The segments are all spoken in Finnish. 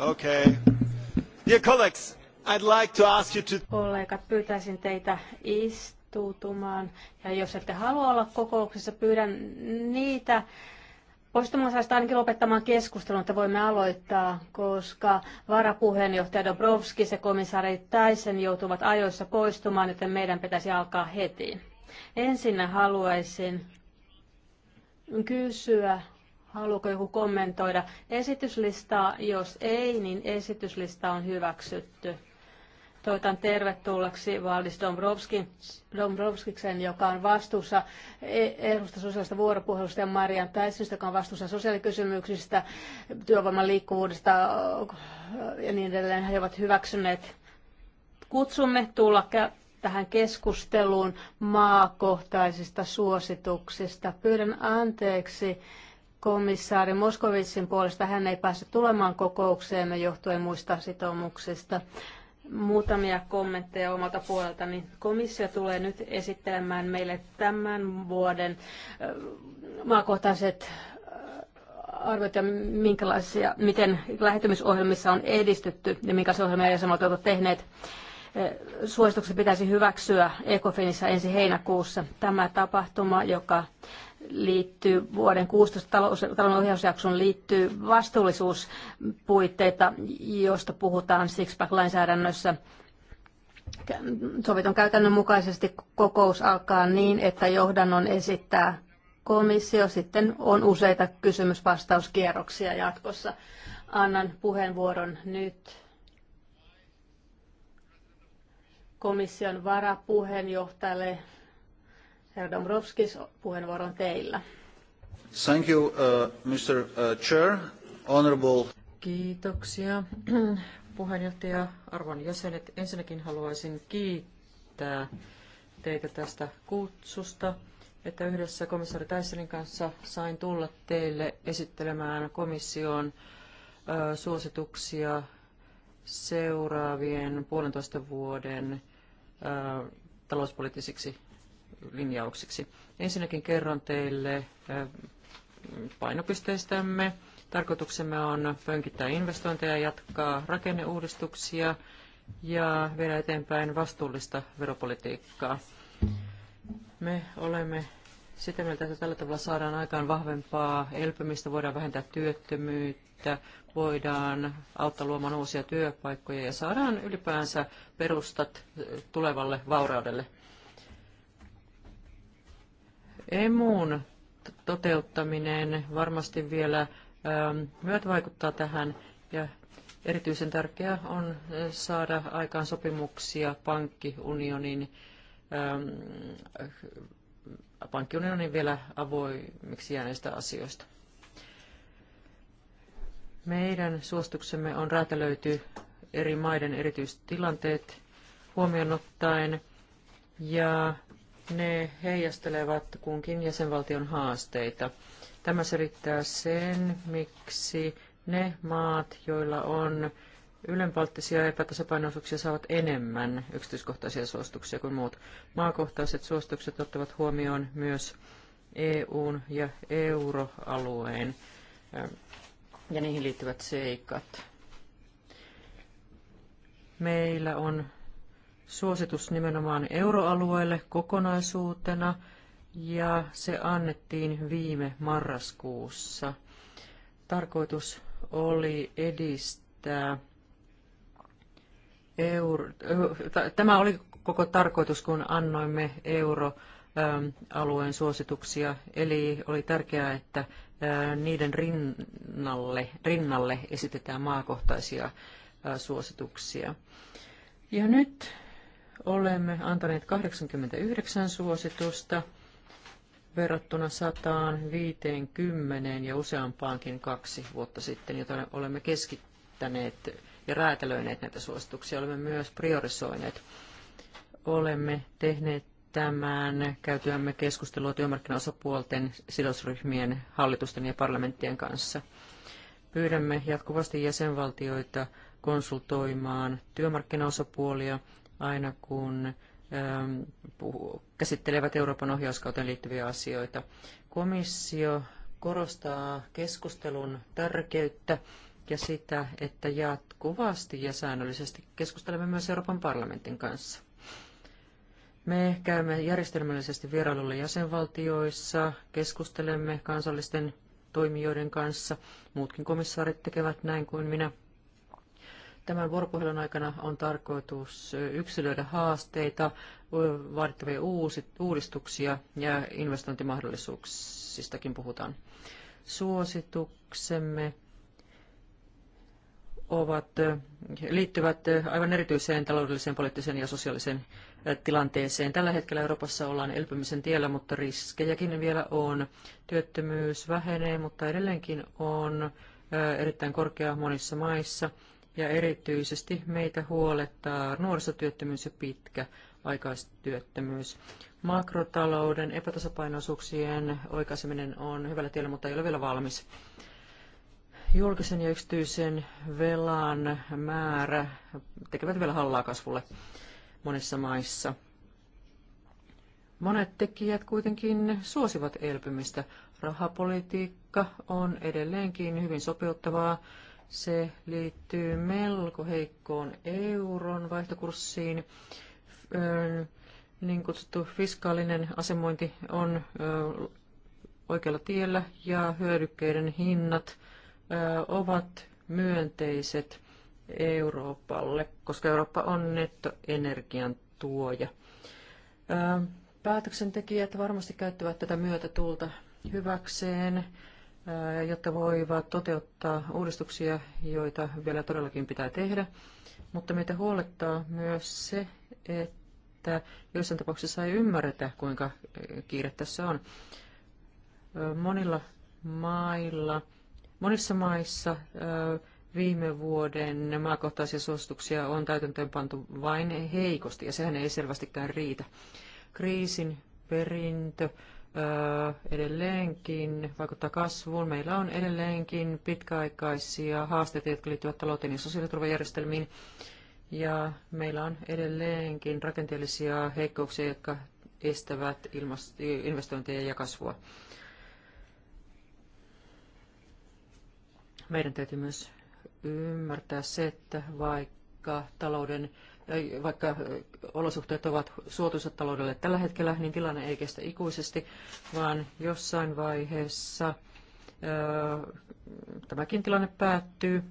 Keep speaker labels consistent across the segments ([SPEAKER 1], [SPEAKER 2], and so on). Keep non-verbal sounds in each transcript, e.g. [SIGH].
[SPEAKER 1] Okay. Dear colleagues, I'd like to ask you to... Kollegat, pyytäisin teitä istuutumaan. Ja jos ette halua olla kokouksessa, pyydän niitä poistumaan saista ainakin lopettamaan keskustelun, että voimme aloittaa, koska varapuheenjohtaja Dobrovskis ja komissaari Täisen joutuvat ajoissa poistumaan, joten meidän pitäisi alkaa heti. Ensin haluaisin kysyä Haluatko joku kommentoida esityslistaa? Jos ei, niin esityslista on hyväksytty. Toivotan tervetulleeksi Valdis Dombrovskiksen, joka on vastuussa e- ehdosta sosiaalista vuoropuhelusta ja Marian Täissystä, joka on vastuussa sosiaalikysymyksistä, työvoiman liikkuvuudesta ja niin edelleen. He ovat hyväksyneet kutsumme tulla tähän keskusteluun maakohtaisista suosituksista. Pyydän anteeksi komissaari Moskovitsin puolesta. Hän ei päässyt tulemaan kokoukseemme johtuen muista sitoumuksista. Muutamia kommentteja omalta puoleltani. komissio tulee nyt esittelemään meille tämän vuoden maakohtaiset arviot ja minkälaisia, miten lähetymisohjelmissa on edistytty ja minkälaisia ohjelmia jäsenmaat ovat tehneet. Suositukset pitäisi hyväksyä Ecofinissa ensi heinäkuussa. Tämä tapahtuma, joka liittyy vuoden 16 talouden ohjausjakson liittyy vastuullisuuspuitteita, josta puhutaan Sixpack-lainsäädännössä. Soviton käytännön mukaisesti kokous alkaa niin, että johdannon esittää komissio. Sitten on useita kysymysvastauskierroksia jatkossa. Annan puheenvuoron nyt komission varapuheenjohtajalle Herra Dombrovskis, puheenvuoron teillä.
[SPEAKER 2] Thank you, uh, Mr. Uh, Chair. Honorable.
[SPEAKER 3] Kiitoksia [CLEARS THROAT] puheenjohtaja, arvon jäsenet. Ensinnäkin haluaisin kiittää teitä tästä kutsusta, että yhdessä komissaari Tyssenin kanssa sain tulla teille esittelemään komission suosituksia seuraavien puolentoista vuoden talouspoliittisiksi linjauksiksi. Ensinnäkin kerron teille painopisteistämme. Tarkoituksemme on pönkittää investointeja, jatkaa rakenneuudistuksia ja viedä eteenpäin vastuullista veropolitiikkaa. Me olemme sitä mieltä, että tällä tavalla saadaan aikaan vahvempaa elpymistä, voidaan vähentää työttömyyttä, voidaan auttaa luomaan uusia työpaikkoja ja saadaan ylipäänsä perustat tulevalle vauraudelle. Emun toteuttaminen varmasti vielä ähm, myöt vaikuttaa tähän ja erityisen tärkeää on äh, saada aikaan sopimuksia pankkiunionin, ähm, pankkiunionin vielä avoimiksi jääneistä asioista. Meidän suostuksemme on räätälöity eri maiden erityistilanteet huomioon ottaen ja ne heijastelevat kunkin jäsenvaltion haasteita. Tämä selittää sen, miksi ne maat, joilla on ylenpalttisia epätasapainoisuuksia, saavat enemmän yksityiskohtaisia suosituksia kuin muut. Maakohtaiset suositukset ottavat huomioon myös EUn ja euroalueen ja niihin liittyvät seikat. Meillä on suositus nimenomaan euroalueelle kokonaisuutena ja se annettiin viime marraskuussa. Tarkoitus oli edistää euro, tämä oli koko tarkoitus, kun annoimme euroalueen suosituksia, eli oli tärkeää, että niiden rinnalle, rinnalle esitetään maakohtaisia suosituksia. Ja nyt olemme antaneet 89 suositusta verrattuna 150 ja useampaankin kaksi vuotta sitten, joten olemme keskittäneet ja räätälöineet näitä suosituksia. Olemme myös priorisoineet. Olemme tehneet tämän käytyämme keskustelua työmarkkinaosapuolten, sidosryhmien, hallitusten ja parlamenttien kanssa. Pyydämme jatkuvasti jäsenvaltioita konsultoimaan työmarkkinaosapuolia aina kun ähm, käsittelevät Euroopan ohjauskauteen liittyviä asioita. Komissio korostaa keskustelun tärkeyttä ja sitä, että jatkuvasti ja säännöllisesti keskustelemme myös Euroopan parlamentin kanssa. Me käymme järjestelmällisesti vierailulla jäsenvaltioissa, keskustelemme kansallisten toimijoiden kanssa. Muutkin komissaarit tekevät näin kuin minä. Tämän vuoropuhelun aikana on tarkoitus yksilöidä haasteita, vaadittavia uudistuksia ja investointimahdollisuuksistakin puhutaan. Suosituksemme ovat, liittyvät aivan erityiseen taloudelliseen, poliittiseen ja sosiaaliseen tilanteeseen. Tällä hetkellä Euroopassa ollaan elpymisen tiellä, mutta riskejäkin vielä on. Työttömyys vähenee, mutta edelleenkin on erittäin korkea monissa maissa ja erityisesti meitä huolettaa nuorisotyöttömyys ja pitkä aikaistyöttömyys. Makrotalouden epätasapainoisuuksien oikaiseminen on hyvällä tiellä, mutta ei ole vielä valmis. Julkisen ja yksityisen velan määrä tekevät vielä hallaa kasvulle monissa maissa. Monet tekijät kuitenkin suosivat elpymistä. Rahapolitiikka on edelleenkin hyvin sopeuttavaa se liittyy melko heikkoon euron vaihtokurssiin. Niin kutsuttu fiskaalinen asemointi on oikealla tiellä ja hyödykkeiden hinnat ovat myönteiset Euroopalle, koska Eurooppa on nettoenergian tuoja. Päätöksentekijät varmasti käyttävät tätä myötätuulta hyväkseen jotta voivat toteuttaa uudistuksia, joita vielä todellakin pitää tehdä. Mutta meitä huolettaa myös se, että joissain tapauksissa ei ymmärretä, kuinka kiire tässä on. Monilla mailla, monissa maissa viime vuoden maakohtaisia suosituksia on täytäntöön pantu vain heikosti, ja sehän ei selvästikään riitä. Kriisin perintö edelleenkin vaikuttaa kasvuun. Meillä on edelleenkin pitkäaikaisia haasteita, jotka liittyvät talouteen ja sosiaaliturvajärjestelmiin. Ja meillä on edelleenkin rakenteellisia heikkouksia, jotka estävät investointeja ja kasvua. Meidän täytyy myös ymmärtää se, että vaikka talouden vaikka olosuhteet ovat suotuisat taloudelle tällä hetkellä, niin tilanne ei kestä ikuisesti, vaan jossain vaiheessa tämäkin tilanne päättyy.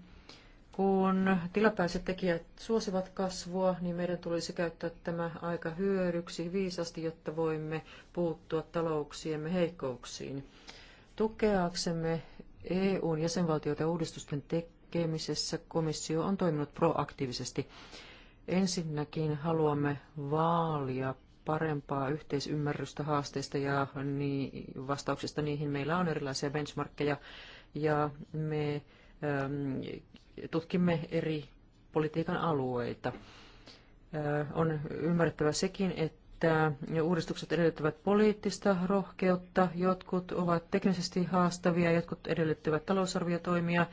[SPEAKER 3] Kun tilapäiset tekijät suosivat kasvua, niin meidän tulisi käyttää tämä aika hyödyksi viisasti, jotta voimme puuttua talouksiemme heikkouksiin. Tukeaksemme EUn jäsenvaltioiden uudistusten tekemisessä komissio on toiminut proaktiivisesti. Ensinnäkin haluamme vaalia parempaa yhteisymmärrystä haasteista ja vastauksista niihin. Meillä on erilaisia benchmarkkeja ja me ähm, tutkimme eri politiikan alueita. Äh, on ymmärrettävä sekin, että uudistukset edellyttävät poliittista rohkeutta, jotkut ovat teknisesti haastavia, jotkut edellyttävät talousarviotoimia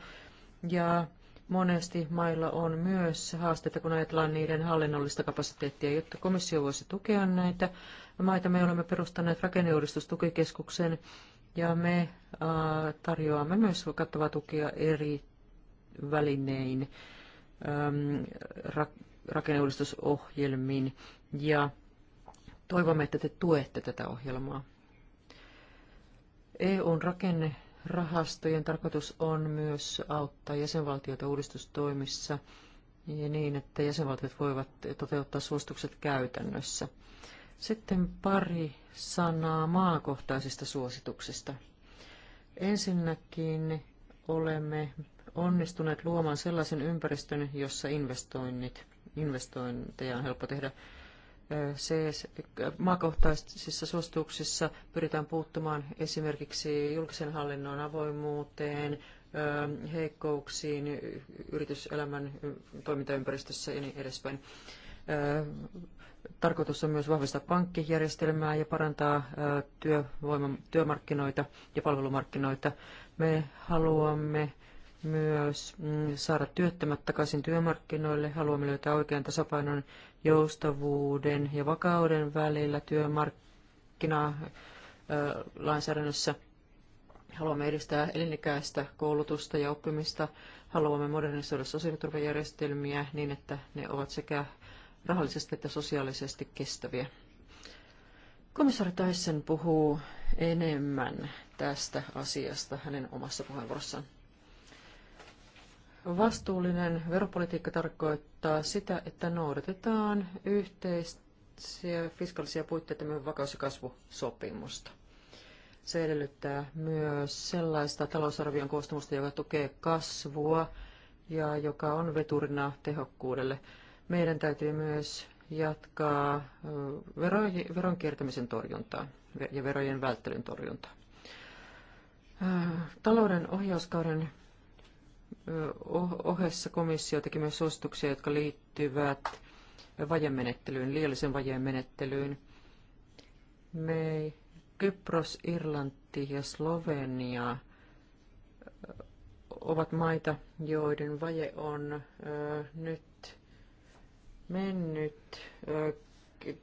[SPEAKER 3] ja Monesti mailla on myös haasteita, kun ajatellaan niiden hallinnollista kapasiteettia, jotta komissio voisi tukea näitä maita. Me olemme perustaneet rakenneuudistustukikeskuksen ja me tarjoamme myös kattavaa tukea eri välinein rakenneuudistusohjelmiin ja toivomme, että te tuette tätä ohjelmaa. EUn rakenne Rahastojen tarkoitus on myös auttaa jäsenvaltioita uudistustoimissa ja niin, että jäsenvaltiot voivat toteuttaa suositukset käytännössä. Sitten pari sanaa maakohtaisista suosituksista. Ensinnäkin olemme onnistuneet luomaan sellaisen ympäristön, jossa investoinnit, investointeja on helppo tehdä se, maakohtaisissa suosituksissa pyritään puuttumaan esimerkiksi julkisen hallinnon avoimuuteen, heikkouksiin yrityselämän toimintaympäristössä ja niin edespäin. Tarkoitus on myös vahvistaa pankkijärjestelmää ja parantaa työvoima, työmarkkinoita ja palvelumarkkinoita. Me haluamme myös mm, saada työttömät takaisin työmarkkinoille. Haluamme löytää oikean tasapainon joustavuuden ja vakauden välillä työmarkkinalainsäädännössä. Haluamme edistää elinikäistä koulutusta ja oppimista. Haluamme modernisoida sosiaaliturvajärjestelmiä niin, että ne ovat sekä rahallisesti että sosiaalisesti kestäviä. Komissaari Tyson puhuu enemmän tästä asiasta hänen omassa puheenvuorossaan. Vastuullinen veropolitiikka tarkoittaa sitä, että noudatetaan yhteisiä fiskaalisia puitteita vakaus- ja kasvusopimusta. Se edellyttää myös sellaista talousarvion koostumusta, joka tukee kasvua ja joka on veturina tehokkuudelle. Meidän täytyy myös jatkaa veron kiertämisen torjuntaa ja verojen välttelyn torjuntaa. Talouden ohjauskauden ohessa komissio teki myös suosituksia, jotka liittyvät vajemenettelyyn, liiallisen vajemenettelyyn. Me, Kypros, Irlanti ja Slovenia ovat maita, joiden vaje on ö, nyt mennyt ö,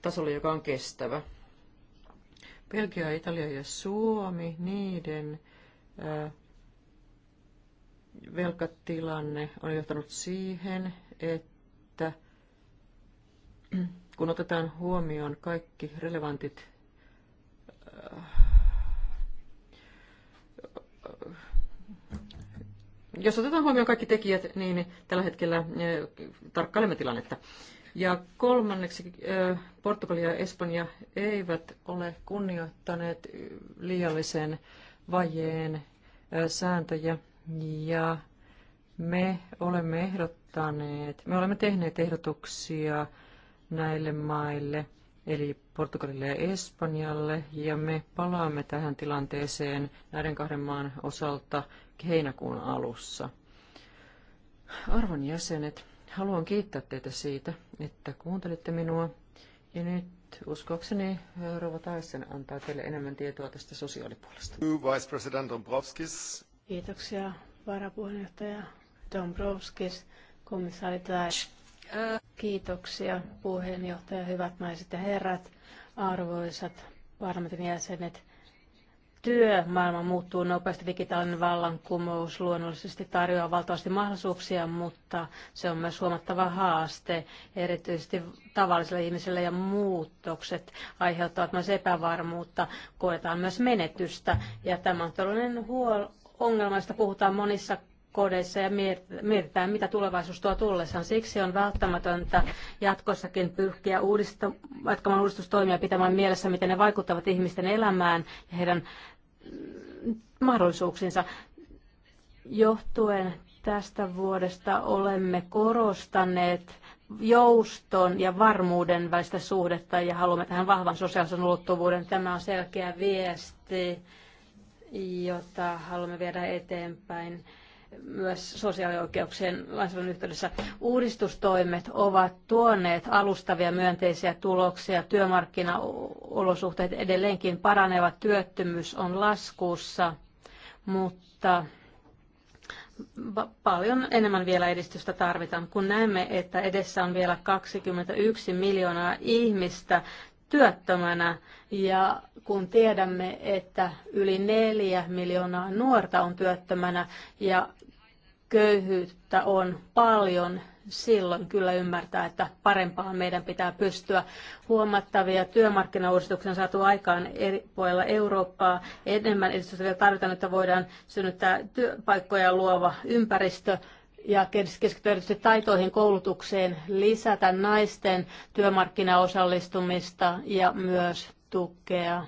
[SPEAKER 3] tasolle, joka on kestävä. Belgia, Italia ja Suomi, niiden ö, velkatilanne on johtanut siihen, että kun otetaan huomioon kaikki relevantit äh, jos otetaan huomioon kaikki tekijät, niin tällä hetkellä äh, tarkkailemme tilannetta. Ja kolmanneksi äh, Portugalia ja Espanja eivät ole kunnioittaneet liiallisen vajeen sääntöjä. Ja me olemme ehdottaneet, me olemme tehneet ehdotuksia näille maille, eli Portugalille ja Espanjalle, ja me palaamme tähän tilanteeseen näiden kahden maan osalta heinäkuun alussa. Arvon jäsenet, haluan kiittää teitä siitä, että kuuntelitte minua, ja nyt uskoakseni Rova Taisen antaa teille enemmän tietoa tästä sosiaalipuolesta.
[SPEAKER 1] Vice President Dombrovskis, Kiitoksia varapuheenjohtaja Dombrovskis, komissaari Tash. Kiitoksia puheenjohtaja, hyvät naiset ja herrat, arvoisat parlamentin jäsenet. Työmaailma muuttuu nopeasti. Digitaalinen vallankumous luonnollisesti tarjoaa valtavasti mahdollisuuksia, mutta se on myös huomattava haaste erityisesti tavallisille ihmisille ja muutokset aiheuttavat myös epävarmuutta, koetaan myös menetystä ja tämä on todellinen huol- ongelma, josta puhutaan monissa kodeissa ja mietitään, mitä tulevaisuus tuo tullessaan. Siksi on välttämätöntä jatkossakin pyrkiä jatkamaan uudistustoimia pitämään mielessä, miten ne vaikuttavat ihmisten elämään ja heidän mahdollisuuksiinsa. Johtuen tästä vuodesta olemme korostaneet jouston ja varmuuden välistä suhdetta ja haluamme tähän vahvan sosiaalisen ulottuvuuden. Tämä on selkeä viesti jota haluamme viedä eteenpäin myös sosiaalioikeuksien lainsäädännön yhteydessä. Uudistustoimet ovat tuoneet alustavia myönteisiä tuloksia. Työmarkkinaolosuhteet edelleenkin paranevat, työttömyys on laskussa, mutta paljon enemmän vielä edistystä tarvitaan, kun näemme, että edessä on vielä 21 miljoonaa ihmistä työttömänä ja kun tiedämme, että yli neljä miljoonaa nuorta on työttömänä ja köyhyyttä on paljon, silloin kyllä ymmärtää, että parempaan meidän pitää pystyä. Huomattavia työmarkkinauudistuksia on saatu aikaan eri puolilla Eurooppaa. Enemmän edistystä vielä tarvitaan, että voidaan synnyttää työpaikkoja luova ympäristö ja keskittyä erityisesti taitoihin, koulutukseen, lisätä naisten työmarkkinaosallistumista ja myös tukea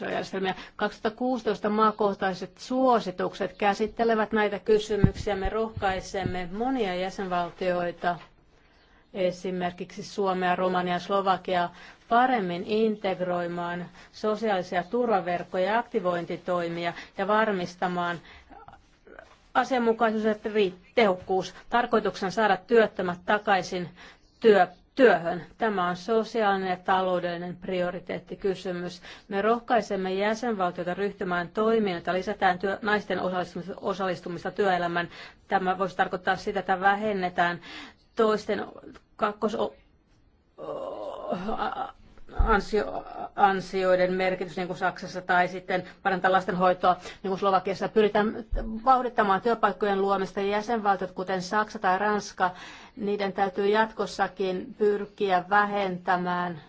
[SPEAKER 1] järjestelmiä. 2016 maakohtaiset suositukset käsittelevät näitä kysymyksiä. Me rohkaisemme monia jäsenvaltioita, esimerkiksi Suomea, Romania ja Slovakia, paremmin integroimaan sosiaalisia turvaverkkoja ja aktivointitoimia ja varmistamaan asianmukaisuus ja tehokkuus. Tarkoituksena saada työttömät takaisin työ, työhön. Tämä on sosiaalinen ja taloudellinen prioriteettikysymys. Me rohkaisemme jäsenvaltioita ryhtymään toimiin, että lisätään työ, naisten osallistumista, osallistumista työelämään. Tämä voisi tarkoittaa sitä, että vähennetään toisten kakkos ansio, ansioiden merkitys, niin kuin Saksassa, tai sitten parantaa lastenhoitoa, niin kuin Slovakiassa. Pyritään vauhdittamaan työpaikkojen luomista ja jäsenvaltiot, kuten Saksa tai Ranska, niiden täytyy jatkossakin pyrkiä vähentämään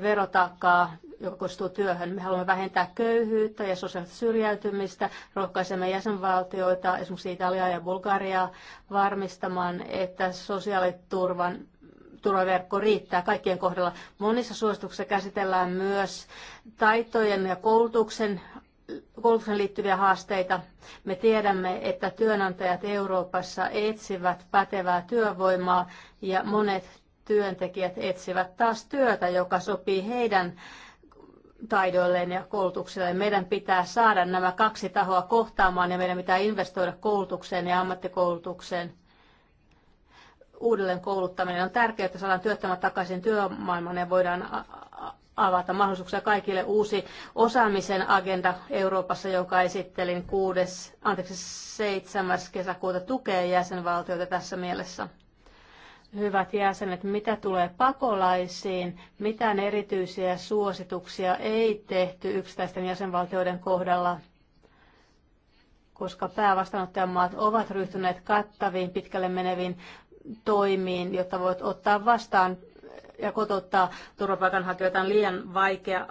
[SPEAKER 1] verotaakkaa, joka koostuu työhön. Me haluamme vähentää köyhyyttä ja sosiaalista syrjäytymistä, rohkaisemme jäsenvaltioita, esimerkiksi Italiaa ja Bulgariaa, varmistamaan, että sosiaaliturvan turvaverkko riittää kaikkien kohdalla. Monissa suosituksissa käsitellään myös taitojen ja koulutuksen koulutuksen liittyviä haasteita. Me tiedämme, että työnantajat Euroopassa etsivät pätevää työvoimaa ja monet työntekijät etsivät taas työtä, joka sopii heidän taidoilleen ja koulutukselleen. Meidän pitää saada nämä kaksi tahoa kohtaamaan ja meidän pitää investoida koulutukseen ja ammattikoulutukseen uudelleen kouluttaminen on tärkeää, että saadaan työttömät takaisin työmaailmaan ja voidaan avata mahdollisuuksia kaikille uusi osaamisen agenda Euroopassa, jonka esittelin 6, anteeksi, 7. kesäkuuta tukee jäsenvaltioita tässä mielessä. Hyvät jäsenet, mitä tulee pakolaisiin, mitään erityisiä suosituksia ei tehty yksittäisten jäsenvaltioiden kohdalla koska päävastaanottajamaat ovat ryhtyneet kattaviin pitkälle meneviin toimiin, jotta voit ottaa vastaan ja kotouttaa turvapaikanhakijoita on liian vaikea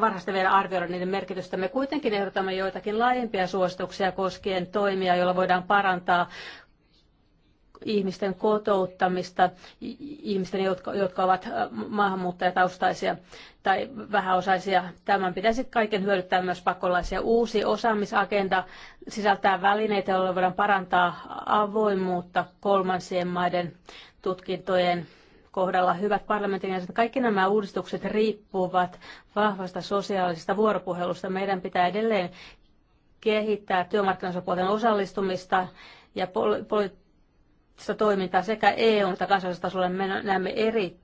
[SPEAKER 1] varhaista vielä arvioida niiden merkitystä. Me kuitenkin ehdotamme joitakin laajempia suosituksia koskien toimia, joilla voidaan parantaa ihmisten kotouttamista, ihmisten, jotka, jotka ovat maahanmuuttajataustaisia tai vähäosaisia. Tämän pitäisi kaiken hyödyttää myös pakolaisia. Uusi osaamisagenda sisältää välineitä, joilla voidaan parantaa avoimuutta kolmansien maiden tutkintojen kohdalla hyvät parlamentin jäsenet. Kaikki nämä uudistukset riippuvat vahvasta sosiaalisesta vuoropuhelusta. Meidän pitää edelleen kehittää työmarkkinaosapuolten osallistumista ja poli- poli- sitä toimintaa sekä EU- että kansallisella tasolla. Me näemme eri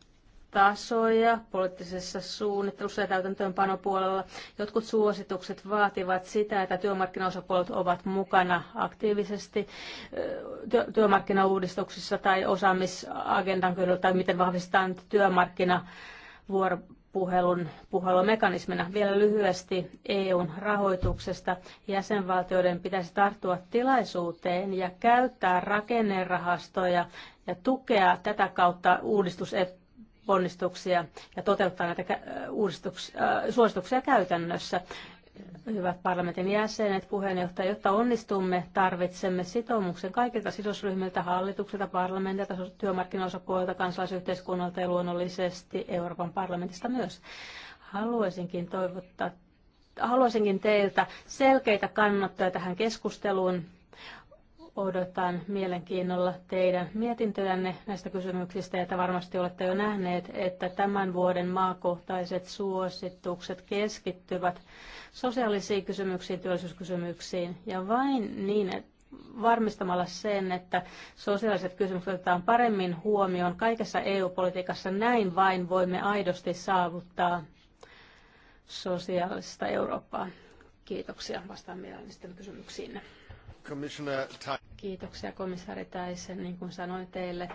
[SPEAKER 1] tasoja poliittisessa suunnittelussa ja täytäntöönpanopuolella. Jotkut suositukset vaativat sitä, että työmarkkinaosapuolet ovat mukana aktiivisesti työmarkkinauudistuksissa tai osaamisagendan tai miten vahvistetaan työmarkkina puhelun, puhelumekanismina. Vielä lyhyesti EUn rahoituksesta. Jäsenvaltioiden pitäisi tarttua tilaisuuteen ja käyttää rakennerahastoja ja tukea tätä kautta uudistusponnistuksia ja toteuttaa näitä uudistuksia, äh, suosituksia käytännössä hyvät parlamentin jäsenet, puheenjohtaja, jotta onnistumme, tarvitsemme sitoumuksen kaikilta sidosryhmiltä, hallitukselta, parlamentilta, työmarkkinaosapuolilta, kansalaisyhteiskunnalta ja luonnollisesti Euroopan parlamentista myös. Haluaisinkin toivottaa Haluaisinkin teiltä selkeitä kannattoja tähän keskusteluun odotan mielenkiinnolla teidän mietintöjänne näistä kysymyksistä, että varmasti olette jo nähneet, että tämän vuoden maakohtaiset suositukset keskittyvät sosiaalisiin kysymyksiin, työllisyyskysymyksiin ja vain niin, että varmistamalla sen, että sosiaaliset kysymykset otetaan paremmin huomioon kaikessa EU-politiikassa. Näin vain voimme aidosti saavuttaa sosiaalista Eurooppaa. Kiitoksia. Vastaan mielellisten kysymyksiinne. Kiitoksia komissaari Täisen, niin kuin sanoin teille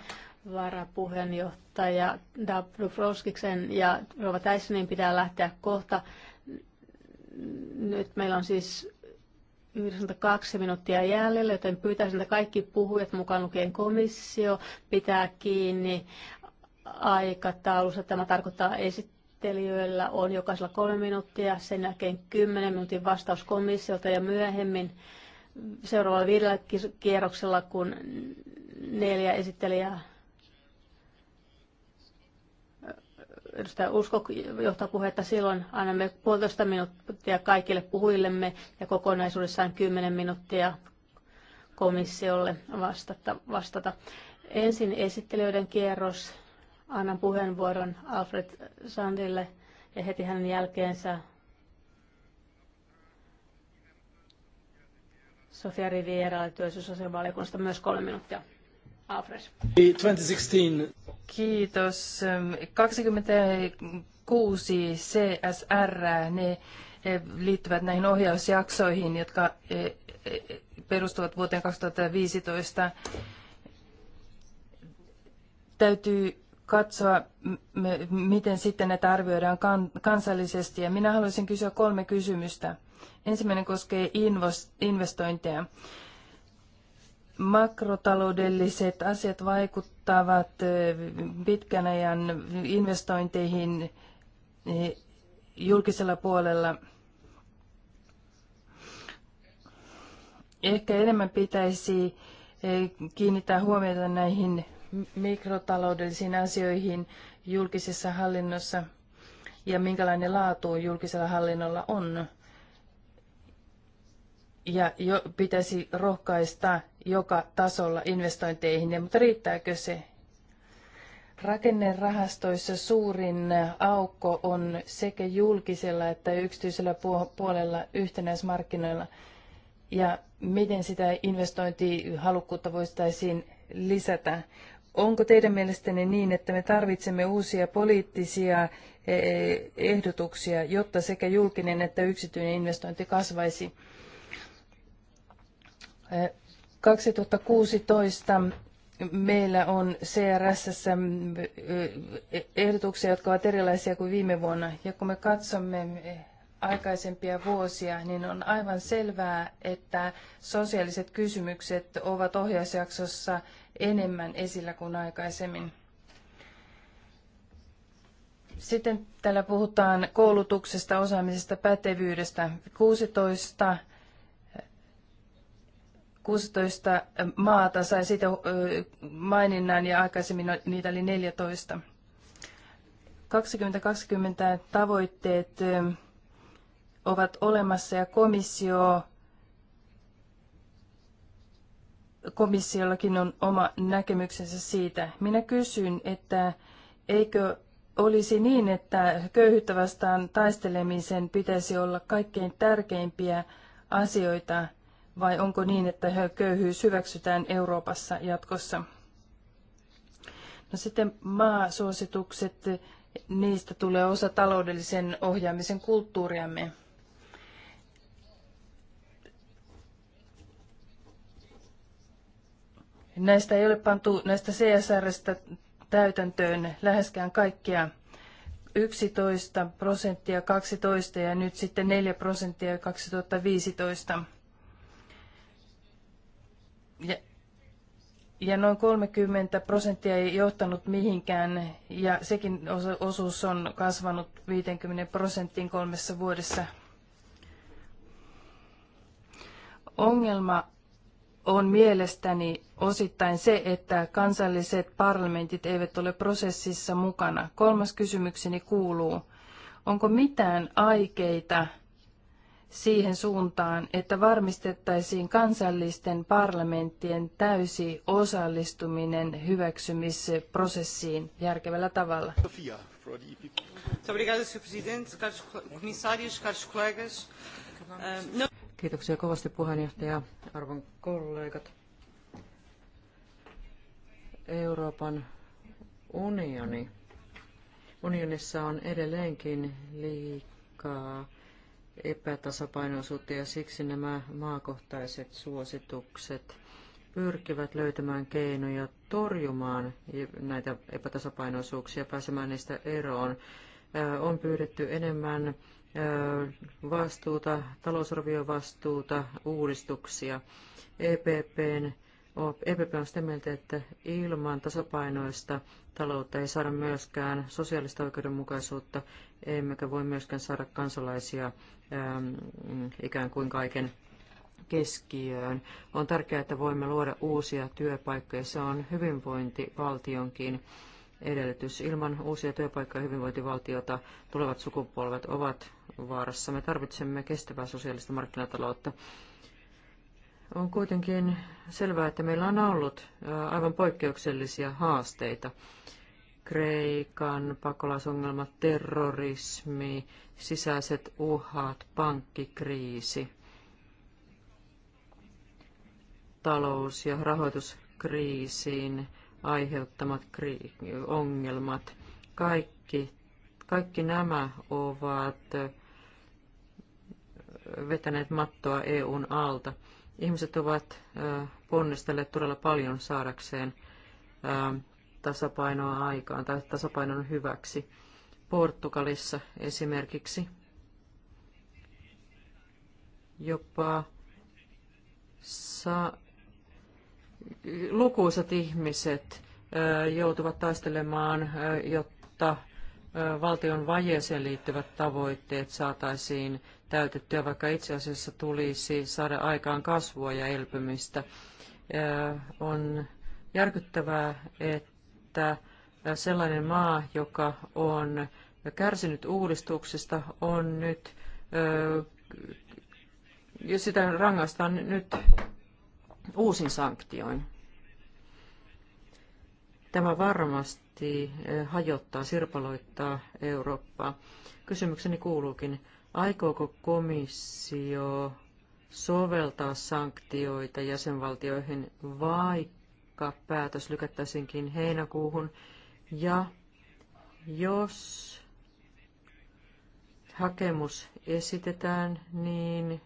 [SPEAKER 1] varapuheenjohtaja Dabrowskiksen ja Rova Täisenin pitää lähteä kohta. Nyt meillä on siis 92 minuuttia jäljellä, joten pyytäisin, että kaikki puhujat mukaan lukien komissio pitää kiinni aikataulussa. Tämä tarkoittaa esittelijöillä on jokaisella kolme minuuttia, sen jälkeen kymmenen minuutin vastaus komissiolta ja myöhemmin seuraavalla viidellä kierroksella, kun neljä esittelijää edustaja Usko johtaa puhetta silloin. Annamme puolitoista minuuttia kaikille puhujillemme ja kokonaisuudessaan kymmenen minuuttia komissiolle vastata. vastata. Ensin esittelijöiden kierros. Annan puheenvuoron Alfred Sandille ja heti hänen jälkeensä Sofia Riviera työllisyysasianvaliokunnasta myös kolme minuuttia. Alfred.
[SPEAKER 2] 2016.
[SPEAKER 1] Kiitos.
[SPEAKER 2] 26 CSR, ne eh, liittyvät näihin ohjausjaksoihin, jotka eh, eh, perustuvat vuoteen 2015. Täytyy katsoa, miten sitten näitä arvioidaan kansallisesti. Ja minä haluaisin kysyä kolme kysymystä. Ensimmäinen koskee investointeja. Makrotaloudelliset asiat vaikuttavat pitkän ajan investointeihin e, julkisella puolella. Ehkä enemmän pitäisi e, kiinnittää huomiota näihin mikrotaloudellisiin asioihin julkisessa hallinnossa ja minkälainen laatu julkisella hallinnolla on ja jo, pitäisi rohkaista joka tasolla investointeihin, mutta riittääkö se? Rakennerahastoissa suurin aukko on sekä julkisella että yksityisellä puolella yhtenäismarkkinoilla. Ja miten sitä investointihalukkuutta voitaisiin lisätä? Onko teidän mielestänne niin, että me tarvitsemme uusia poliittisia eh, ehdotuksia, jotta sekä julkinen että yksityinen investointi kasvaisi? 2016 meillä on CRSS äh, ehdotuksia, jotka ovat erilaisia kuin viime vuonna. Ja kun me katsomme eh, aikaisempia vuosia, niin on aivan selvää, että sosiaaliset kysymykset ovat ohjausjaksossa enemmän esillä kuin aikaisemmin. Sitten täällä puhutaan koulutuksesta, osaamisesta, pätevyydestä. 16 16 maata sai siitä maininnan ja aikaisemmin niitä oli 14. 2020 tavoitteet ovat olemassa ja komissio, komissiollakin on oma näkemyksensä siitä. Minä kysyn, että eikö olisi niin, että köyhyyttä vastaan taistelemisen pitäisi olla kaikkein tärkeimpiä asioita – vai onko niin, että köyhyys hyväksytään Euroopassa jatkossa? No sitten maasuositukset, niistä tulee osa taloudellisen ohjaamisen kulttuuriamme. Näistä ei ole pantu näistä CSRstä täytäntöön läheskään kaikkia 11 prosenttia 12 ja nyt sitten 4 prosenttia 2015 ja, ja noin 30 prosenttia ei johtanut mihinkään, ja sekin osuus on kasvanut 50 prosenttiin kolmessa vuodessa. Ongelma on mielestäni osittain se, että kansalliset parlamentit eivät ole prosessissa mukana. Kolmas kysymykseni kuuluu, onko mitään aikeita siihen suuntaan, että varmistettaisiin kansallisten parlamenttien täysi osallistuminen hyväksymisprosessiin järkevällä
[SPEAKER 3] tavalla. E eh, Kiitoksia kovasti puheenjohtaja, arvon kollegat. Euroopan unioni. Unionissa on edelleenkin liikaa epätasapainoisuutta ja siksi nämä maakohtaiset suositukset pyrkivät löytämään keinoja torjumaan näitä epätasapainoisuuksia, pääsemään niistä eroon. On pyydetty enemmän vastuuta, talousarviovastuuta, uudistuksia. EPPn EPP on sitä mieltä, että ilman tasapainoista taloutta ei saada myöskään sosiaalista oikeudenmukaisuutta, emmekä voi myöskään saada kansalaisia äm, ikään kuin kaiken keskiöön. On tärkeää, että voimme luoda uusia työpaikkoja. Se on hyvinvointivaltionkin edellytys. Ilman uusia työpaikkoja hyvinvointivaltiota tulevat sukupolvet ovat vaarassa. Me tarvitsemme kestävää sosiaalista markkinataloutta. On kuitenkin selvää, että meillä on ollut aivan poikkeuksellisia haasteita. Kreikan pakolaisongelmat, terrorismi, sisäiset uhat, pankkikriisi, talous- ja rahoituskriisiin aiheuttamat ongelmat. Kaikki, kaikki nämä ovat vetäneet mattoa EUn alta. Ihmiset ovat ponnistelleet todella paljon saadakseen tasapainoa aikaan tai tasapainon hyväksi. Portugalissa esimerkiksi jopa sa- lukuisat ihmiset joutuvat taistelemaan, jotta valtion vajeeseen liittyvät tavoitteet saataisiin täytettyä, vaikka itse asiassa tulisi saada aikaan kasvua ja elpymistä. On järkyttävää, että sellainen maa, joka on kärsinyt uudistuksista, on nyt, ja sitä rangaistaan nyt uusin sanktioin. Tämä varmasti hajottaa, sirpaloittaa Eurooppaa. Kysymykseni kuuluukin, Aikooko komissio soveltaa sanktioita jäsenvaltioihin, vaikka päätös lykättäisiinkin heinäkuuhun? Ja jos hakemus esitetään, niin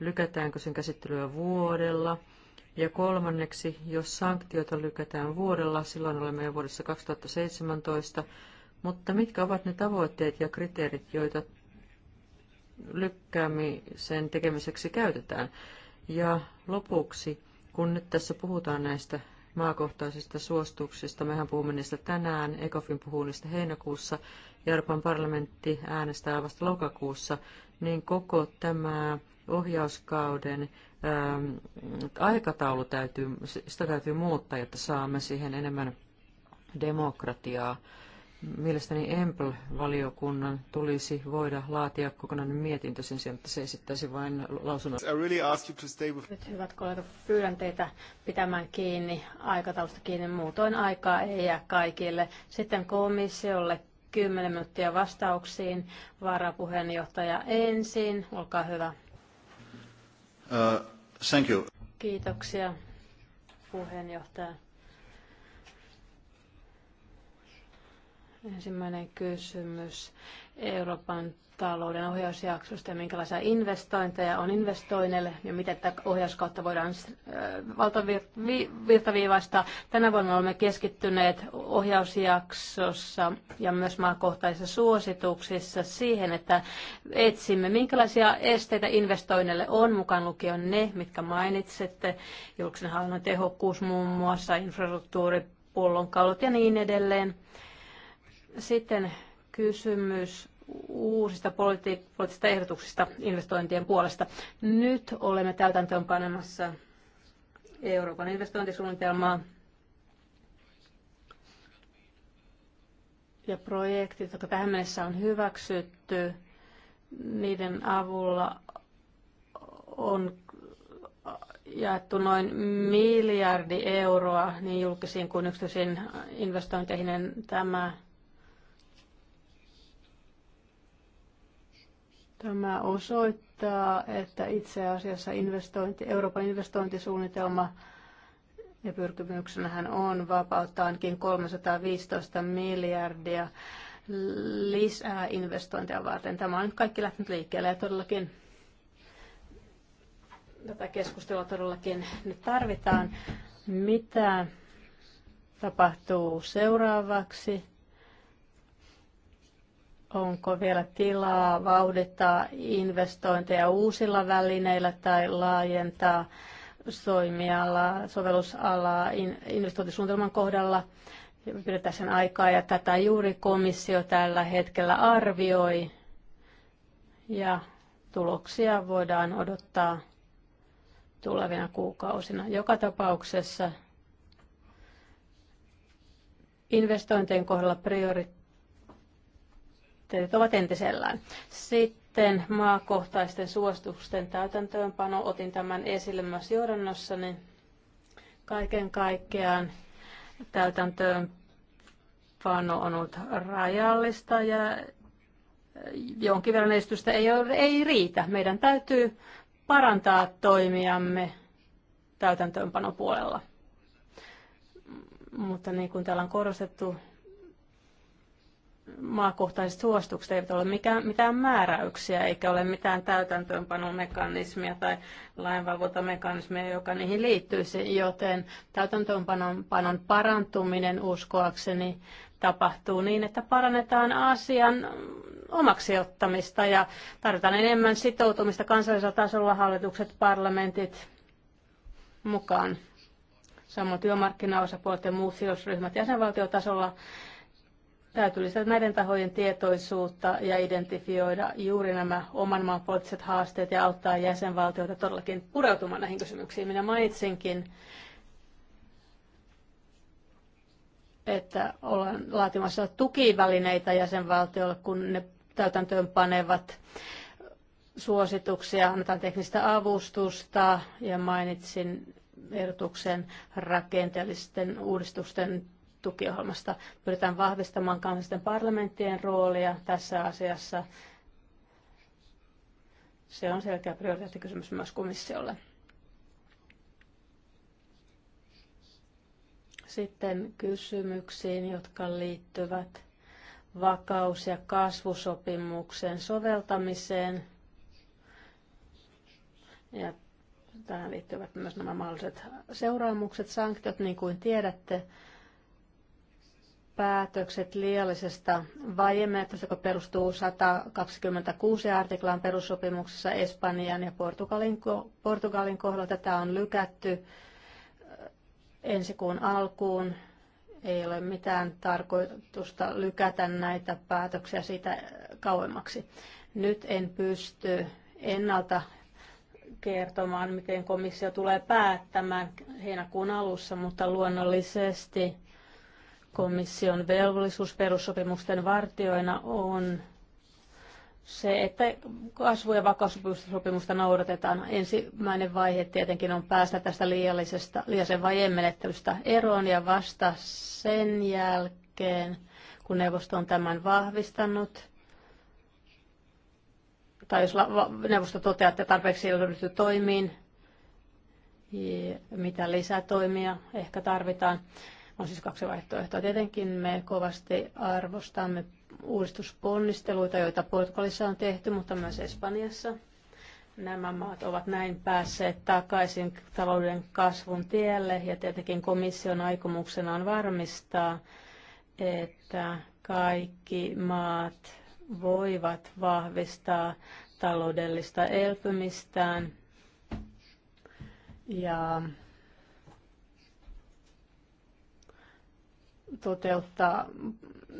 [SPEAKER 3] lykätäänkö sen käsittelyä vuodella? Ja kolmanneksi, jos sanktioita lykätään vuodella, silloin olemme jo vuodessa 2017, mutta mitkä ovat ne tavoitteet ja kriteerit, joita lykkäämisen tekemiseksi käytetään. Ja lopuksi, kun nyt tässä puhutaan näistä maakohtaisista suostuksista, mehän puhumme niistä tänään, ECOFIN puhuu niistä heinäkuussa, Euroopan parlamentti äänestää vasta lokakuussa, niin koko tämä ohjauskauden ää, ähm, aikataulu täytyy, sitä täytyy muuttaa, jotta saamme siihen enemmän demokratiaa Mielestäni Empl-valiokunnan tulisi voida laatia kokonainen mietintö sen sijaan, että se esittäisi vain lausunnon. Really
[SPEAKER 1] Nyt hyvät kollegat, pyydän teitä pitämään kiinni aikataulusta kiinni. Muutoin aikaa ei jää kaikille. Sitten komissiolle 10 minuuttia vastauksiin. Varapuheenjohtaja ensin, olkaa hyvä.
[SPEAKER 2] Uh, thank you.
[SPEAKER 1] Kiitoksia puheenjohtaja. Ensimmäinen kysymys Euroopan talouden ohjausjaksosta ja minkälaisia investointeja on investoinneille ja miten tätä ohjauskautta voidaan äh, valtavirtaviivaistaa. Tänä vuonna olemme keskittyneet ohjausjaksossa ja myös maakohtaisissa suosituksissa siihen, että etsimme, minkälaisia esteitä investoinneille on, mukaan lukion ne, mitkä mainitsette, julkisen hallinnon tehokkuus muun muassa, infrastruktuuri, pullonkaulut ja niin edelleen. Sitten kysymys uusista politi- poliittisista ehdotuksista investointien puolesta. Nyt olemme panemassa Euroopan investointisuunnitelmaa ja projektit, jotka tähän mennessä on hyväksytty, niiden avulla on jaettu noin miljardi euroa niin julkisiin kuin yksityisiin investointeihin. Tämä Tämä osoittaa, että itse asiassa investointi, Euroopan investointisuunnitelma ja pyrkimyksenähän on vapauttaankin 315 miljardia lisää investointia varten. Tämä on nyt kaikki lähtenyt liikkeelle ja todellakin tätä keskustelua todellakin nyt tarvitaan. Mitä tapahtuu seuraavaksi? Onko vielä tilaa vauhdittaa investointeja uusilla välineillä tai laajentaa soimialaa, sovellusalaa investointisuunnitelman kohdalla? Pidetään sen aikaa ja tätä juuri komissio tällä hetkellä arvioi ja tuloksia voidaan odottaa tulevina kuukausina. Joka tapauksessa investointien kohdalla prioriteetti puitteet ovat entisellään. Sitten maakohtaisten suositusten täytäntöönpano, otin tämän esille myös johdannossani. Kaiken kaikkiaan täytäntöönpano on ollut rajallista ja jonkin verran esitystä ei, ole, ei riitä. Meidän täytyy parantaa toimiamme täytäntöönpanopuolella. Mutta niin kuin täällä on korostettu, maakohtaiset suositukset eivät ole mikään, mitään määräyksiä eikä ole mitään täytäntöönpanomekanismia tai lainvalvontamekanismia, joka niihin liittyisi, joten täytäntöönpanon parantuminen uskoakseni tapahtuu niin, että parannetaan asian omaksi ottamista ja tarvitaan enemmän sitoutumista kansallisella tasolla hallitukset, parlamentit mukaan. Samoin työmarkkinaosapuolet ja muut sidosryhmät jäsenvaltiotasolla Täytyy lisätä näiden tahojen tietoisuutta ja identifioida juuri nämä oman maan poliittiset haasteet ja auttaa jäsenvaltioita todellakin pureutumaan näihin kysymyksiin. Minä mainitsinkin, että ollaan laatimassa tukivälineitä jäsenvaltioille, kun ne täytäntöön panevat suosituksia, annetaan teknistä avustusta ja mainitsin ehdotuksen rakenteellisten uudistusten tukiohjelmasta. Pyritään vahvistamaan kansallisten parlamenttien roolia tässä asiassa. Se on selkeä prioriteettikysymys myös komissiolle. Sitten kysymyksiin, jotka liittyvät vakaus- ja kasvusopimuksen soveltamiseen. Ja tähän liittyvät myös nämä mahdolliset seuraamukset, sanktiot, niin kuin tiedätte päätökset liiallisesta vaiemmeettosta, joka perustuu 126 artiklaan perussopimuksessa Espanjan ja Portugalin, Portugalin kohdalla. Tätä on lykätty äh, ensi kuun alkuun. Ei ole mitään tarkoitusta lykätä näitä päätöksiä siitä äh, kauemmaksi. Nyt en pysty ennalta kertomaan, miten komissio tulee päättämään heinäkuun alussa, mutta luonnollisesti – Komission velvollisuus perussopimusten vartioina on se, että kasvu- ja vakaussopimusta noudatetaan. Ensimmäinen vaihe tietenkin on päästä tästä liiallisesta, liiallisen vajeen menettelystä eroon ja vasta sen jälkeen, kun neuvosto on tämän vahvistanut, tai jos neuvosto toteaa, että tarpeeksi ei ole toimiin, mitä lisätoimia ehkä tarvitaan, on siis kaksi vaihtoehtoa. Tietenkin me kovasti arvostamme uudistusponnisteluita, joita Portugalissa on tehty, mutta myös Espanjassa. Nämä maat ovat näin päässeet takaisin talouden kasvun tielle ja tietenkin komission aikomuksena on varmistaa, että kaikki maat voivat vahvistaa taloudellista elpymistään ja toteuttaa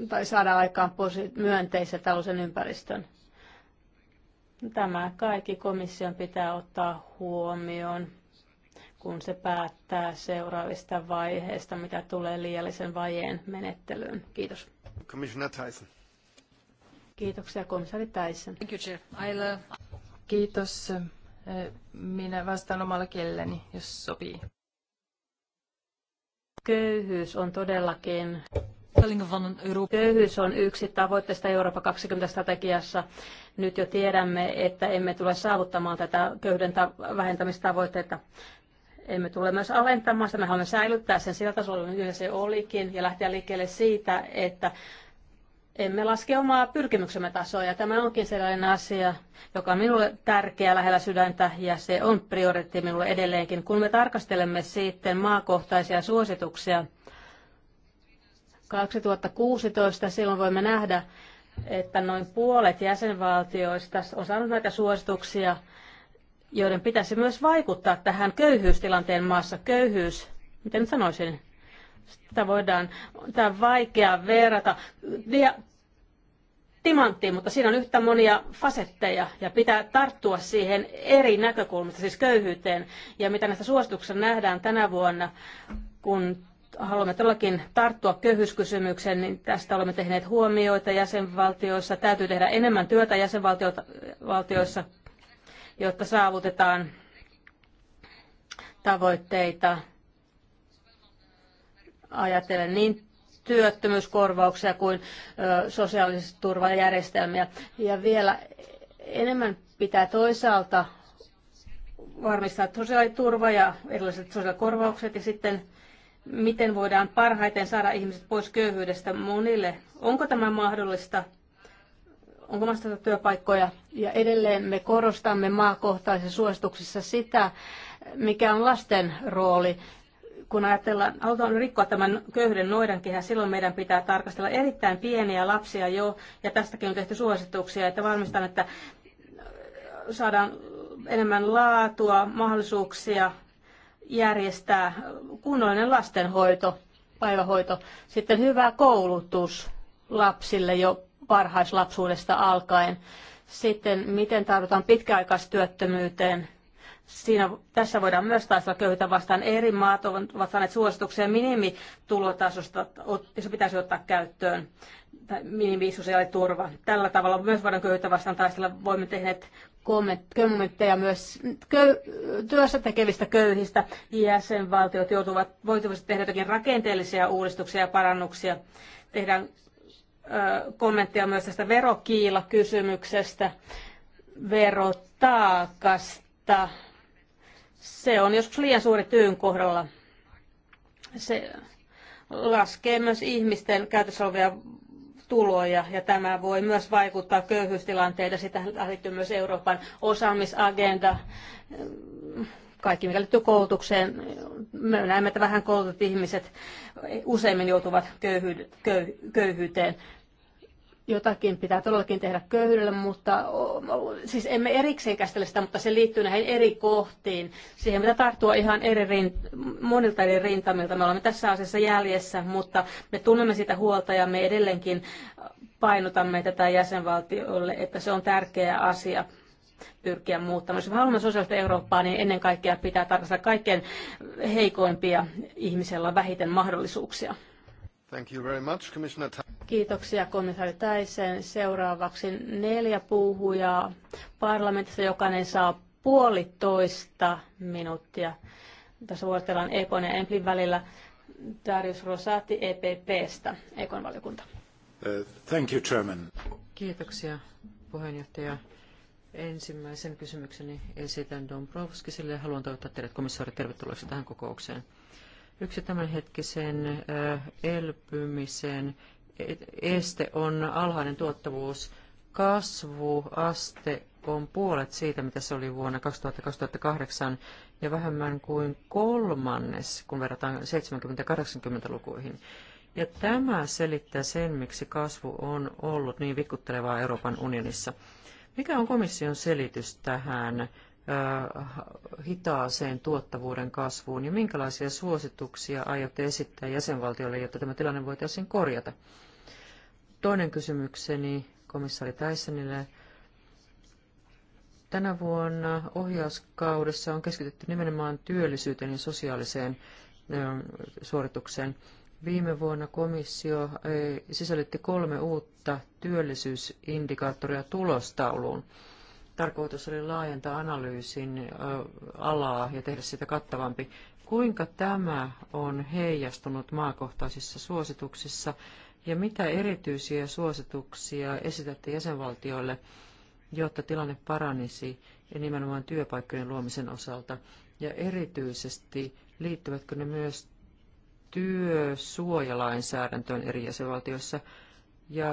[SPEAKER 1] tai saada aikaan myönteisen talousen ympäristön. Tämä kaikki komission pitää ottaa huomioon, kun se päättää seuraavista vaiheista, mitä tulee liiallisen vajeen menettelyyn. Kiitos. Commissioner Tyson. Kiitoksia, komissaari Tyson. Thank you, Chair. I'll, Kiitos.
[SPEAKER 2] Minä vastaan omalla kielelläni, jos sopii.
[SPEAKER 1] Köyhyys on todellakin Köyhyys on yksi tavoitteista Eurooppa 20-strategiassa. Nyt jo tiedämme, että emme tule saavuttamaan tätä köyhyyden vähentämistavoitteita. Emme tule myös alentamaan sitä. Me haluamme säilyttää sen sillä tasolla, se olikin, ja lähteä liikkeelle siitä, että emme laske omaa pyrkimyksemme tasoa. Ja tämä onkin sellainen asia, joka on minulle tärkeä lähellä sydäntä ja se on prioriteetti minulle edelleenkin. Kun me tarkastelemme sitten maakohtaisia suosituksia 2016, silloin voimme nähdä, että noin puolet jäsenvaltioista on saanut näitä suosituksia, joiden pitäisi myös vaikuttaa tähän köyhyystilanteen maassa. Köyhyys, miten sanoisin, sitä voidaan, tämä on vaikea verrata timanttiin, mutta siinä on yhtä monia fasetteja ja pitää tarttua siihen eri näkökulmista, siis köyhyyteen. Ja mitä näistä suosituksista nähdään tänä vuonna, kun haluamme todellakin tarttua köyhyyskysymykseen, niin tästä olemme tehneet huomioita jäsenvaltioissa. Täytyy tehdä enemmän työtä jäsenvaltioissa, jotta saavutetaan tavoitteita. Ajatellen niin työttömyyskorvauksia kuin sosiaaliturvajärjestelmiä. Ja vielä enemmän pitää toisaalta varmistaa sosiaaliturva ja erilaiset sosiaalikorvaukset ja sitten miten voidaan parhaiten saada ihmiset pois köyhyydestä monille. Onko tämä mahdollista? Onko mahdollista työpaikkoja? Ja edelleen me korostamme maakohtaisissa suosituksissa sitä, mikä on lasten rooli kun ajatellaan, halutaan rikkoa tämän köyhyyden noidankehän, silloin meidän pitää tarkastella erittäin pieniä lapsia jo, ja tästäkin on tehty suosituksia, että varmistetaan, että saadaan enemmän laatua, mahdollisuuksia järjestää kunnollinen lastenhoito, päivähoito, sitten hyvä koulutus lapsille jo varhaislapsuudesta alkaen, sitten miten tartutaan pitkäaikaistyöttömyyteen, Siinä, tässä voidaan myös taistella köyhyyttä vastaan. Eri maat ovat saaneet suosituksia minimitulotasosta, jos pitäisi ottaa käyttöön minimisosiaaliturva. Tällä tavalla myös voidaan köyhyyttä vastaan taistella. Voimme tehneet kommentteja myös köy- työssä tekevistä köyhistä. Jäsenvaltiot joutuvat, voituvat tehdä jotakin rakenteellisia uudistuksia ja parannuksia. Tehdään ö, kommentteja myös tästä verokiilakysymyksestä, kysymyksestä verotaakasta se on joskus liian suuri tyyn kohdalla. Se laskee myös ihmisten käytössä olevia tuloja ja tämä voi myös vaikuttaa köyhyystilanteita. Sitä liittyy myös Euroopan osaamisagenda. Kaikki, mikä liittyy koulutukseen, me näemme, että vähän koulutut ihmiset useimmin joutuvat köyhyyteen jotakin pitää todellakin tehdä köyhyydelle, mutta siis emme erikseen käsitellä sitä, mutta se liittyy näihin eri kohtiin. Siihen pitää tarttua ihan eri, monilta eri rintamilta. Me olemme tässä asiassa jäljessä, mutta me tunnemme sitä huolta ja me edelleenkin painotamme tätä jäsenvaltiolle, että se on tärkeä asia pyrkiä muuttamaan. Jos haluamme sosiaalista Eurooppaa, niin ennen kaikkea pitää tarkastella kaikkein heikoimpia ihmisellä vähiten mahdollisuuksia. Thank you very much, Commissioner. Kiitoksia komissaari Täisen. Seuraavaksi neljä puhujaa. Parlamentissa jokainen saa puolitoista minuuttia. Tässä vuorotellaan Ekon ja Emplin välillä. Darius Rosati EPPstä, Ekon valiokunta.
[SPEAKER 2] Uh, thank
[SPEAKER 3] you, Chairman. Kiitoksia, puheenjohtaja. Ensimmäisen kysymykseni esitän Dombrovskiselle ja haluan toivottaa teidät komissaari tervetulleeksi tähän kokoukseen. Yksi tämänhetkisen elpymisen este on alhainen tuottavuus. Kasvuaste on puolet siitä, mitä se oli vuonna 2000-2008, ja vähemmän kuin kolmannes, kun verrataan 70-80-lukuihin. Ja tämä selittää sen, miksi kasvu on ollut niin vikuttelevaa Euroopan unionissa. Mikä on komission selitys tähän hitaaseen tuottavuuden kasvuun ja minkälaisia suosituksia aiotte esittää jäsenvaltioille, jotta tämä tilanne voitaisiin korjata? Toinen kysymykseni komissaari Tysonille. Tänä vuonna ohjauskaudessa on keskitytty nimenomaan työllisyyteen ja sosiaaliseen suoritukseen. Viime vuonna komissio sisällytti kolme uutta työllisyysindikaattoria tulostauluun. Tarkoitus oli laajentaa analyysin alaa ja tehdä sitä kattavampi. Kuinka tämä on heijastunut maakohtaisissa suosituksissa ja mitä erityisiä suosituksia esitätte jäsenvaltioille, jotta tilanne paranisi ja nimenomaan työpaikkojen luomisen osalta? Ja erityisesti liittyvätkö ne myös työsuojalainsäädäntöön eri jäsenvaltioissa? Ja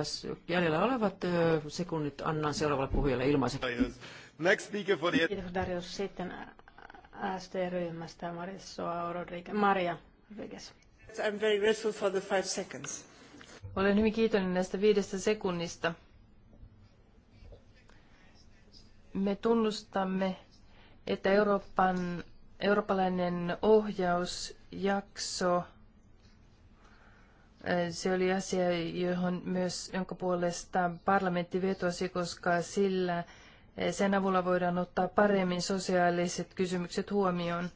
[SPEAKER 3] jäljellä olevat sekunnit annan seuraavalle puhujalle ilmaisen.
[SPEAKER 1] Next speaker for the... Kiitos Darius. Sitten ST-ryhmästä Maria Rodriguez. Maria Rodriguez.
[SPEAKER 2] I'm very grateful for the five seconds.
[SPEAKER 1] Olen hyvin kiitollinen näistä viidestä
[SPEAKER 2] sekunnista. Me tunnustamme, että Euroopan, eurooppalainen ohjausjakso eh, se oli asia, johon myös, jonka puolesta parlamentti vetosi, koska sillä eh, sen avulla voidaan ottaa paremmin sosiaaliset kysymykset huomioon.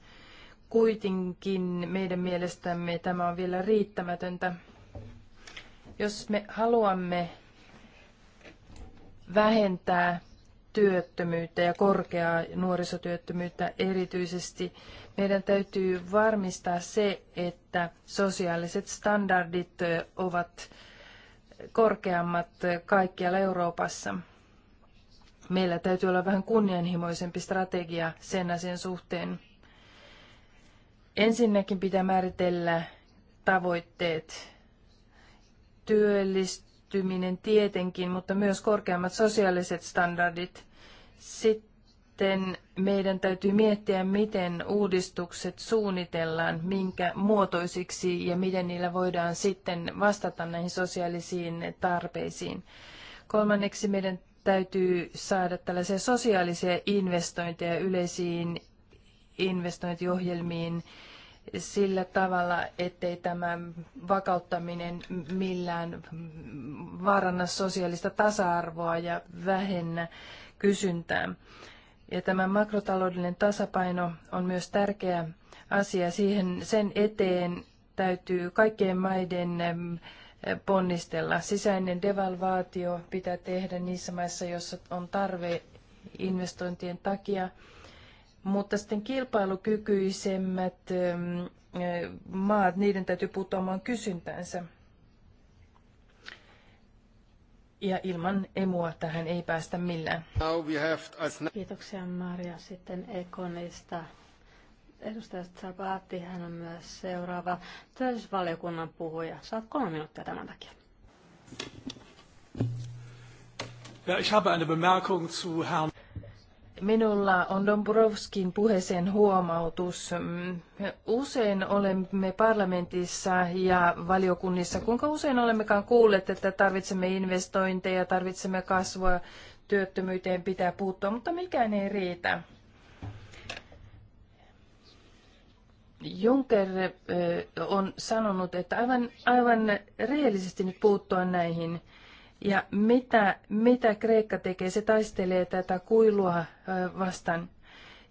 [SPEAKER 2] Kuitenkin meidän mielestämme tämä on vielä riittämätöntä. Jos me haluamme vähentää työttömyyttä ja korkeaa nuorisotyöttömyyttä erityisesti, meidän täytyy varmistaa se, että sosiaaliset standardit ovat korkeammat kaikkialla Euroopassa. Meillä täytyy olla vähän kunnianhimoisempi strategia sen asian suhteen. Ensinnäkin pitää määritellä tavoitteet työllistyminen tietenkin, mutta myös korkeammat sosiaaliset standardit. Sitten meidän täytyy miettiä, miten uudistukset suunnitellaan, minkä muotoisiksi ja miten niillä voidaan sitten vastata näihin sosiaalisiin tarpeisiin. Kolmanneksi meidän täytyy saada tällaisia sosiaalisia investointeja yleisiin investointiohjelmiin sillä tavalla, ettei tämä vakauttaminen millään vaaranna sosiaalista tasa-arvoa ja vähennä kysyntää. Ja tämä makrotaloudellinen tasapaino on myös tärkeä asia. Siihen, sen eteen täytyy kaikkien maiden ponnistella. Sisäinen devalvaatio pitää tehdä niissä maissa, joissa on tarve investointien takia. Mutta sitten kilpailukykyisemmät ähm, äh, maat, niiden täytyy puuttua omaan kysyntänsä.
[SPEAKER 1] Ja ilman emua tähän ei päästä millään. Kiitoksia Maria. Sitten Ekonista. Edustaja Zabati, hän on myös seuraava työllisyysvaliokunnan puhuja. Saat kolme minuuttia tämän takia. Ja, ich habe eine Bemerkung zu Herrn Minulla
[SPEAKER 2] on Dombrovskin puheeseen huomautus. Usein olemme parlamentissa ja valiokunnissa, kuinka usein olemmekaan kuulleet, että tarvitsemme investointeja, tarvitsemme kasvua, työttömyyteen pitää puuttua, mutta mikään ei riitä. Juncker on sanonut, että aivan, aivan rehellisesti nyt puuttua näihin ja mitä, mitä Kreikka tekee? Se taistelee tätä kuilua vastaan.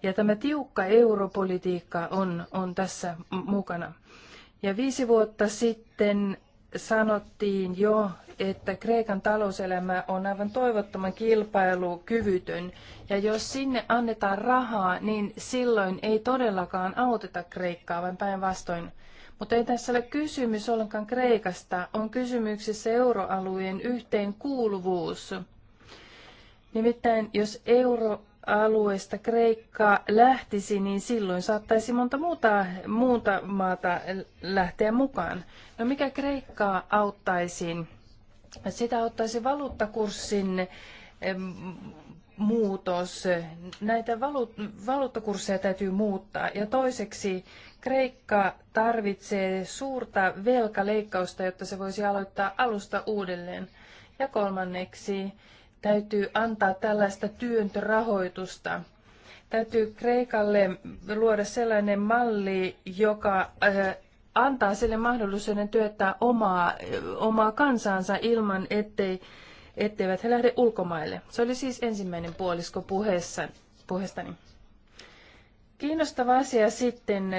[SPEAKER 2] Ja tämä tiukka europolitiikka on, on tässä mukana. Ja viisi vuotta sitten sanottiin jo, että Kreikan talouselämä on aivan toivottoman kilpailukyvytön. Ja jos sinne annetaan rahaa, niin silloin ei todellakaan auteta Kreikkaa, vaan päinvastoin mutta ei tässä ole kysymys ollenkaan Kreikasta, on kysymyksessä euroalueen yhteenkuuluvuus. Nimittäin jos euroalueesta Kreikka lähtisi, niin silloin saattaisi monta muuta, muuta maata lähteä mukaan. No mikä Kreikkaa auttaisi? Sitä auttaisi valuuttakurssin muutos. Näitä valuuttakursseja täytyy muuttaa. Ja toiseksi Kreikka tarvitsee suurta velkaleikkausta, jotta se voisi aloittaa alusta uudelleen. Ja kolmanneksi täytyy antaa tällaista työntörahoitusta. Täytyy Kreikalle luoda sellainen malli, joka äh, antaa sille mahdollisuuden työttää omaa, äh, omaa kansansa ilman, ettei, etteivät he lähde ulkomaille. Se oli siis ensimmäinen puolisko puheessa, puheestani. Kiinnostava asia sitten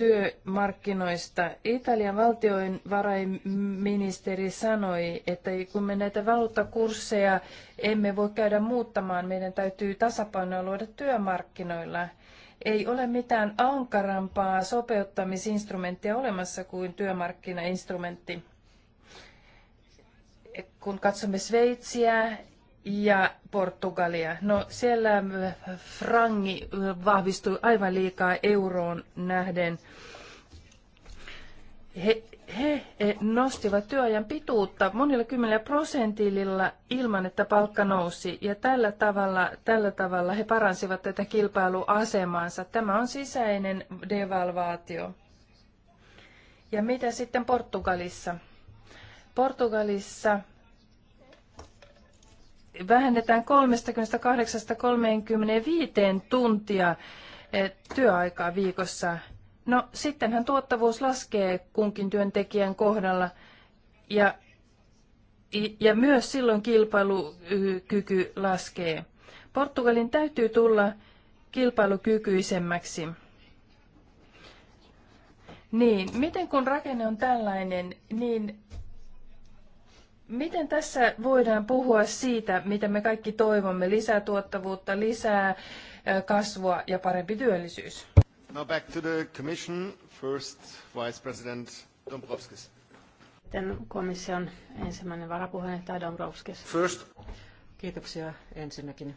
[SPEAKER 2] työmarkkinoista. Italian valtiovarainministeri sanoi, että kun me näitä valuuttakursseja emme voi käydä muuttamaan, meidän täytyy tasapainoa luoda työmarkkinoilla. Ei ole mitään ankarampaa sopeuttamisinstrumenttia olemassa kuin työmarkkinainstrumentti kun katsomme Sveitsiä, ja Portugalia. No siellä äh, frangi äh, vahvistui aivan liikaa euroon nähden. He, he, he nostivat työajan pituutta monilla kymmenellä prosentilla ilman, että palkka nousi. Ja tällä tavalla, tällä tavalla he paransivat tätä kilpailuasemaansa. Tämä on sisäinen devalvaatio. Ja mitä sitten Portugalissa? Portugalissa vähennetään 38-35 tuntia eh, työaikaa viikossa. No sittenhän tuottavuus laskee kunkin työntekijän kohdalla ja, ja myös silloin kilpailukyky laskee. Portugalin täytyy tulla kilpailukykyisemmäksi. Niin, miten kun rakenne on tällainen, niin Miten tässä voidaan puhua siitä, mitä me kaikki toivomme, lisää tuottavuutta, lisää kasvua
[SPEAKER 1] ja parempi työllisyys? Now back to the commission. First, Vice President Dombrovskis. Sitten komission ensimmäinen varapuheenjohtaja Dombrovskis. First. Kiitoksia ensinnäkin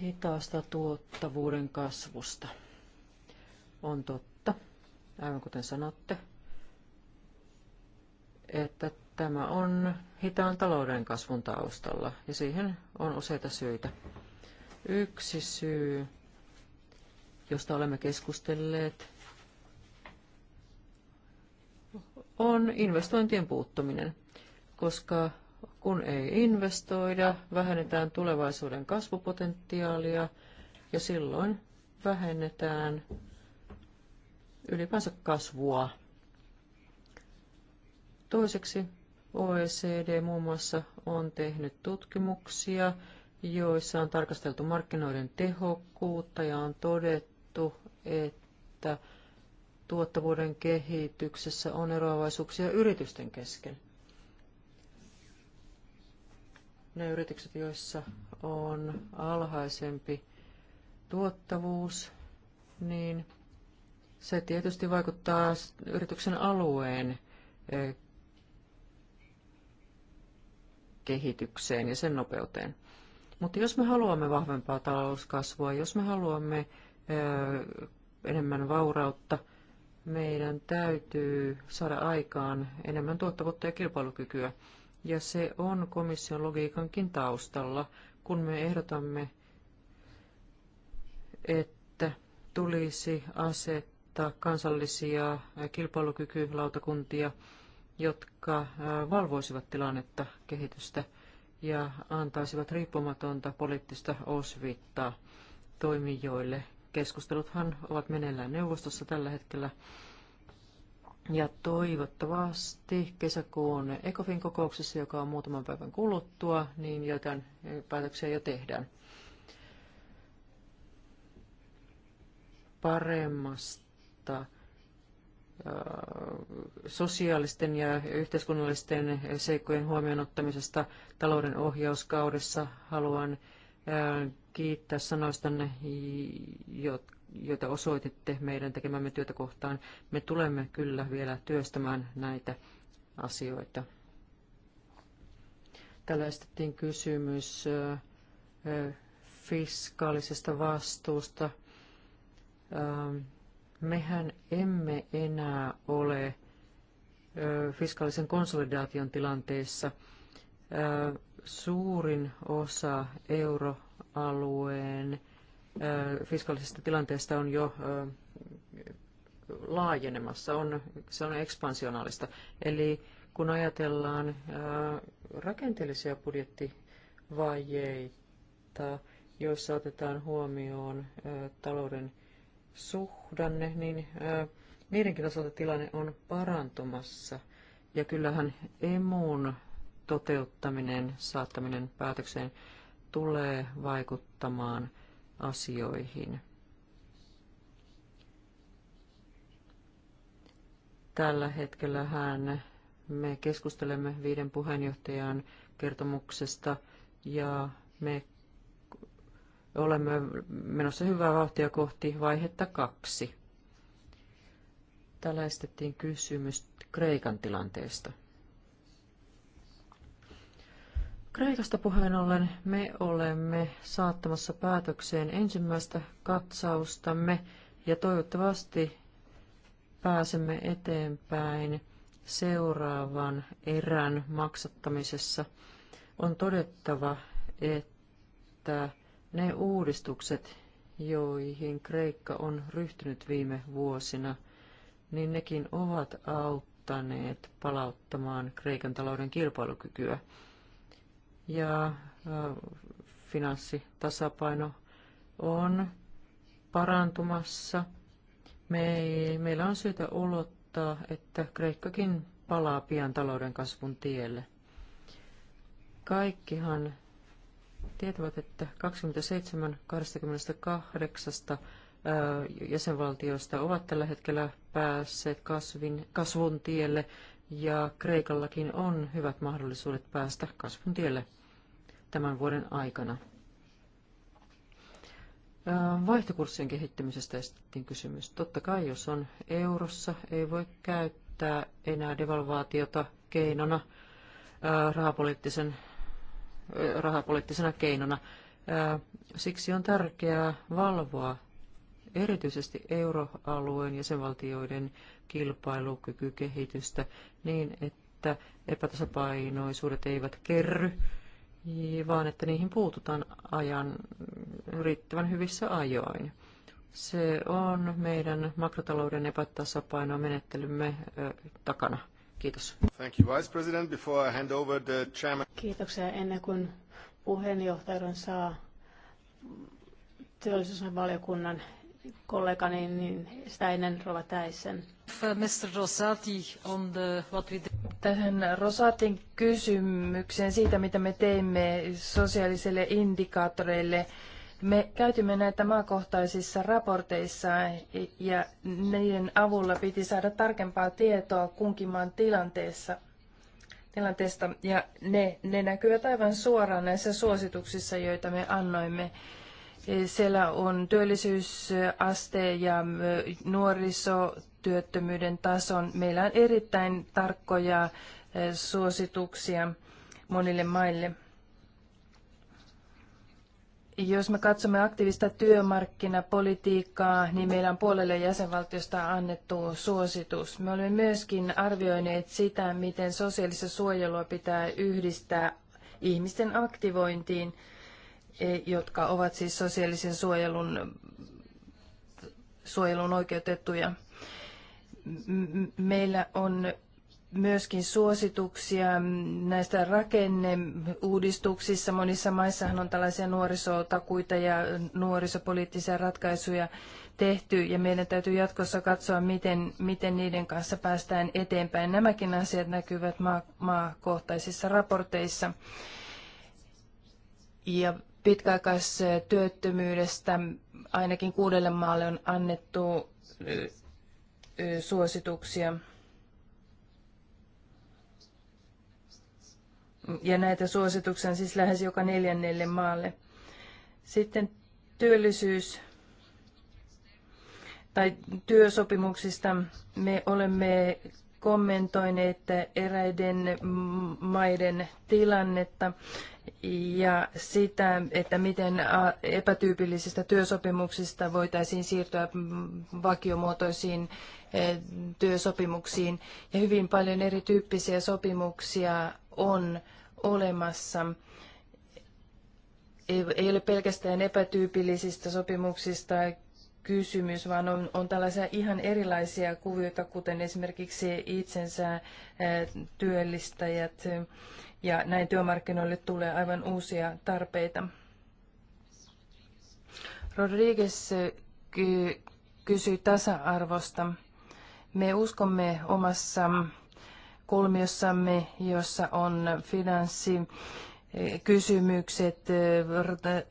[SPEAKER 1] hitaasta
[SPEAKER 3] tuottavuuden kasvusta. On totta, aivan kuten sanotte, että tämä on hitaan talouden kasvun taustalla ja siihen on useita syitä. Yksi syy, josta olemme keskustelleet, on investointien puuttuminen, koska kun ei investoida, vähennetään tulevaisuuden kasvupotentiaalia ja silloin vähennetään ylipäänsä kasvua Toiseksi OECD muun muassa on tehnyt tutkimuksia, joissa on tarkasteltu markkinoiden tehokkuutta ja on todettu, että tuottavuuden kehityksessä on eroavaisuuksia yritysten kesken. Ne yritykset, joissa on alhaisempi tuottavuus, niin se tietysti vaikuttaa yrityksen alueen eh, kehitykseen ja sen nopeuteen. Mutta jos me haluamme vahvempaa talouskasvua, jos me haluamme enemmän vaurautta, meidän täytyy saada aikaan enemmän tuottavuutta ja kilpailukykyä. Ja se on komission logiikankin taustalla, kun me ehdotamme, että tulisi asettaa kansallisia kilpailukykylautakuntia – jotka äh, valvoisivat tilannetta, kehitystä ja antaisivat riippumatonta poliittista osviittaa toimijoille. Keskusteluthan ovat meneillään neuvostossa tällä hetkellä. Ja toivottavasti kesäkuun ECOFIN kokouksessa, joka on muutaman päivän kuluttua, niin joitain eh, päätöksiä jo tehdään. Paremmasta sosiaalisten ja yhteiskunnallisten seikkojen huomioon ottamisesta talouden ohjauskaudessa. Haluan kiittää sanoistanne, joita osoititte meidän tekemämme työtä kohtaan. Me tulemme kyllä vielä työstämään näitä asioita. Täällä esitettiin kysymys fiskaalisesta vastuusta. Mehän emme enää ole fiskaalisen konsolidaation tilanteessa. Suurin osa euroalueen fiskaalisesta tilanteesta on jo laajenemassa, on, se on ekspansionaalista. Eli kun ajatellaan rakenteellisia budjettivajeita, joissa otetaan huomioon talouden suhdanne, niin niidenkin osalta tilanne on parantumassa. Ja kyllähän emun toteuttaminen, saattaminen päätökseen tulee vaikuttamaan asioihin. Tällä hetkellähän me keskustelemme viiden puheenjohtajan kertomuksesta ja me olemme menossa hyvää vauhtia kohti vaihetta kaksi. Täällä estettiin kysymys Kreikan tilanteesta. Kreikasta puheen ollen me olemme saattamassa päätökseen ensimmäistä katsaustamme ja toivottavasti pääsemme eteenpäin seuraavan erän maksattamisessa. On todettava, että ne uudistukset, joihin Kreikka on ryhtynyt viime vuosina, niin nekin ovat auttaneet palauttamaan Kreikan talouden kilpailukykyä. Ja finanssitasapaino on parantumassa. Me ei, meillä on syytä olottaa, että Kreikkakin palaa pian talouden kasvun tielle. Kaikkihan tietävät, että 27 28 jäsenvaltioista ovat tällä hetkellä päässeet kasvin, kasvun tielle ja Kreikallakin on hyvät mahdollisuudet päästä kasvun tielle tämän vuoden aikana. Vaihtokurssien kehittämisestä esitettiin kysymys. Totta kai, jos on eurossa, ei voi käyttää enää devalvaatiota keinona rahapoliittisen rahapoliittisena keinona. Siksi on tärkeää valvoa erityisesti euroalueen jäsenvaltioiden kilpailukykykehitystä niin, että epätasapainoisuudet eivät kerry, vaan että niihin puututaan ajan riittävän hyvissä ajoin. Se on meidän makrotalouden epätasapainomenettelymme
[SPEAKER 1] takana. Kiitos. Thank you, Vice President. Before I hand over the chairman... Kiitoksia. Ennen kuin puheenjohtajan saa työllisyysvaliokunnan kollegani, niin, niin sitä ennen Rova Täisen.
[SPEAKER 3] Mr. Rosati on the, what we
[SPEAKER 2] Tähän Rosatin kysymykseen siitä, mitä me teimme sosiaaliselle indikaattoreille – me käytimme näitä maakohtaisissa raporteissa ja niiden avulla piti saada tarkempaa tietoa kunkin maan tilanteessa, tilanteesta. Ja ne, ne näkyvät aivan suoraan näissä suosituksissa, joita me annoimme. E, siellä on työllisyysaste ja nuorisotyöttömyyden tason. Meillä on erittäin tarkkoja e, suosituksia monille maille. Jos me katsomme aktiivista työmarkkinapolitiikkaa, niin meillä on puolelle jäsenvaltiosta annettu suositus. Me olemme myöskin arvioineet sitä, miten sosiaalista suojelua pitää yhdistää ihmisten aktivointiin, e, jotka ovat siis sosiaalisen suojelun, suojelun oikeutettuja. Meillä on myöskin suosituksia näistä rakenneuudistuksissa. Monissa maissahan on tällaisia nuorisotakuita ja nuorisopoliittisia ratkaisuja tehty ja meidän täytyy jatkossa katsoa, miten, miten niiden kanssa päästään eteenpäin. Nämäkin asiat näkyvät maa, maakohtaisissa raporteissa. Ja pitkäaikaistyöttömyydestä ainakin kuudelle maalle on annettu suosituksia. ja näitä suosituksia siis lähes joka neljännelle maalle. Sitten työllisyys tai työsopimuksista me olemme kommentoineet eräiden maiden tilannetta ja sitä, että miten epätyypillisistä työsopimuksista voitaisiin siirtyä vakiomuotoisiin eh, työsopimuksiin. Ja hyvin paljon erityyppisiä sopimuksia on olemassa. Ei, ei ole pelkästään epätyypillisistä sopimuksista kysymys, vaan on, on tällaisia ihan erilaisia kuvioita, kuten esimerkiksi itsensä työllistäjät, ja näin työmarkkinoille tulee aivan uusia tarpeita. Rodriguez kysyi tasa-arvosta. Me uskomme omassa kolmiossamme, jossa on finanssi, kysymykset,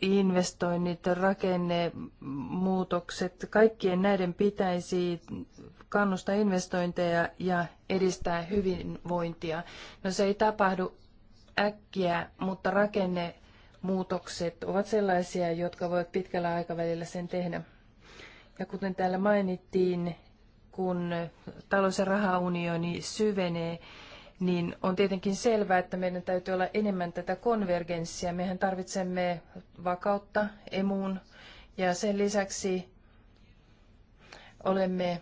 [SPEAKER 2] investoinnit,
[SPEAKER 1] rakennemuutokset,
[SPEAKER 2] kaikkien näiden pitäisi kannustaa investointeja ja edistää hyvinvointia. No se ei tapahdu äkkiä, mutta rakennemuutokset ovat sellaisia, jotka voivat pitkällä aikavälillä sen tehdä. Ja kuten täällä mainittiin, kun talous- ja rahaunioni syvenee, niin on tietenkin selvää, että meidän täytyy olla enemmän tätä konvergenssia. Mehän tarvitsemme vakautta emuun ja sen lisäksi olemme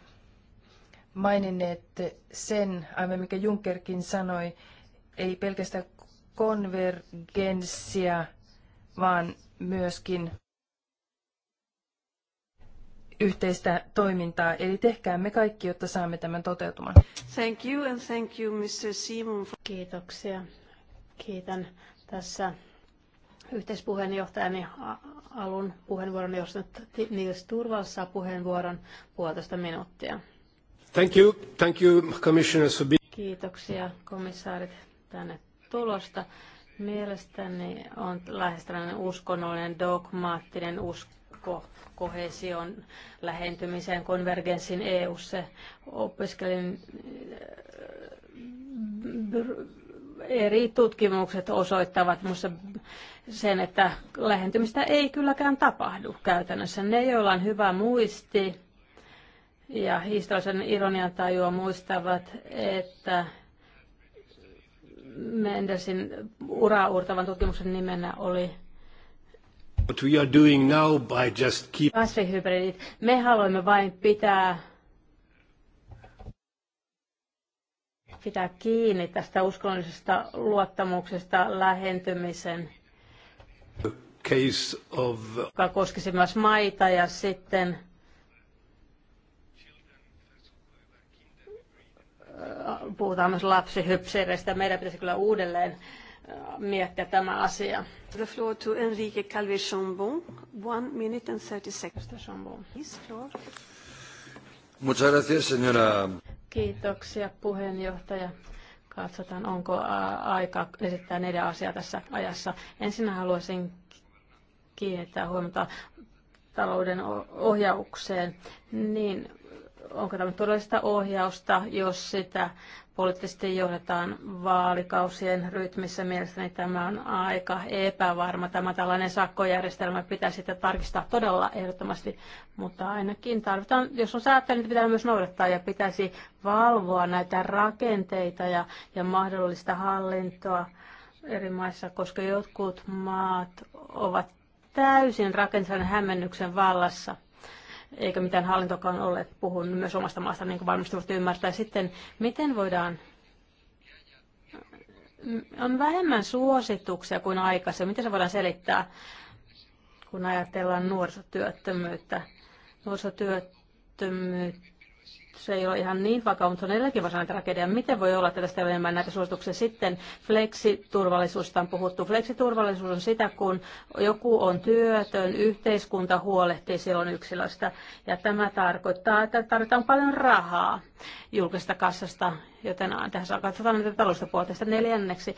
[SPEAKER 2] maininneet sen, aivan mikä Junckerkin sanoi, ei pelkästään konvergenssia, vaan myöskin yhteistä toimintaa, eli tehkäämme kaikki, jotta saamme tämän toteutumaan.
[SPEAKER 1] Thank you and thank you Mr. Simon. Kiitoksia. Kiitän tässä yhteispuheenjohtajani alun puheenvuoron, jos nyt Nils Turvals saa puheenvuoron puolitoista minuuttia.
[SPEAKER 2] Thank you, thank you, Commissioner Subi.
[SPEAKER 1] Kiitoksia komissaarit tänne tulosta. Mielestäni on lähes tällainen uskonnollinen, dogmaattinen usko ko- kohesion lähentymiseen, konvergenssin EU-ssa. Opiskelin äh, eri tutkimukset osoittavat minusta sen, että lähentymistä ei kylläkään tapahdu käytännössä. Ne, joilla on hyvä muisti ja historiallisen ironian tajua muistavat, että uraa uurtavan tutkimuksen nimenä oli
[SPEAKER 2] What we are doing now by just
[SPEAKER 3] keep...
[SPEAKER 1] Kasvihybridit. Me haluamme vain pitää pitää kiinni tästä uskonnollisesta luottamuksesta lähentymisen, case of... joka koskisi myös maita ja sitten äh, puhutaan myös lapsihypsireistä. Meidän pitäisi kyllä uudelleen miettiä tämä asia. The floor to Enrique Calvi Chambon. One minute and 30 seconds. Chambon. Please, floor.
[SPEAKER 3] Muchas gracias, señora.
[SPEAKER 1] Kiitoksia, puheenjohtaja. Katsotaan, onko aika esittää neljä asiaa tässä ajassa. Ensin haluaisin kiinnittää huomiota talouden ohjaukseen. Niin, onko tämä todellista ohjausta, jos sitä poliittisesti johdetaan vaalikausien rytmissä. Mielestäni tämä on aika epävarma. Tämä tällainen sakkojärjestelmä pitää sitten tarkistaa todella ehdottomasti, mutta ainakin tarvitaan, jos on säätänyt, niin pitää myös noudattaa ja pitäisi valvoa näitä rakenteita ja, ja mahdollista hallintoa eri maissa, koska jotkut maat ovat täysin rakenteellisen hämmennyksen vallassa eikä mitään hallintokaan ole. Puhun myös omasta maasta, niin kuin varmasti voitte ymmärtää. Sitten, miten voidaan on vähemmän suosituksia kuin aikaisemmin. Miten se voidaan selittää, kun ajatellaan nuorisotyöttömyyttä? Nuorisotyöttömyyttä se ei ole ihan niin vakava, mutta se on edelläkin varsinainen tragedia. Miten voi olla, että tästä ei ole enemmän näitä suosituksia? Sitten fleksiturvallisuudesta on puhuttu. Fleksiturvallisuus on sitä, kun joku on työtön, yhteiskunta huolehtii silloin yksilöstä. Ja tämä tarkoittaa, että tarvitaan paljon rahaa julkisesta kassasta, joten tässä katsotaan näitä talousta puolesta neljänneksi.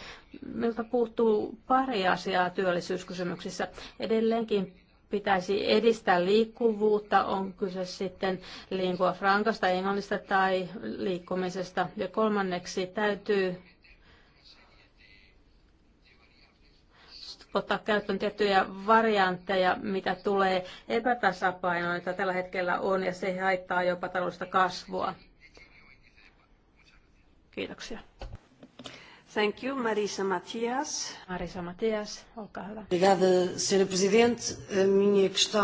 [SPEAKER 1] Miltä puuttuu pari asiaa työllisyyskysymyksissä. Edelleenkin pitäisi edistää liikkuvuutta, on kyse sitten lingua frankasta, englannista tai liikkumisesta. Ja kolmanneksi täytyy ottaa käyttöön tiettyjä variantteja, mitä tulee epätasapainoon, joita tällä hetkellä on, ja se haittaa jopa taloudellista kasvua. Kiitoksia. Thank you, Marisa Matias. Marisa Matias, olkaa hyvä. Obrigada, senhora presidente. Minha questão...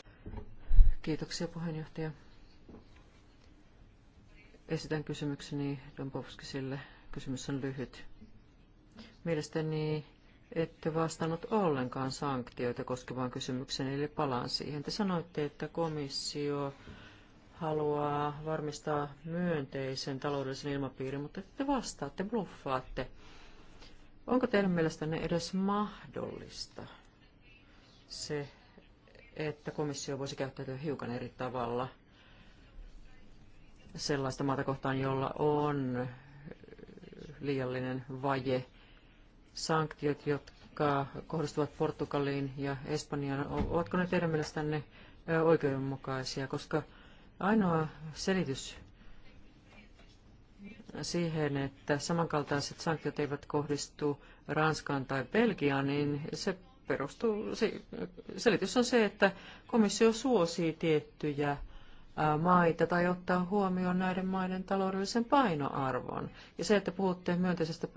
[SPEAKER 3] Kiitoksia, puheenjohtaja. Esitän kysymykseni Dombovskisille. Kysymys on lyhyt. Mielestäni ette vastannut ollenkaan sanktioita koskevaan kysymykseen, eli palaan siihen. Te sanoitte, että komissio haluaa varmistaa myönteisen taloudellisen ilmapiirin, mutta te vastaatte, bluffaatte. Onko teidän mielestänne edes mahdollista se, että komissio voisi käyttäytyä hiukan eri tavalla sellaista maata kohtaan, jolla on liiallinen vaje, sanktiot, jotka kohdistuvat Portugaliin ja Espanjaan, ovatko ne teidän mielestänne oikeudenmukaisia, koska ainoa selitys siihen, että samankaltaiset sanktiot eivät kohdistu Ranskaan tai Belgiaan, niin se perustuu, se, selitys on se, että komissio suosii tiettyjä maita tai ottaa huomioon näiden maiden taloudellisen painoarvon. Ja se, että puhutte myönteisestä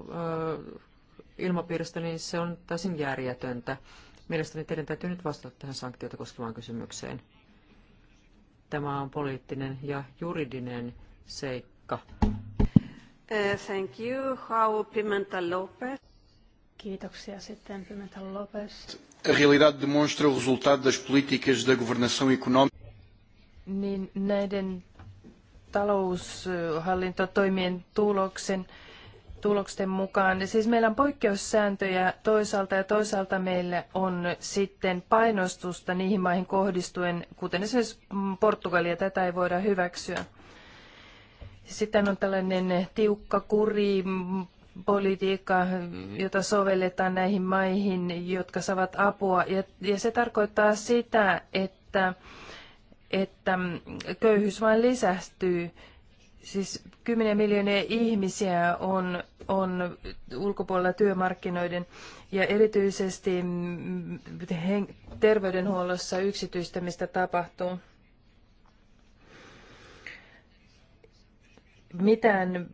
[SPEAKER 3] ilmapiiristä, niin se on täysin järjetöntä. Mielestäni teidän täytyy nyt vastata tähän sanktiota koskevaan kysymykseen. Tämä on poliittinen ja juridinen seikka.
[SPEAKER 1] Uh, thank you. João Pimenta Lopes. Kiitoksia sitten Pimenta Lopes.
[SPEAKER 2] A realidade demonstra o resultado das políticas da governação econômica. Niin näiden taloushallintotoimien tuloksen, tuloksen mukaan. Ja siis meillä on poikkeussääntöjä toisaalta ja toisaalta meillä on sitten painostusta niihin maihin kohdistuen, kuten esimerkiksi Portugalia, tätä ei voida hyväksyä. Sitten on tällainen tiukka kuri politiikka, jota sovelletaan näihin maihin, jotka saavat apua. Ja, ja se tarkoittaa sitä, että, että köyhyys vain lisästyy. Siis 10 miljoonia ihmisiä on, on ulkopuolella työmarkkinoiden ja erityisesti terveydenhuollossa yksityistämistä tapahtuu. mitään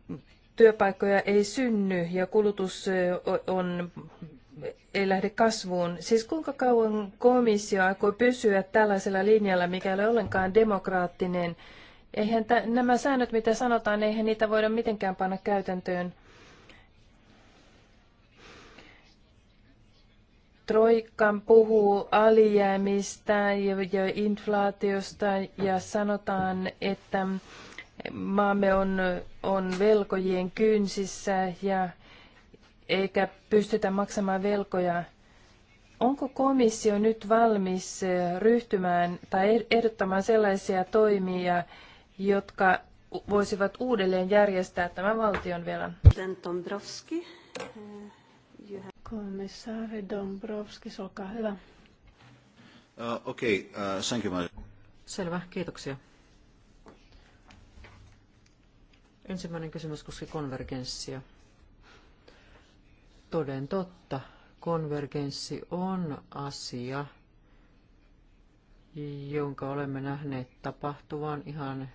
[SPEAKER 2] työpaikkoja ei synny ja kulutus on, ei lähde kasvuun. Siis kuinka kauan komissio aikoo pysyä tällaisella linjalla, mikä ei ole ollenkaan demokraattinen? Eihän t- nämä säännöt, mitä sanotaan, eihän niitä voida mitenkään panna käytäntöön. Troikan puhuu alijäämistä ja, ja inflaatiosta ja sanotaan, että Maamme on, on velkojien kynsissä ja eikä pystytä maksamaan velkoja. Onko komissio nyt valmis eh, ryhtymään tai eh, ehdottamaan sellaisia toimia, jotka voisivat uudelleen järjestää tämän
[SPEAKER 1] valtionvelan? Dombrovski. Eh, Komissaari Dombrovski, olkaa hyvä.
[SPEAKER 2] Uh, okay. uh, thank you,
[SPEAKER 3] Selvä, kiitoksia Ensimmäinen kysymys koski konvergenssia. Toden totta, konvergenssi on asia, jonka olemme nähneet tapahtuvan ihan,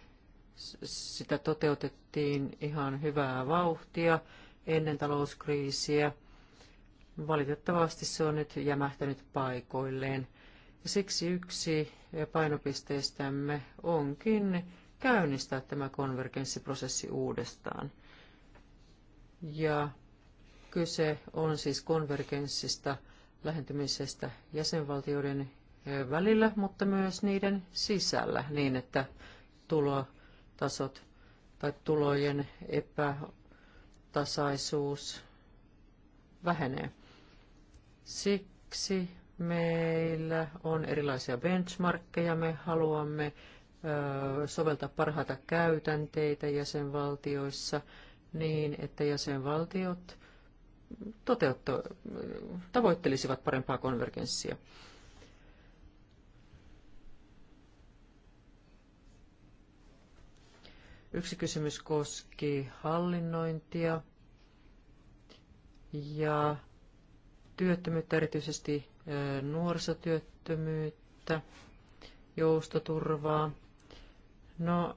[SPEAKER 3] sitä toteutettiin ihan hyvää vauhtia ennen talouskriisiä. Valitettavasti se on nyt jämähtänyt paikoilleen. Ja siksi yksi painopisteistämme onkin käynnistää tämä konvergenssiprosessi uudestaan. Ja kyse on siis konvergenssista lähentymisestä jäsenvaltioiden eh, välillä, mutta myös niiden sisällä niin, että tulotasot tai tulojen epätasaisuus vähenee. Siksi meillä on erilaisia benchmarkkeja, me haluamme soveltaa parhaita käytänteitä jäsenvaltioissa niin, että jäsenvaltiot toteutto, tavoittelisivat parempaa konvergenssia. Yksi kysymys koski hallinnointia ja työttömyyttä, erityisesti nuorisotyöttömyyttä, joustoturvaa. No,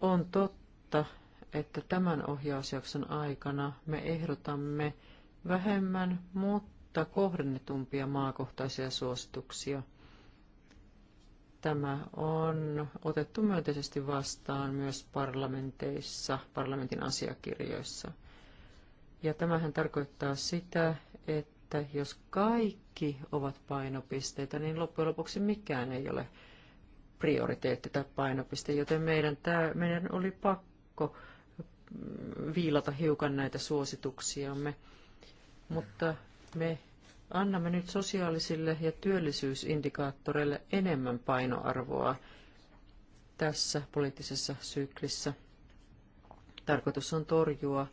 [SPEAKER 3] on totta, että tämän ohjausjakson aikana me ehdotamme vähemmän, mutta kohdennetumpia maakohtaisia suosituksia. Tämä on otettu myönteisesti vastaan myös parlamenteissa, parlamentin asiakirjoissa. Ja tämähän tarkoittaa sitä, että jos kaikki ovat painopisteitä, niin loppujen lopuksi mikään ei ole prioriteetti tai painopiste, joten meidän, tää, meidän oli pakko mm, viilata hiukan näitä suosituksiamme. Mutta me annamme nyt sosiaalisille ja työllisyysindikaattoreille enemmän painoarvoa tässä poliittisessa syklissä. Tarkoitus on torjua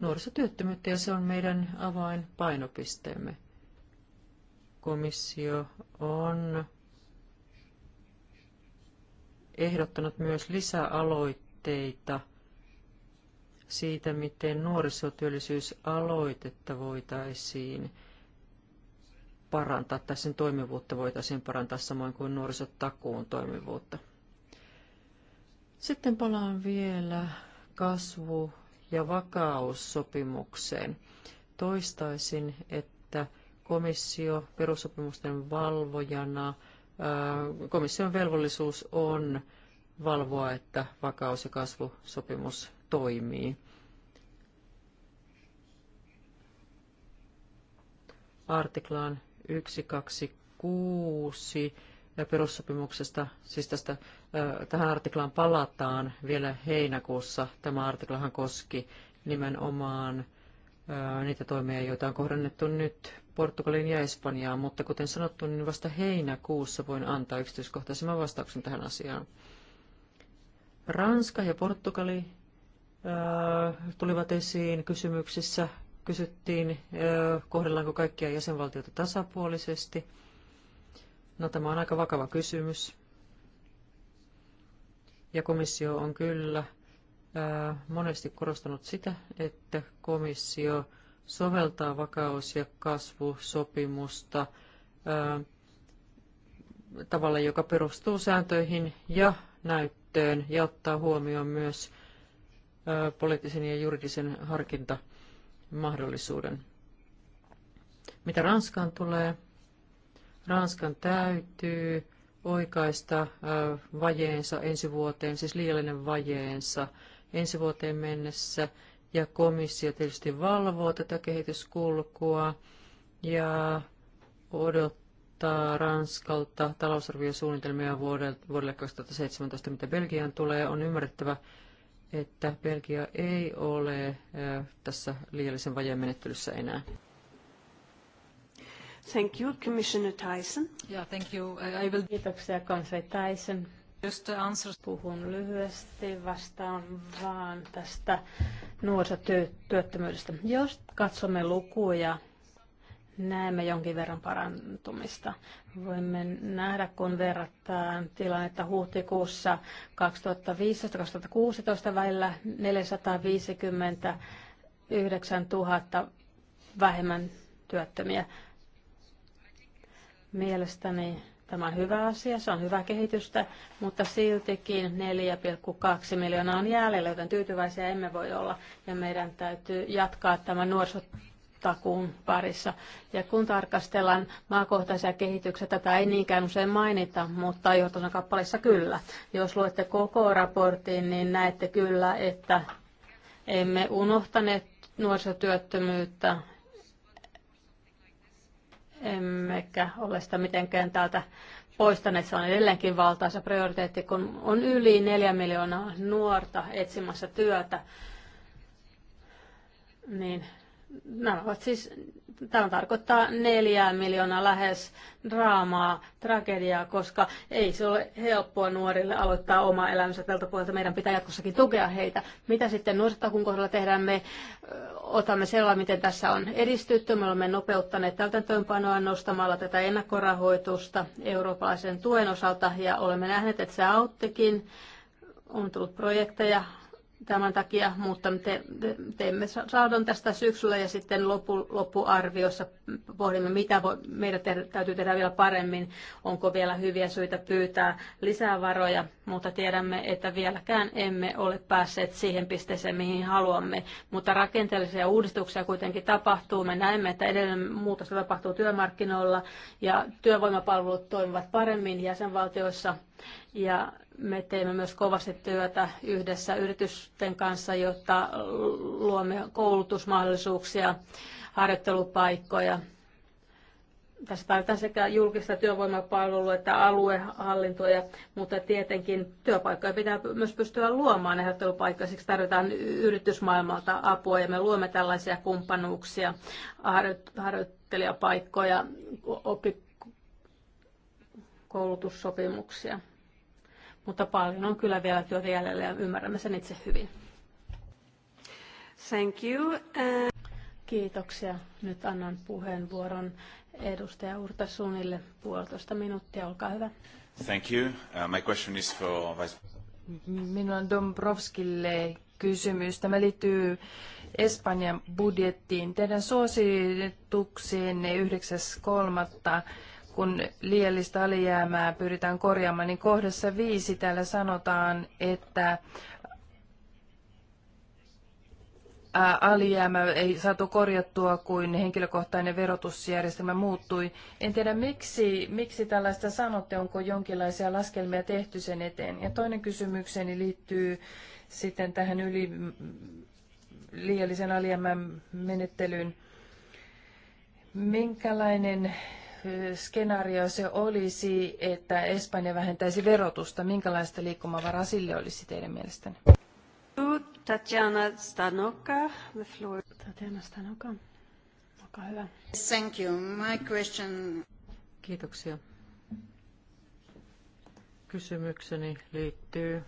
[SPEAKER 3] nuorisotyöttömyyttä ja se on meidän avainpainopisteemme. Komissio on ehdottanut myös lisäaloitteita siitä, miten nuorisotyöllisyysaloitetta voitaisiin parantaa tai sen toimivuutta voitaisiin parantaa samoin kuin nuorisotakuun toimivuutta. Sitten palaan vielä kasvu- ja vakaussopimukseen. Toistaisin, että komissio perussopimusten valvojana – komission velvollisuus on valvoa, että vakaus- ja kasvusopimus toimii. Artiklaan 126 perussopimuksesta, siis tästä, tähän artiklaan palataan vielä heinäkuussa. Tämä artiklahan koski nimenomaan niitä toimia, joita on kohdannettu nyt Portugalin ja Espanjaan, mutta kuten sanottu, niin vasta heinäkuussa voin antaa yksityiskohtaisemman vastauksen tähän asiaan. Ranska ja Portugali ää, tulivat esiin kysymyksissä. Kysyttiin, kohdellaanko kaikkia jäsenvaltioita tasapuolisesti. No tämä on aika vakava kysymys. Ja komissio on kyllä monesti korostanut sitä, että komissio soveltaa vakaus- ja kasvusopimusta tavalla, joka perustuu sääntöihin ja näyttöön ja ottaa huomioon myös poliittisen ja juridisen harkintamahdollisuuden. Mitä Ranskaan tulee? Ranskan täytyy oikaista vajeensa ensi vuoteen, siis liiallinen vajeensa – ensi vuoteen mennessä, ja komissio tietysti valvoo tätä kehityskulkua ja odottaa Ranskalta talousarviosuunnitelmia vuodelle 2017, mitä Belgiaan tulee. On ymmärrettävä, että Belgia ei ole tässä liiallisen vajeen menettelyssä enää.
[SPEAKER 1] Thank you, Commissioner Tyson. Yeah, thank you. I will... Kiitoksia, Kansai Tyson. Puhun lyhyesti vastaan vaan tästä nuorisotyöttömyydestä. Jos katsomme lukuja, näemme jonkin verran parantumista. Voimme nähdä, kun verrataan tilannetta huhtikuussa 2015-2016 välillä 459 000 vähemmän työttömiä. Mielestäni Tämä on hyvä asia, se on hyvä kehitystä, mutta siltikin 4,2 miljoonaa on jäljellä, joten tyytyväisiä emme voi olla ja meidän täytyy jatkaa tämän nuorisotakuun parissa. Ja kun tarkastellaan maakohtaisia kehityksiä, tätä ei niinkään usein mainita, mutta johtosan kappaleissa kyllä. Jos luette koko raportin, niin näette kyllä, että emme unohtaneet nuorisotyöttömyyttä emmekä ole sitä mitenkään täältä poistaneet. Se on edelleenkin valtaisa prioriteetti, kun on yli neljä miljoonaa nuorta etsimässä työtä. Niin nämä ovat siis tämä tarkoittaa neljää miljoonaa lähes draamaa, tragediaa, koska ei se ole helppoa nuorille aloittaa oma elämänsä tältä puolelta. Meidän pitää jatkossakin tukea heitä. Mitä sitten nuorisotakun kohdalla tehdään? Me otamme selvää, miten tässä on edistytty. Me olemme nopeuttaneet täytäntöönpanoa nostamalla tätä ennakkorahoitusta eurooppalaisen tuen osalta ja olemme nähneet, että se auttikin on tullut projekteja Tämän takia, mutta te, te, teemme saadon tästä syksyllä ja sitten loppu, loppuarviossa pohdimme, mitä voi, meidän te, täytyy tehdä vielä paremmin, onko vielä hyviä syitä pyytää lisää varoja, mutta tiedämme, että vieläkään emme ole päässeet siihen pisteeseen, mihin haluamme. Mutta rakenteellisia uudistuksia kuitenkin tapahtuu. Me näemme, että edelleen muutosta tapahtuu työmarkkinoilla ja työvoimapalvelut toimivat paremmin jäsenvaltioissa ja me teemme myös kovasti työtä yhdessä yritysten kanssa, jotta luomme koulutusmahdollisuuksia, harjoittelupaikkoja. Tässä tarvitaan sekä julkista työvoimapalvelua että aluehallintoja, mutta tietenkin työpaikkoja pitää myös pystyä luomaan harjoittelupaikkoja. Siksi tarvitaan yritysmaailmalta apua ja me luomme tällaisia kumppanuuksia, harjoittelijapaikkoja, oppikoulutussopimuksia mutta paljon on kyllä vielä työtä jäljellä ja ymmärrämme sen itse hyvin. Thank you. Uh... Kiitoksia. Nyt annan puheenvuoron edustaja Urta Sunille puolitoista minuuttia. Olkaa hyvä.
[SPEAKER 2] Thank you. Uh, my question is for Vice
[SPEAKER 1] Minulla on Dombrovskille
[SPEAKER 2] kysymys. Tämä liittyy Espanjan budjettiin. Teidän suosituksiinne kun liiallista alijäämää pyritään korjaamaan, niin kohdassa viisi täällä sanotaan, että alijäämä ei saatu korjattua, kuin henkilökohtainen verotusjärjestelmä muuttui. En tiedä, miksi, miksi tällaista sanotte, onko jonkinlaisia laskelmia tehty sen eteen. Ja toinen kysymykseni liittyy sitten tähän yli, liiallisen alijäämän menettelyyn. Minkälainen skenaario se olisi, että Espanja vähentäisi verotusta? Minkälaista liikkumavaraa sille olisi teidän mielestänne?
[SPEAKER 1] Tatjana Stanoka, the floor. Tatjana Stanoka, olkaa hyvä. Thank you. My question... Kiitoksia.
[SPEAKER 3] Kysymykseni liittyy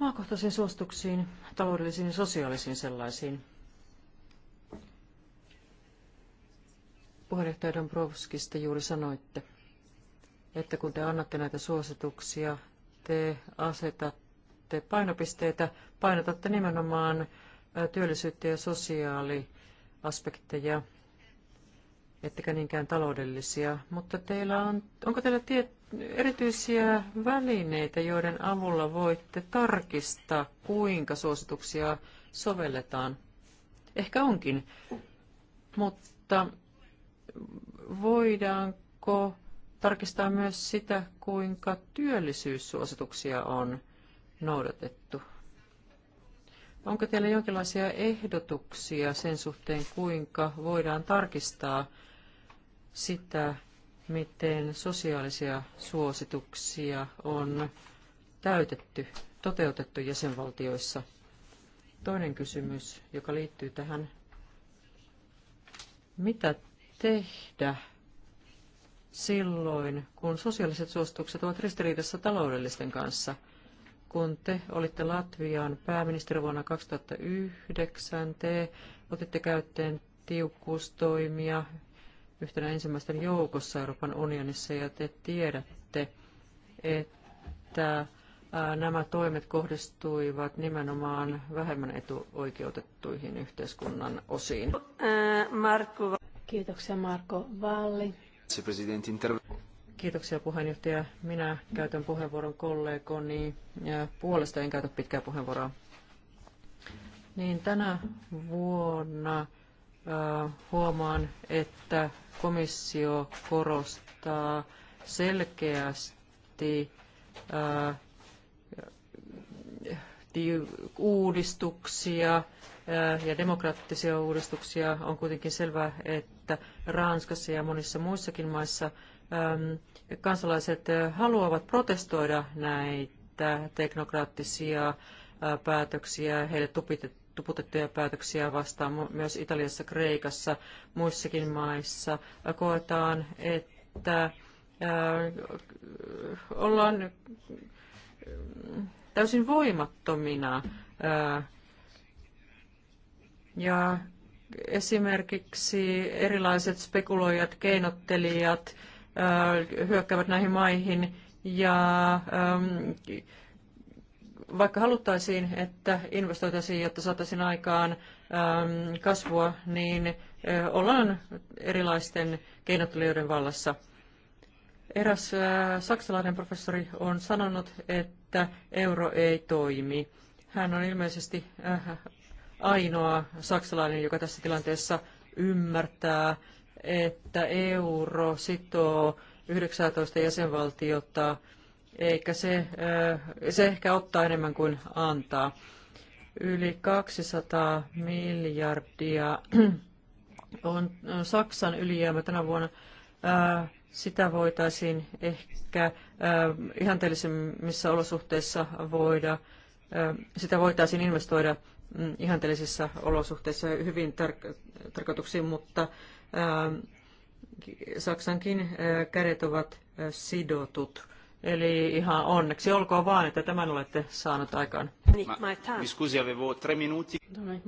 [SPEAKER 3] maakohtaisiin suostuksiin, taloudellisiin ja sosiaalisiin sellaisiin. puheenjohtaja Dombrovskista juuri sanoitte, että kun te annatte näitä suosituksia, te asetatte painopisteitä, painotatte nimenomaan työllisyyttä ja sosiaaliaspekteja, ettekä niinkään taloudellisia, mutta teillä on, onko teillä tie, erityisiä välineitä, joiden avulla voitte tarkistaa, kuinka suosituksia sovelletaan? Ehkä onkin, mutta voidaanko tarkistaa myös sitä, kuinka työllisyyssuosituksia on noudatettu? Onko teillä jonkinlaisia ehdotuksia sen suhteen, kuinka voidaan tarkistaa sitä, miten sosiaalisia suosituksia on täytetty, toteutettu jäsenvaltioissa? Toinen kysymys, joka liittyy tähän. Mitä tehdä silloin, kun sosiaaliset suositukset ovat ristiriidassa taloudellisten kanssa. Kun te olitte Latvian pääministeri vuonna 2009, te otitte käyttöön tiukkuustoimia yhtenä ensimmäisten joukossa Euroopan unionissa, ja te tiedätte, että nämä toimet kohdistuivat nimenomaan vähemmän etuoikeutettuihin yhteiskunnan osiin.
[SPEAKER 1] Markku. Kiitoksia Marko Valli.
[SPEAKER 3] Kiitoksia puheenjohtaja. Minä käytän puheenvuoron kollegoni puolesta, en käytä pitkää puheenvuoroa. Niin tänä vuonna äh, huomaan, että komissio korostaa selkeästi äh, uudistuksia äh, ja demokraattisia uudistuksia. On kuitenkin selvää, että että Ranskassa ja monissa muissakin maissa ähm, kansalaiset äh, haluavat protestoida näitä teknokraattisia äh, päätöksiä, heille tuputettuja päätöksiä vastaan myös Italiassa, Kreikassa, muissakin maissa. Äh, koetaan, että ollaan täysin voimattomina ja esimerkiksi erilaiset spekuloijat, keinottelijat äh, hyökkäävät näihin maihin ja ähm, vaikka haluttaisiin, että investoitaisiin, jotta saataisiin aikaan ähm, kasvua, niin äh, ollaan erilaisten keinottelijoiden vallassa. Eräs äh, saksalainen professori on sanonut, että euro ei toimi. Hän on ilmeisesti ainoa saksalainen, joka tässä tilanteessa ymmärtää, että euro sitoo 19 jäsenvaltiota, eikä se, se ehkä ottaa enemmän kuin antaa. Yli 200 miljardia [CLEARS THROAT] on Saksan ylijäämä tänä vuonna. Sitä voitaisiin ehkä ihanteellisemmissa olosuhteissa voida, sitä voitaisiin investoida Mm, ihanteellisissa olosuhteissa hyvin tark- tarkoituksiin, mutta ää, Saksankin ää, kädet ovat ää, sidotut. Eli ihan onneksi olkoon vaan, että tämän olette saanut aikaan. Scusi, avevo tre minuti. No niin,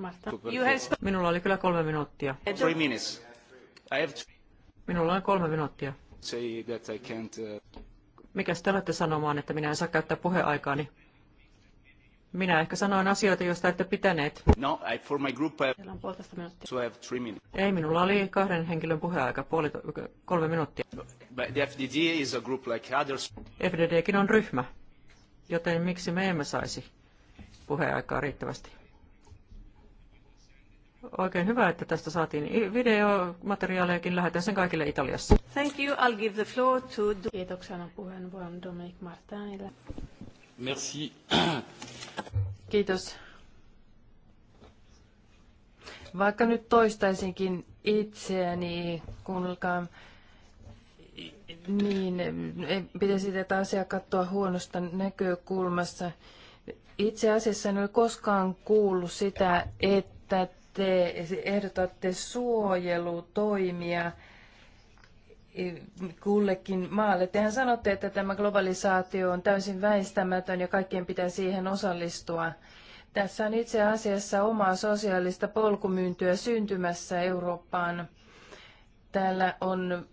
[SPEAKER 3] Minulla oli kyllä kolme minuuttia. Three minutes. I have Minulla on kolme minuuttia.
[SPEAKER 2] Uh-
[SPEAKER 3] Mikäs te olette sanomaan, että minä en saa käyttää puheaikaani? Minä ehkä sanoin asioita, joista ette pitäneet.
[SPEAKER 2] No, I, for my group, I... on puolitoista minuuttia. So I have three minutes.
[SPEAKER 3] Ei, minulla oli kahden henkilön puheaika, puoli, kolme minuuttia.
[SPEAKER 2] But the FDD is a group like
[SPEAKER 3] others. FDDkin on ryhmä, joten miksi me emme saisi puheaikaa riittävästi? Oikein hyvä, että tästä saatiin videomateriaalejakin. Lähetän sen kaikille Italiassa.
[SPEAKER 1] Thank you. I'll give the floor to... Kiitoksena puheenvuoron Dominic Martinille. Merci. Kiitos.
[SPEAKER 2] Vaikka nyt toistaisinkin itseäni, kuunnelkaa, niin pitäisi tätä asiaa katsoa huonosta näkökulmassa. Itse asiassa en ole koskaan kuullut sitä, että te ehdotatte suojelutoimia kullekin maalle. Tehän sanotte, että tämä globalisaatio on täysin väistämätön ja kaikkien pitää siihen osallistua. Tässä on itse asiassa omaa sosiaalista polkumyyntyä syntymässä Eurooppaan. Täällä on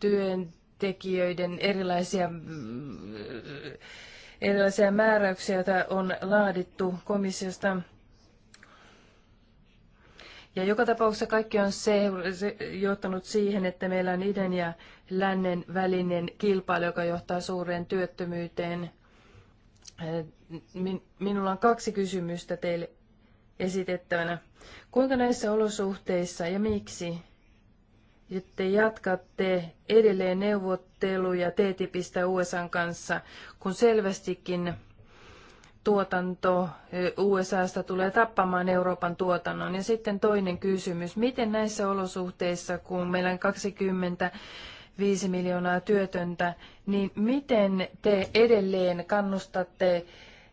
[SPEAKER 2] työntekijöiden erilaisia, erilaisia määräyksiä, joita on laadittu komissiosta ja joka tapauksessa kaikki on se, se johtanut siihen, että meillä on idän ja lännen välinen kilpailu, joka johtaa suureen työttömyyteen. Minulla on kaksi kysymystä teille esitettävänä. Kuinka näissä olosuhteissa ja miksi te jatkatte edelleen neuvotteluja TTIPistä USA kanssa, kun selvästikin tuotanto eh, USAsta tulee tappamaan Euroopan tuotannon. Ja sitten toinen kysymys, miten näissä olosuhteissa, kun meillä on 20 5 miljoonaa työtöntä, niin miten te edelleen kannustatte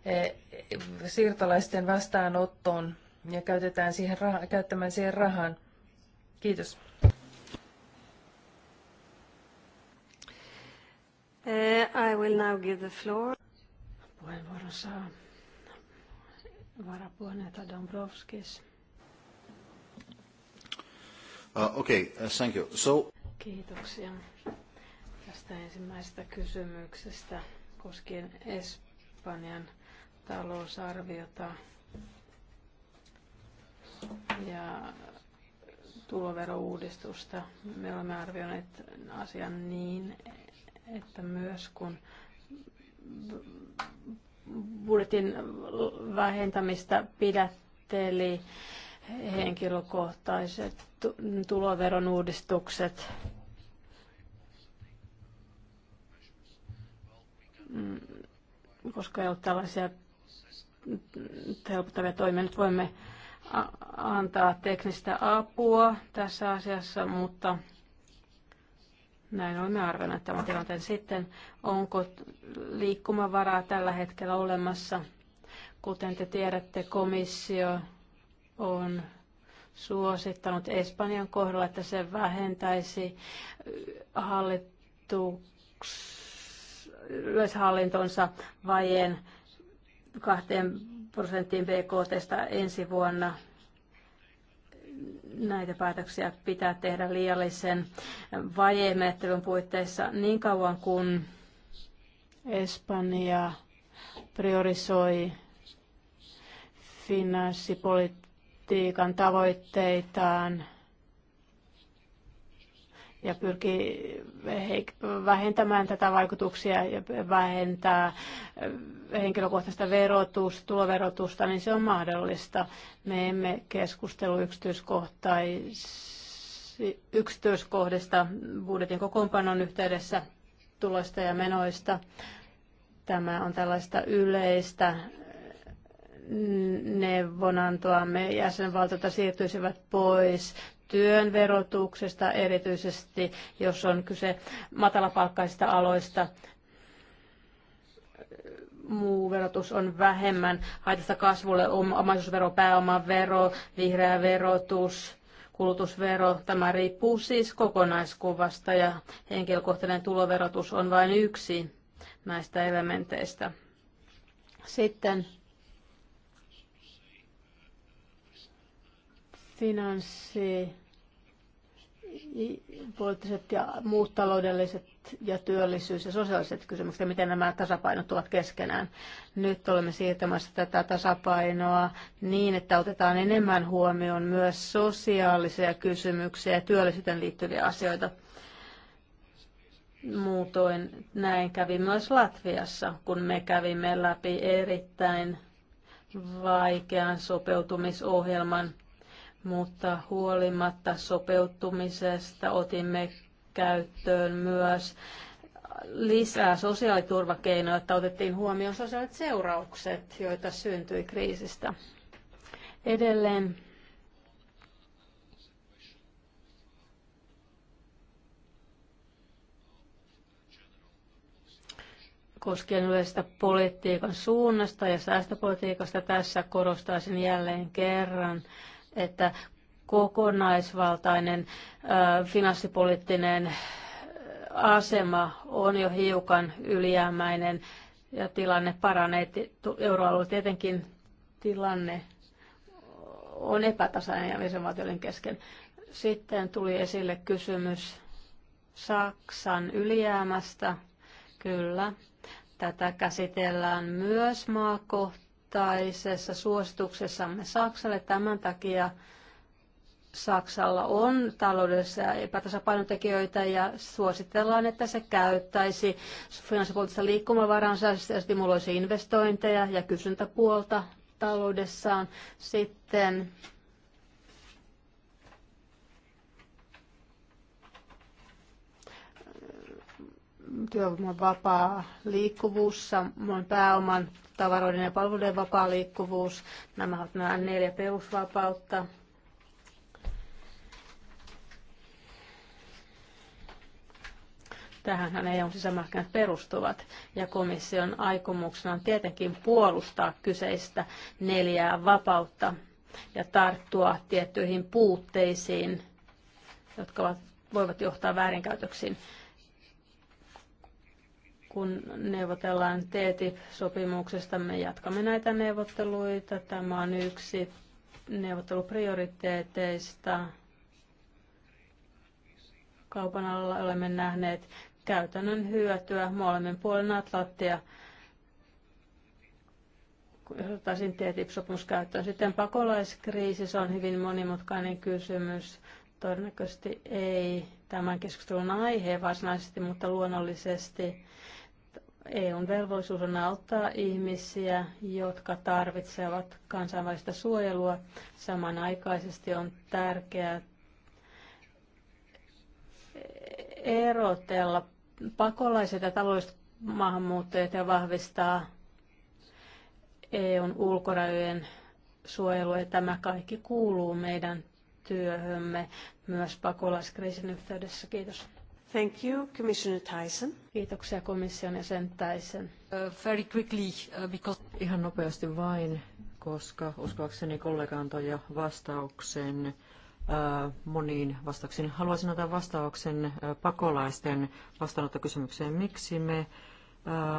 [SPEAKER 2] eh, siirtolaisten vastaanottoon ja käytetään siihen rah- käyttämään siihen rahan?
[SPEAKER 1] Kiitos. Eh, I will now give the floor puheenvuoron saa varapuheenjohtaja Dombrovskis.
[SPEAKER 2] Uh, okay, uh, thank you. So...
[SPEAKER 1] Kiitoksia tästä ensimmäisestä kysymyksestä koskien Espanjan talousarviota ja tuloverouudistusta. Me olemme arvioineet asian niin, että myös kun budjetin vähentämistä pidätteli henkilökohtaiset tuloveron uudistukset. Mm, koska ei ole tällaisia helpottavia toimia, nyt voimme antaa teknistä apua tässä asiassa, mutta näin olemme arvenneet tämän tilanteen. Sitten onko liikkumavaraa tällä hetkellä olemassa? Kuten te tiedätte, komissio on suosittanut Espanjan kohdalla, että se vähentäisi yleishallintonsa vajeen kahteen prosenttiin BKTstä ensi vuonna näitä päätöksiä pitää tehdä liiallisen vajemenettelyn puitteissa niin kauan kuin Espanja priorisoi finanssipolitiikan tavoitteitaan ja pyrkii vähentämään tätä vaikutuksia ja vähentää eh, henkilökohtaista verotusta, tuloverotusta, niin se on mahdollista. Me emme keskustelu yksityiskohdista budjetin kokoonpanon yhteydessä tuloista ja menoista. Tämä on tällaista yleistä eh, neuvonantoamme jäsenvaltiota siirtyisivät pois työn verotuksesta, erityisesti jos on kyse matalapalkkaisista aloista. Muu verotus on vähemmän haitasta kasvulle, omaisuusvero, pääomavero, vihreä verotus, kulutusvero. Tämä riippuu siis kokonaiskuvasta ja henkilökohtainen tuloverotus on vain yksi näistä elementeistä. Sitten finanssi, poliittiset ja muut taloudelliset ja työllisyys- ja sosiaaliset kysymykset ja miten nämä tasapainot ovat keskenään. Nyt olemme siirtämässä tätä tasapainoa niin, että otetaan enemmän huomioon myös sosiaalisia kysymyksiä ja työllisyyteen liittyviä asioita. Muutoin näin kävi myös Latviassa, kun me kävimme läpi erittäin vaikean sopeutumisohjelman – mutta huolimatta sopeutumisesta otimme käyttöön myös lisää sosiaaliturvakeinoja, että otettiin huomioon sosiaaliset seuraukset, joita syntyi kriisistä. Edelleen koskien yleistä politiikan suunnasta ja säästöpolitiikasta tässä korostaisin jälleen kerran että kokonaisvaltainen finanssipoliittinen asema on jo hiukan ylijäämäinen ja tilanne paranee. Euroalueella tietenkin tilanne on epätasainen ja jäsenvaltioiden kesken. Sitten tuli esille kysymys Saksan ylijäämästä. Kyllä, tätä käsitellään myös maakohtaisesti vuosittaisessa suosituksessamme Saksalle. Tämän takia Saksalla on taloudellisia epätasapainotekijöitä ja suositellaan, että se käyttäisi finanssipuolista liikkumavaransa ja stimuloisi investointeja ja kysyntäpuolta taloudessaan. Sitten työvoiman vapaa liikkuvuus, samoin pääoman tavaroiden ja palveluiden vapaa liikkuvuus. Nämä ovat nämä neljä perusvapautta. Tähänhän EUn sisämarkkinat perustuvat ja komission aikomuksena on tietenkin puolustaa kyseistä neljää vapautta ja tarttua tiettyihin puutteisiin, jotka voivat johtaa väärinkäytöksiin kun neuvotellaan TTIP-sopimuksesta. Me jatkamme näitä neuvotteluita. Tämä on yksi neuvotteluprioriteeteista. Kaupan alalla olemme nähneet käytännön hyötyä molemmin puolen Atlanttia ottaisin TTIP-sopimus käyttöön. Sitten pakolaiskriisi, se on hyvin monimutkainen kysymys. Todennäköisesti ei tämän keskustelun aihe varsinaisesti, mutta luonnollisesti EUn velvollisuus on auttaa ihmisiä, jotka tarvitsevat kansainvälistä suojelua. Samanaikaisesti on tärkeää erotella pakolaiset ja taloudelliset maahanmuuttajat ja vahvistaa EUn ulkorajojen suojelua. Ja tämä kaikki kuuluu meidän työhömme myös pakolaiskriisin yhteydessä. Kiitos. Thank you, Commissioner Tyson. Kiitoksia komission jäsen Tyson.
[SPEAKER 3] Uh, very quickly, uh, because... Ihan nopeasti vain, koska uskoakseni kollega antoi jo vastauksen uh, moniin vastauksiin. Haluaisin antaa vastauksen uh, pakolaisten vastaanottokysymykseen. Miksi me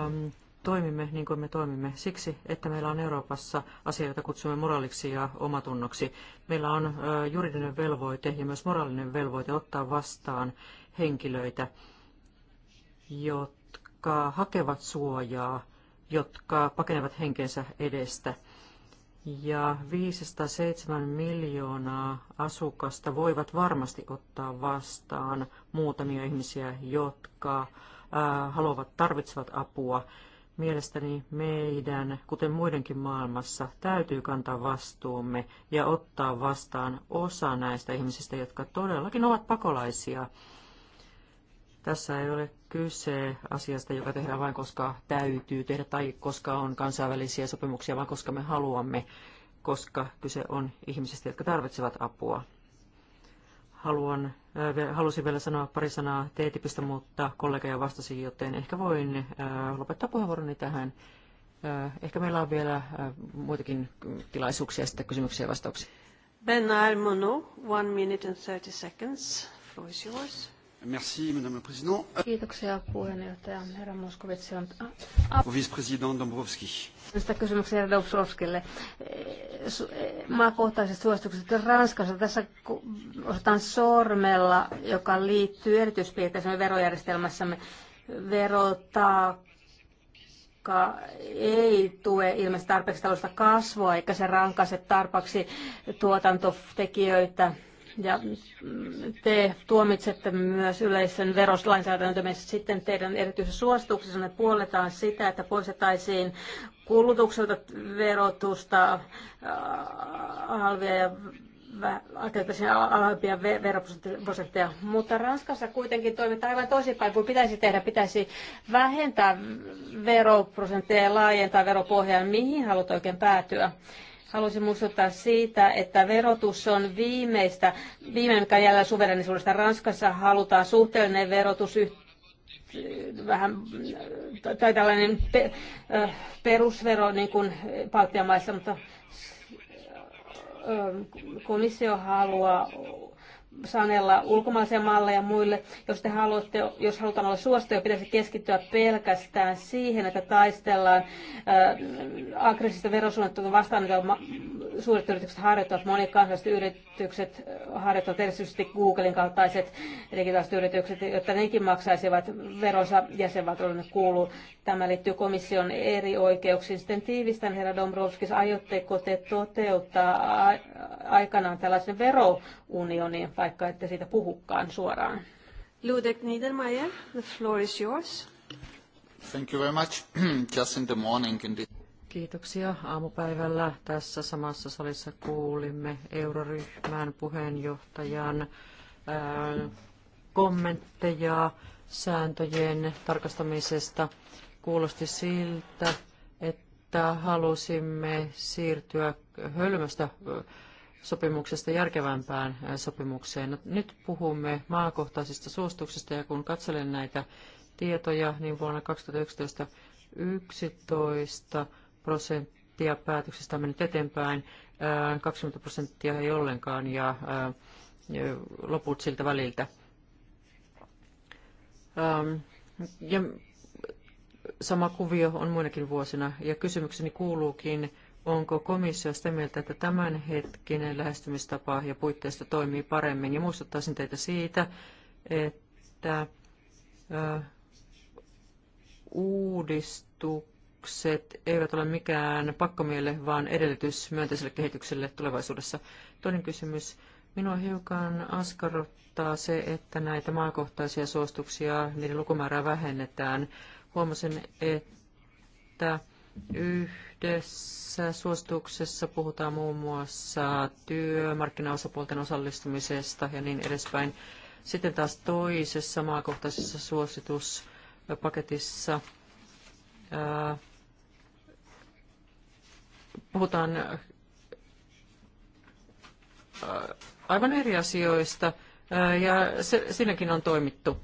[SPEAKER 3] um, toimimme niin kuin me toimimme? Siksi, että meillä on Euroopassa asia, jota kutsumme moraaliksi ja omatunnoksi. Meillä on uh, juridinen velvoite ja myös moraalinen velvoite ottaa vastaan henkilöitä, jotka hakevat suojaa, jotka pakenevat henkensä edestä. Ja 507 miljoonaa asukasta voivat varmasti ottaa vastaan muutamia ihmisiä, jotka haluavat, tarvitsevat apua. Mielestäni meidän, kuten muidenkin maailmassa, täytyy kantaa vastuumme ja ottaa vastaan osa näistä ihmisistä, jotka todellakin ovat pakolaisia tässä ei ole kyse asiasta, joka tehdään vain koska täytyy tehdä tai koska on kansainvälisiä sopimuksia, vaan koska me haluamme, koska kyse on ihmisistä, jotka tarvitsevat apua. Haluan, äh, halusin vielä sanoa pari sanaa teetipistä, mutta kollega jo vastasi, joten ehkä voin äh, lopettaa puheenvuoroni tähän. Äh, ehkä meillä on vielä äh, muitakin tilaisuuksia sitten kysymyksiä ja vastauksia.
[SPEAKER 1] Ben Almono, one minute and 30 seconds. Floor is yours.
[SPEAKER 3] Merci, madame
[SPEAKER 1] la Kiitoksia puheenjohtaja herra Moskovitsi.
[SPEAKER 3] Vice-president Dombrovski.
[SPEAKER 1] Tästä kysymyksen herra Dombrovskille. Eh, eh, maakohtaiset suositukset Ranskassa. Tässä osataan sormella, joka liittyy erityispiirteisemme verojärjestelmässämme. Verotaakka ei tue ilmeisesti tarpeeksi taloudellista kasvua, eikä se rankaise tarpeeksi tuotantotekijöitä ja te tuomitsette myös yleisen veroslainsäädäntömme. Sitten teidän erityisessä suosituksessanne puoletaan sitä, että poistettaisiin kulutukselta verotusta, halvia ja ajateltaisiin alempia veroprosentteja, mutta Ranskassa kuitenkin toimitaan aivan toisinpäin kuin pitäisi tehdä. Pitäisi vähentää veroprosentteja ja laajentaa veropohjaa. Mihin haluat oikein päätyä? Haluaisin muistuttaa siitä, että verotus on viimeistä, viimeinen jäljellä suverenisuudesta. Ranskassa halutaan suhteellinen verotus vähän, tai tällainen pe, äh, perusvero niin kuin Baltian maissa, mutta äh, komissio haluaa sanella ulkomaisia malleja muille. Jos, te haluatte, jos halutaan olla suosittuja, pitäisi keskittyä pelkästään siihen, että taistellaan äh, aggressiivista verosuunnittelua vastaan, mitä suuret yritykset harjoittavat, monikansalliset yritykset äh, harjoittavat erityisesti Googlen kaltaiset digitaaliset yritykset, jotta nekin maksaisivat veronsa jäsenvaltioille kuuluu. Tämä liittyy komission eri oikeuksiin. Sitten tiivistän, herra Dombrovskis, aiotteko te toteuttaa aikanaan tällaisen verounionin vai vaikka ette siitä puhukaan suoraan. Ludek Niedermayer, the floor is yours.
[SPEAKER 2] Thank you very much. [CLEARS THROAT] Just in the morning in the...
[SPEAKER 3] Kiitoksia. Aamupäivällä tässä samassa salissa kuulimme euroryhmän puheenjohtajan ää, äh, kommentteja sääntöjen tarkastamisesta. Kuulosti siltä, että halusimme siirtyä hölmöstä äh, sopimuksesta järkevämpään sopimukseen. No, nyt puhumme maakohtaisista suosituksista ja kun katselen näitä tietoja, niin vuonna 2011 11 prosenttia päätöksistä on mennyt eteenpäin, 20 prosenttia ei ollenkaan ja loput siltä väliltä. Ja sama kuvio on muinakin vuosina ja kysymykseni kuuluukin, onko komissio sitä mieltä, että tämänhetkinen lähestymistapa ja puitteisto toimii paremmin. Ja muistuttaisin teitä siitä, että uudistukset eivät ole mikään pakkomielle, vaan edellytys myönteiselle kehitykselle tulevaisuudessa. Toinen kysymys. Minua hiukan askarruttaa se, että näitä maakohtaisia suostuksia, niiden lukumäärää vähennetään. Huomasin, että yh yhteydessä suosituksessa puhutaan muun muassa työmarkkinaosapuolten osallistumisesta ja niin edespäin. Sitten taas toisessa maakohtaisessa suosituspaketissa puhutaan aivan eri asioista ja siinäkin on toimittu.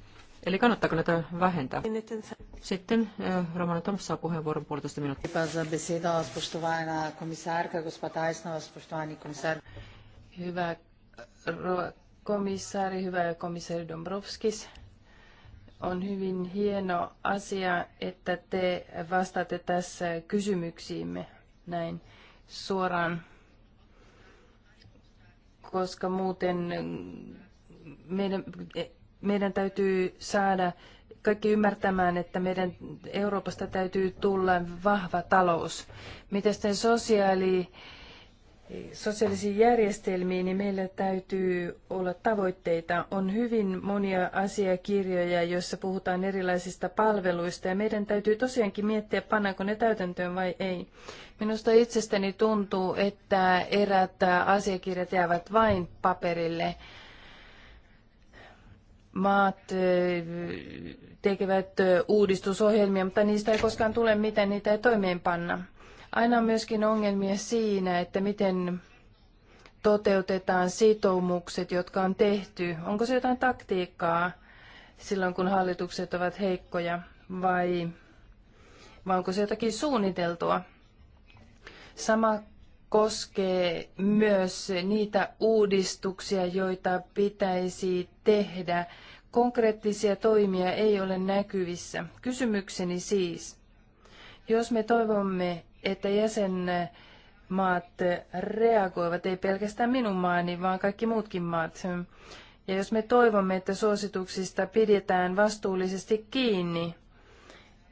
[SPEAKER 3] Eli kannattaako näitä vähentää? Sitten Romana Toms saa puheenvuoron puolitoista minuuttia. Hyvä komissaari,
[SPEAKER 2] hyvä komissaari Dombrovskis. On hyvin hieno asia, että te vastaatte tässä kysymyksiimme näin suoraan, koska muuten meidän meidän täytyy saada kaikki ymmärtämään, että meidän Euroopasta täytyy tulla vahva talous. Mitä sitten sosiaali, sosiaalisiin järjestelmiin, niin meillä täytyy olla tavoitteita. On hyvin monia asiakirjoja, joissa puhutaan erilaisista palveluista, ja meidän täytyy tosiaankin miettiä, pannaanko ne täytäntöön vai ei. Minusta itsestäni tuntuu, että erät asiakirjat jäävät vain paperille maat tekevät uudistusohjelmia, mutta niistä ei koskaan tule, miten niitä ei toimeenpanna. Aina on myöskin ongelmia siinä, että miten toteutetaan sitoumukset, jotka on tehty. Onko se jotain taktiikkaa silloin, kun hallitukset ovat heikkoja vai, vai onko se jotakin suunniteltua? Sama koskee myös niitä uudistuksia, joita pitäisi tehdä. Konkreettisia toimia ei ole näkyvissä. Kysymykseni siis, jos me toivomme, että jäsenmaat reagoivat, ei pelkästään minun maani, vaan kaikki muutkin maat, ja jos me toivomme, että suosituksista pidetään vastuullisesti kiinni,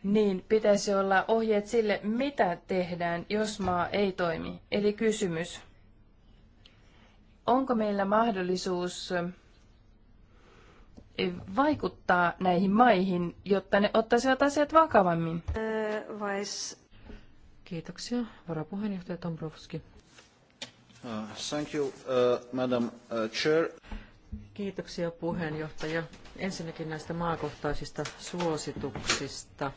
[SPEAKER 2] niin pitäisi olla ohjeet sille, mitä tehdään, jos maa ei toimi. Eli kysymys, onko meillä mahdollisuus eh, vaikuttaa näihin maihin, jotta ne ottaisivat asiat
[SPEAKER 3] vakavammin?
[SPEAKER 1] Vais.
[SPEAKER 3] Kiitoksia. Varapuheenjohtaja Tombrovski.
[SPEAKER 2] Uh, thank you, uh, Madam uh, Chair.
[SPEAKER 3] Kiitoksia puheenjohtaja. Ensinnäkin näistä maakohtaisista suosituksista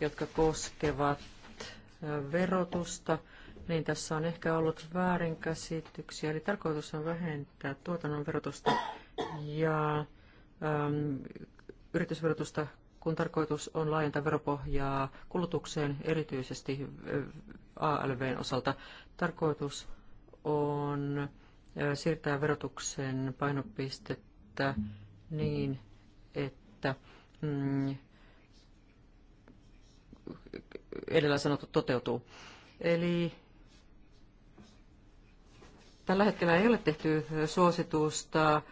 [SPEAKER 3] jotka koskevat verotusta, niin tässä on ehkä ollut väärinkäsityksiä. Eli tarkoitus on vähentää tuotannon verotusta ja äm, yritysverotusta, kun tarkoitus on laajentaa veropohjaa kulutukseen, erityisesti ALVn osalta. Tarkoitus on siirtää verotuksen painopistettä niin, että mm, edellä sanottu toteutuu. Eli tällä hetkellä ei ole tehty suositusta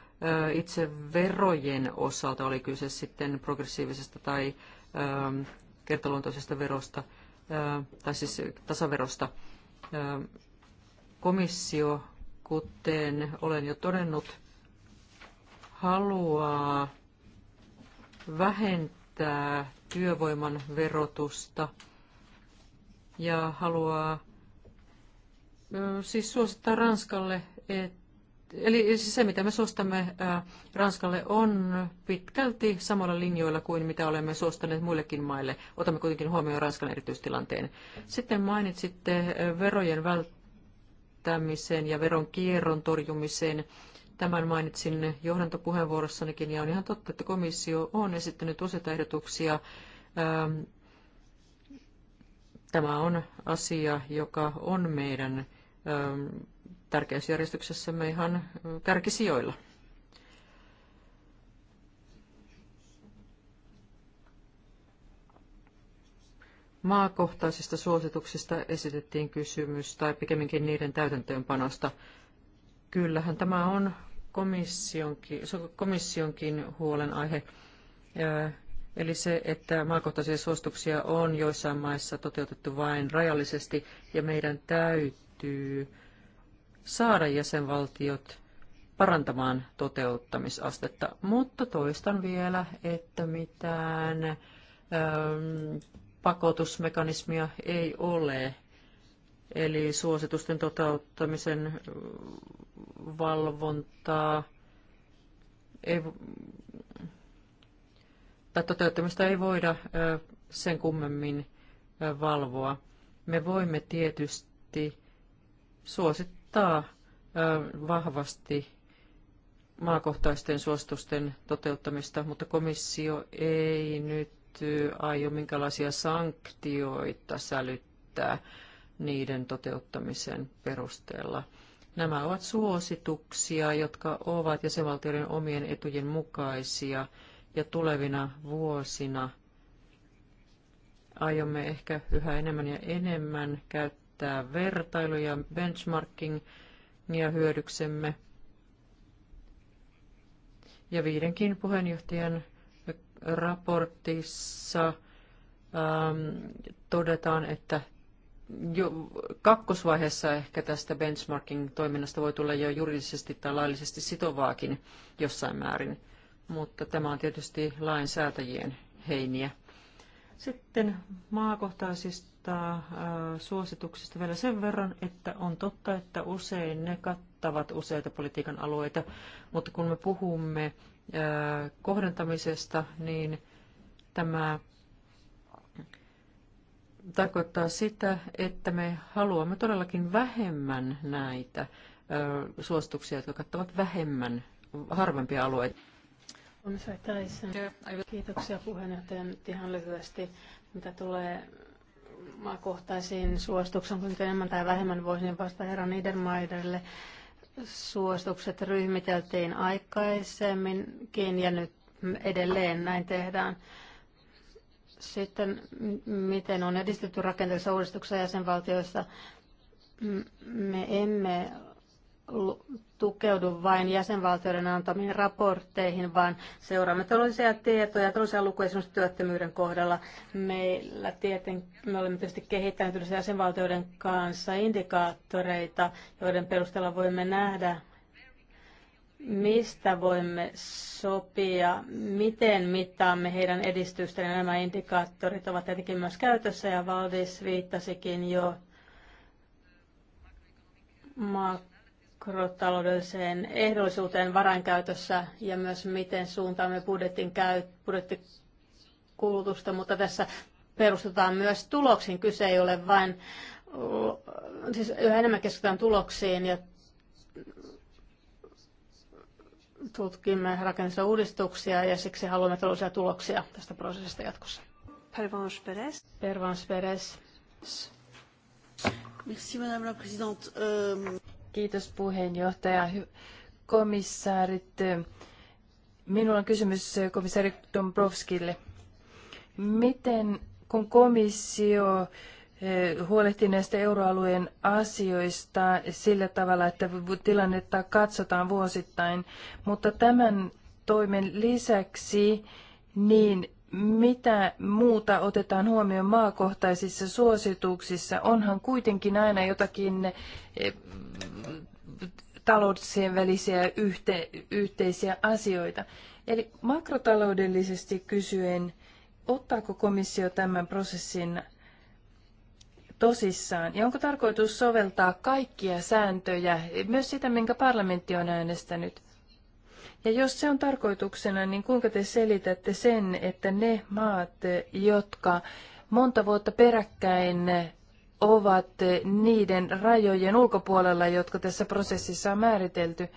[SPEAKER 3] itse verojen osalta, oli kyse sitten progressiivisesta tai kertaluontoisesta verosta, tai siis tasaverosta. Komissio, kuten olen jo todennut, haluaa vähentää kiristää työvoiman verotusta ja haluaa siis suosittaa Ranskalle, että Eli siis se, mitä me suostamme Ranskalle, on pitkälti samalla linjoilla kuin mitä olemme suostaneet muillekin maille. Otamme kuitenkin huomioon Ranskan erityistilanteen. Sitten mainitsitte verojen välttämisen ja veron kierron torjumisen. Tämän mainitsin johdantopuheenvuorossanikin ja on ihan totta, että komissio on esittänyt useita ehdotuksia. Ähm, tämä on asia, joka on meidän ähm, tärkeysjärjestyksessämme ihan äh, kärkisijoilla. Maakohtaisista suosituksista esitettiin kysymys, tai pikemminkin niiden täytäntöönpanosta. Kyllähän tämä on komissionkin, komissionkin huolenaihe. Eli se, että maakohtaisia suostuksia on joissain maissa toteutettu vain rajallisesti, ja meidän täytyy saada jäsenvaltiot parantamaan toteuttamisastetta. Mutta toistan vielä, että mitään äm, pakotusmekanismia ei ole. Eli suositusten toteuttamisen valvontaa ei, tai toteuttamista ei voida sen kummemmin valvoa. Me voimme tietysti suosittaa vahvasti maakohtaisten suositusten toteuttamista, mutta komissio ei nyt aio minkälaisia sanktioita sälyttää niiden toteuttamisen perusteella. Nämä ovat suosituksia, jotka ovat jäsenvaltioiden omien etujen mukaisia ja tulevina vuosina aiomme ehkä yhä enemmän ja enemmän käyttää vertailu- ja benchmarkingia hyödyksemme. Ja viidenkin puheenjohtajan raportissa ähm, todetaan, että jo kakkosvaiheessa ehkä tästä benchmarking-toiminnasta voi tulla jo juridisesti tai laillisesti sitovaakin jossain määrin, mutta tämä on tietysti lainsäätäjien heiniä. Sitten maakohtaisista äh, suosituksista vielä sen verran, että on totta, että usein ne kattavat useita politiikan alueita, mutta kun me puhumme äh, kohdentamisesta, niin tämä tarkoittaa sitä, että me haluamme todellakin vähemmän näitä suosituksia, jotka kattavat vähemmän, harvempia alueita.
[SPEAKER 1] On Kiitoksia puheenjohtajan ihan lyhyesti, mitä tulee maakohtaisiin suostuksen, kun enemmän tai vähemmän voisin niin vastata herran Niedermaiderille. Suostukset ryhmiteltiin aikaisemminkin ja nyt edelleen näin tehdään. Sitten miten on edistetty rakenteellisessa uudistuksessa jäsenvaltioissa, me emme tukeudu vain jäsenvaltioiden antamiin raportteihin, vaan seuraamme taloudellisia tietoja, taloudellisia lukuja esimerkiksi työttömyyden kohdalla. Meillä tieten, me olemme tietysti kehittäneet jäsenvaltioiden kanssa indikaattoreita, joiden perusteella voimme nähdä, mistä voimme sopia, miten mittaamme heidän edistystään. Nämä indikaattorit ovat tietenkin myös käytössä ja Valdis viittasikin jo makrotaloudelliseen ehdollisuuteen varainkäytössä ja myös miten suuntaamme budjetin käyt, budjettikulutusta, mutta tässä perustetaan myös tuloksiin. Kyse ei ole vain, siis yhä enemmän keskitytään tuloksiin ja tutkimme rakenteellisia uudistuksia ja siksi haluamme taloudellisia tuloksia tästä prosessista jatkossa. Pervans Perez. Pervans Perez. Merci, Madame la Présidente.
[SPEAKER 2] Kiitos puheenjohtaja. Komissaarit, minulla on kysymys komissaari Dombrovskille. Miten, kun komissio Eh, huolehtii näistä euroalueen asioista sillä tavalla, että tilannetta katsotaan vuosittain. Mutta tämän toimen lisäksi, niin mitä muuta otetaan huomioon maakohtaisissa suosituksissa? Onhan kuitenkin aina jotakin eh, talouksien välisiä yhte, yhteisiä asioita. Eli makrotaloudellisesti kysyen, ottaako komissio tämän prosessin tosissaan? Ja onko tarkoitus soveltaa kaikkia sääntöjä, myös sitä, minkä parlamentti on äänestänyt? Ja jos se on tarkoituksena, niin kuinka te selitätte sen, että ne maat, jotka monta vuotta peräkkäin ovat niiden rajojen ulkopuolella, jotka tässä prosessissa on määritelty,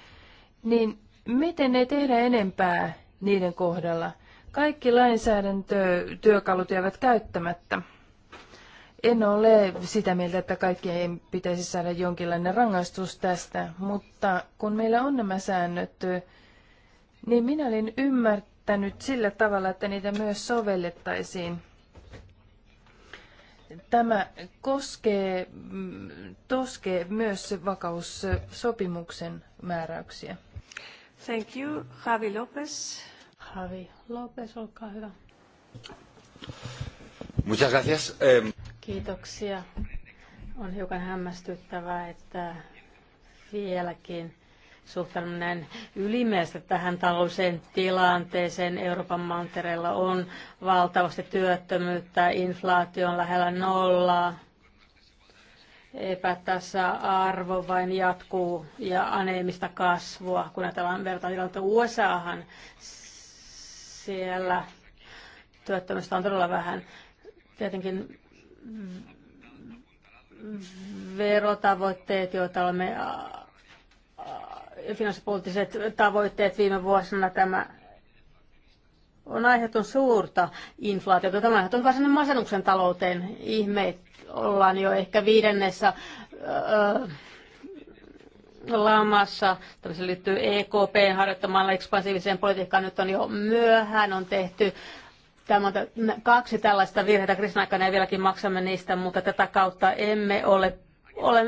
[SPEAKER 2] niin miten ei tehdä enempää niiden kohdalla? Kaikki lainsäädäntötyökalut jäävät käyttämättä. En ole sitä mieltä, että kaikkien pitäisi saada jonkinlainen rangaistus tästä, mutta kun meillä on nämä säännöt, niin minä olin ymmärtänyt sillä tavalla, että niitä myös sovellettaisiin. Tämä koskee, koskee mm, myös vakaussopimuksen määräyksiä. Thank you. Javi
[SPEAKER 1] Lopez. Javi Lopez, olkaa hyvä.
[SPEAKER 3] Muchas gracias. Eh...
[SPEAKER 1] Kiitoksia. On hiukan hämmästyttävää, että vieläkin suhtaudun näin tähän talouseen tilanteeseen. Euroopan mantereella on valtavasti työttömyyttä, inflaatio on lähellä nollaa, Epätässä arvo vain jatkuu ja aneemista kasvua. Kun ajatellaan vertailta USAhan, siellä työttömyystä on todella vähän. Tietenkin verotavoitteet, joita olemme finanssipoliittiset tavoitteet viime vuosina tämä on aiheuttanut suurta inflaatiota. Tämä on aiheuttanut varsinainen masennuksen talouteen. Ihmeet ollaan jo ehkä viidennessä öö, lamassa. Se liittyy EKP harjoittamaan ekspansiiviseen politiikkaan. Nyt on jo myöhään, on tehty Tämä on kaksi tällaista virheitä kriisin aikana ja vieläkin maksamme niistä, mutta tätä kautta emme ole, ole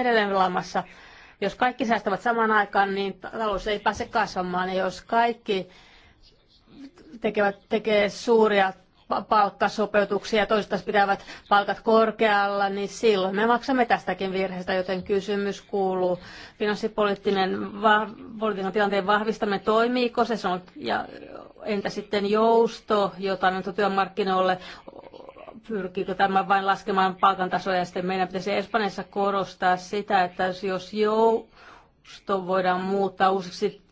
[SPEAKER 1] edelleen lamassa. Jos kaikki säästävät samaan aikaan, niin talous ei pääse kasvamaan. Ja jos kaikki tekevät, tekee suuria palkkasopeutuksia ja toista pitävät palkat korkealla, niin silloin me maksamme tästäkin virheestä, joten kysymys kuuluu. Finanssipoliittinen va- politiikan tilanteen vahvistaminen, toimiiko se, se on, ja Entä sitten jousto, jota on työmarkkinoille, pyrkiikö tämä vain laskemaan palkantasoja ja sitten meidän pitäisi Espanjassa korostaa sitä, että jos jousto voidaan muuttaa uusiksi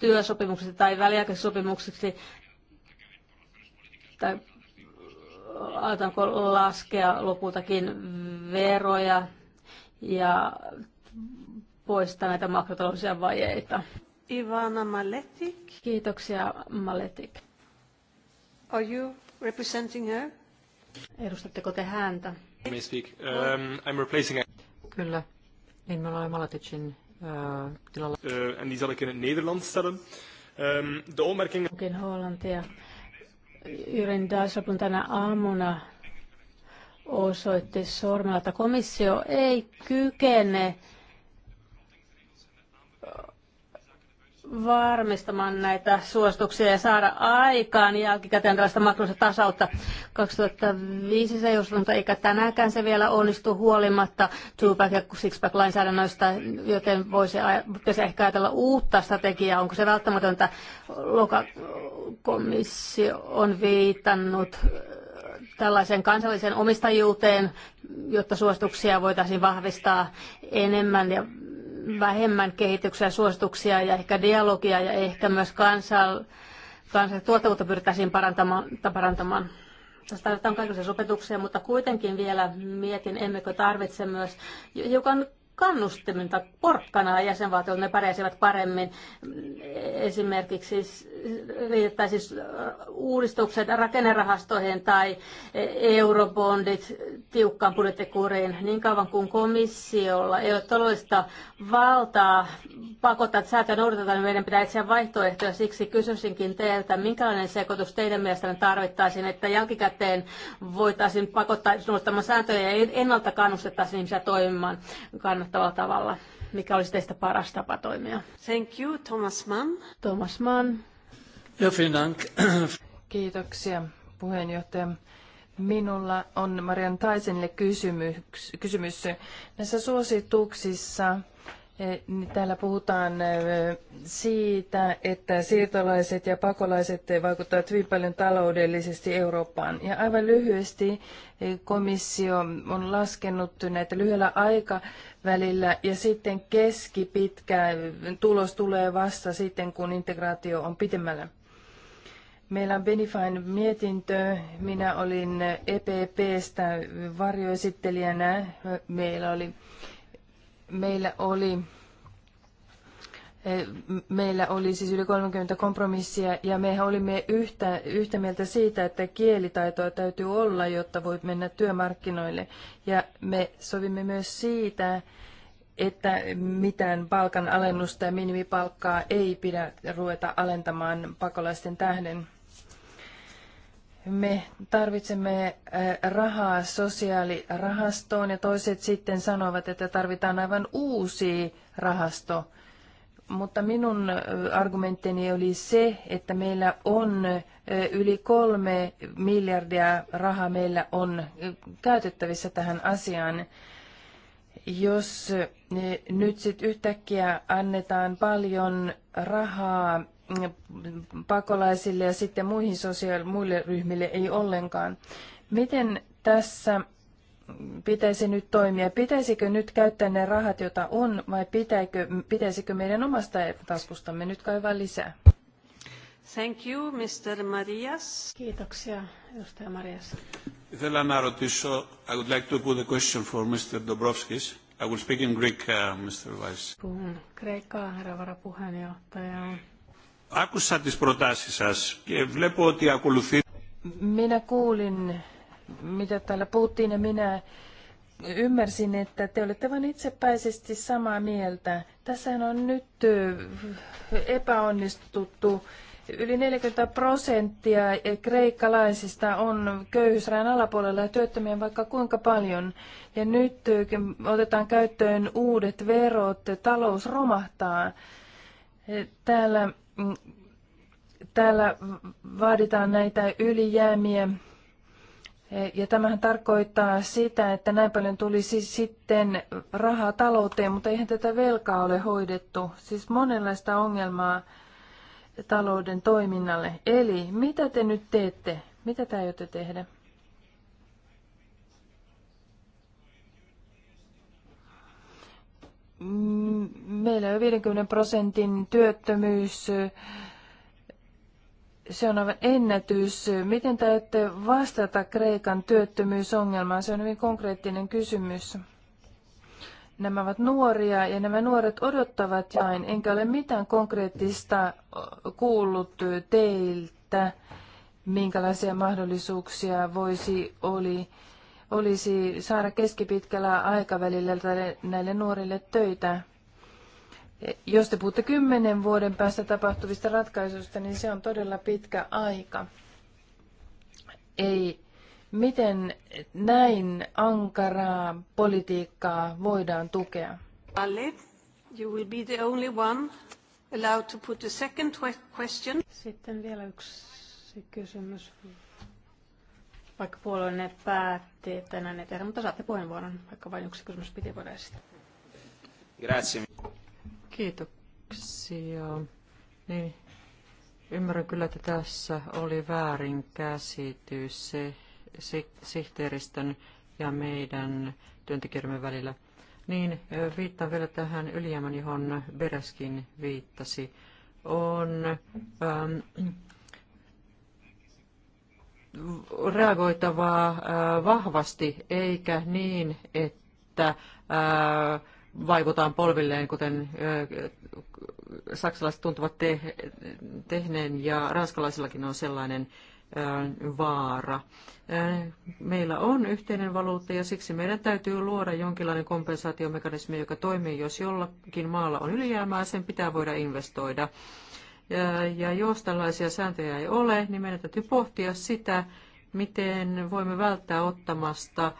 [SPEAKER 1] työsopimuksiksi tai väliaikaisiksi sopimuksiksi, tai aletaanko laskea lopultakin veroja ja poistaa näitä makrotaloudellisia vajeita. Ivana Maletic. Kiitoksia, Maletic. Are you representing her? Edustatteko te häntä? May speak. Um, I'm replacing... Kyllä, niin me olemme Maleticin uh, tilalla. Uh, and die zal ik in het Nederlands stellen. Um, de opmerkingen... Onkin hollantia. Jyrin Dijsselbloem tänä aamuna osoitti sormella, että komissio ei kykene varmistamaan näitä suosituksia ja saada aikaan jälkikäteen tällaista makrollista tasautta. 2005 se ei mutta eikä tänäänkään se vielä onnistu huolimatta two-pack ja six-pack lainsäädännöistä, joten voisi, voisi ehkä ajatella uutta strategiaa. Onko se välttämätöntä? Lokakomissio on viitannut äh, tällaisen kansallisen omistajuuteen, jotta suosituksia voitaisiin vahvistaa enemmän ja vähemmän kehityksiä, suosituksia ja ehkä dialogia ja ehkä myös kansal. kansal tuottavuutta pyrittäisiin parantamaan. parantamaan. Tässä tarvitaan kaikenlaisia sopetuksia, mutta kuitenkin vielä mietin, emmekö tarvitse myös hiukan kannustiminta porkkana jäsenvaltioille, ne pärjäisivät paremmin. Esimerkiksi liitettäisiin uudistukset rakennerahastoihin tai eurobondit tiukkaan budjettikuriin niin kauan kuin komissiolla ei ole todellista valtaa pakottaa, että säätöä noudatetaan, niin meidän pitää etsiä vaihtoehtoja. Siksi kysyisinkin teiltä, minkälainen sekoitus teidän mielestänne tarvittaisiin, että jälkikäteen voitaisiin pakottaa noudattamaan sääntöjä ja ennalta kannustettaisiin ihmisiä toimimaan kannattavalla tavalla. Mikä olisi teistä paras tapa toimia? Thank you, Thomas Mann. Thomas Mann. Ja dank. Kiitoksia, puheenjohtaja. Minulla
[SPEAKER 2] on Marian Taisenille kysymys. kysymys. Näissä suosituksissa niin täällä puhutaan siitä, että siirtolaiset ja pakolaiset vaikuttavat hyvin paljon taloudellisesti Eurooppaan. Ja aivan lyhyesti komissio on laskenut näitä lyhyellä aikavälillä ja sitten keskipitkä tulos tulee vasta sitten, kun integraatio on pitemmällä. Meillä on Benifyn mietintö. Minä olin EPPstä varjoesittelijänä. Meillä oli meillä oli eh, Meillä oli siis yli 30 kompromissia ja me olimme yhtä, yhtä mieltä siitä, että kielitaitoa täytyy olla, jotta voit mennä työmarkkinoille. Ja me sovimme myös siitä, että mitään palkan alennusta ja minimipalkkaa ei pidä ruveta alentamaan pakolaisten tähden me tarvitsemme rahaa sosiaalirahastoon ja toiset sitten sanovat, että tarvitaan aivan uusi rahasto. Mutta minun argumenttini oli se, että meillä on yli kolme miljardia rahaa meillä on käytettävissä tähän asiaan. Jos nyt sitten yhtäkkiä annetaan paljon rahaa pakolaisille ja sitten muihin sosiaali- muille ryhmille ei ollenkaan. Miten tässä pitäisi nyt toimia? Pitäisikö nyt käyttää ne rahat, joita on, vai pitäikö, pitäisikö meidän omasta taskustamme nyt kaivaa lisää?
[SPEAKER 1] Thank you, Mr. Marias. Kiitoksia, edustaja Marias. Ήθελα
[SPEAKER 2] να ρωτήσω, I would like to put a question for Mr. Dobrovskis. I will speak in Greek, uh, Mr. Vice.
[SPEAKER 1] Puhun kreikkaa, herra varapuheenjohtaja.
[SPEAKER 2] Άκουσα τις προτάσεις σας και βλέπω ότι ακολουθεί... Minä kuulin, mitä täällä puhuttiin ja minä ymmärsin, että te olette vain itsepäisesti samaa mieltä. Tässähän on nyt epäonnistuttu. Yli 40 prosenttia kreikkalaisista on köyhyysrajan alapuolella ja työttömiä vaikka kuinka paljon. Ja nyt otetaan käyttöön uudet verot, talous romahtaa. Täällä Mm, täällä vaaditaan näitä ylijäämiä. E, ja tämähän tarkoittaa sitä, että näin paljon tulisi sitten rahaa talouteen, mutta eihän tätä velkaa ole hoidettu. Siis monenlaista ongelmaa talouden toiminnalle. Eli mitä te nyt teette? Mitä te aiotte tehdä? Mm, meillä on 50 prosentin työttömyys. Se on aivan ennätys. Miten täytte vastata Kreikan työttömyysongelmaan? Se on hyvin konkreettinen kysymys. Nämä ovat nuoria ja nämä nuoret odottavat jain, enkä ole mitään konkreettista kuullut teiltä, minkälaisia mahdollisuuksia voisi oli olisi saada keskipitkällä aikavälillä näille nuorille töitä. Jos te puhutte kymmenen vuoden päästä tapahtuvista ratkaisuista, niin se on todella pitkä aika. Ei, miten näin ankaraa politiikkaa voidaan tukea?
[SPEAKER 1] you will be the only one allowed to put second question. Sitten vielä yksi kysymys vaikka puolueenne päätti, että näin ei tehdä, mutta saatte puheenvuoron, vaikka vain yksi kysymys piti voida esittää. Grazie. Kiitoksia.
[SPEAKER 3] Niin, ymmärrän kyllä, että tässä oli väärinkäsitys se, se, sihteeristön ja meidän työntekijöiden välillä. Niin, viittaan vielä tähän ylijäämän, johon Bereskin viittasi. On ähm, reagoitavaa äh, vahvasti, eikä niin, että äh, vaivutaan polvilleen, kuten äh, saksalaiset tuntuvat tehneen, ja ranskalaisillakin on sellainen vaara. Meillä on yhteinen valuutta ja siksi meidän täytyy luoda jonkinlainen kompensaatiomekanismi, joka toimii, jos jollakin maalla on ylijäämää, sen pitää voida investoida. Ja jos tällaisia sääntöjä ei ole, niin meidän täytyy pohtia sitä, miten voimme välttää ottamasta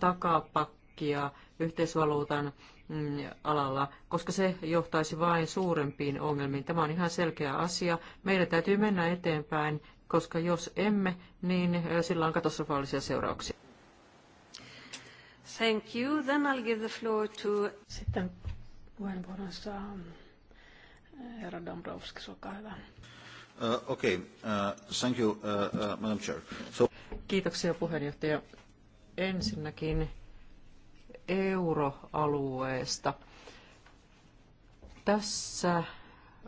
[SPEAKER 3] takapakkia yhteisvaluutan mm, alalla, koska se johtaisi vain suurempiin ongelmiin. Tämä on ihan selkeä asia. Meidän täytyy mennä eteenpäin, koska jos emme, niin sillä on katastrofaalisia seurauksia.
[SPEAKER 1] Thank you. Then I'll give the floor to... Sitten puheenvuoron saa Herra Dombrovskis, olkaa hyvä. Uh,
[SPEAKER 3] okay. uh, thank you, uh, uh, Madam Chair. So... Kiitoksia puheenjohtaja. Ensinnäkin euroalueesta. Tässä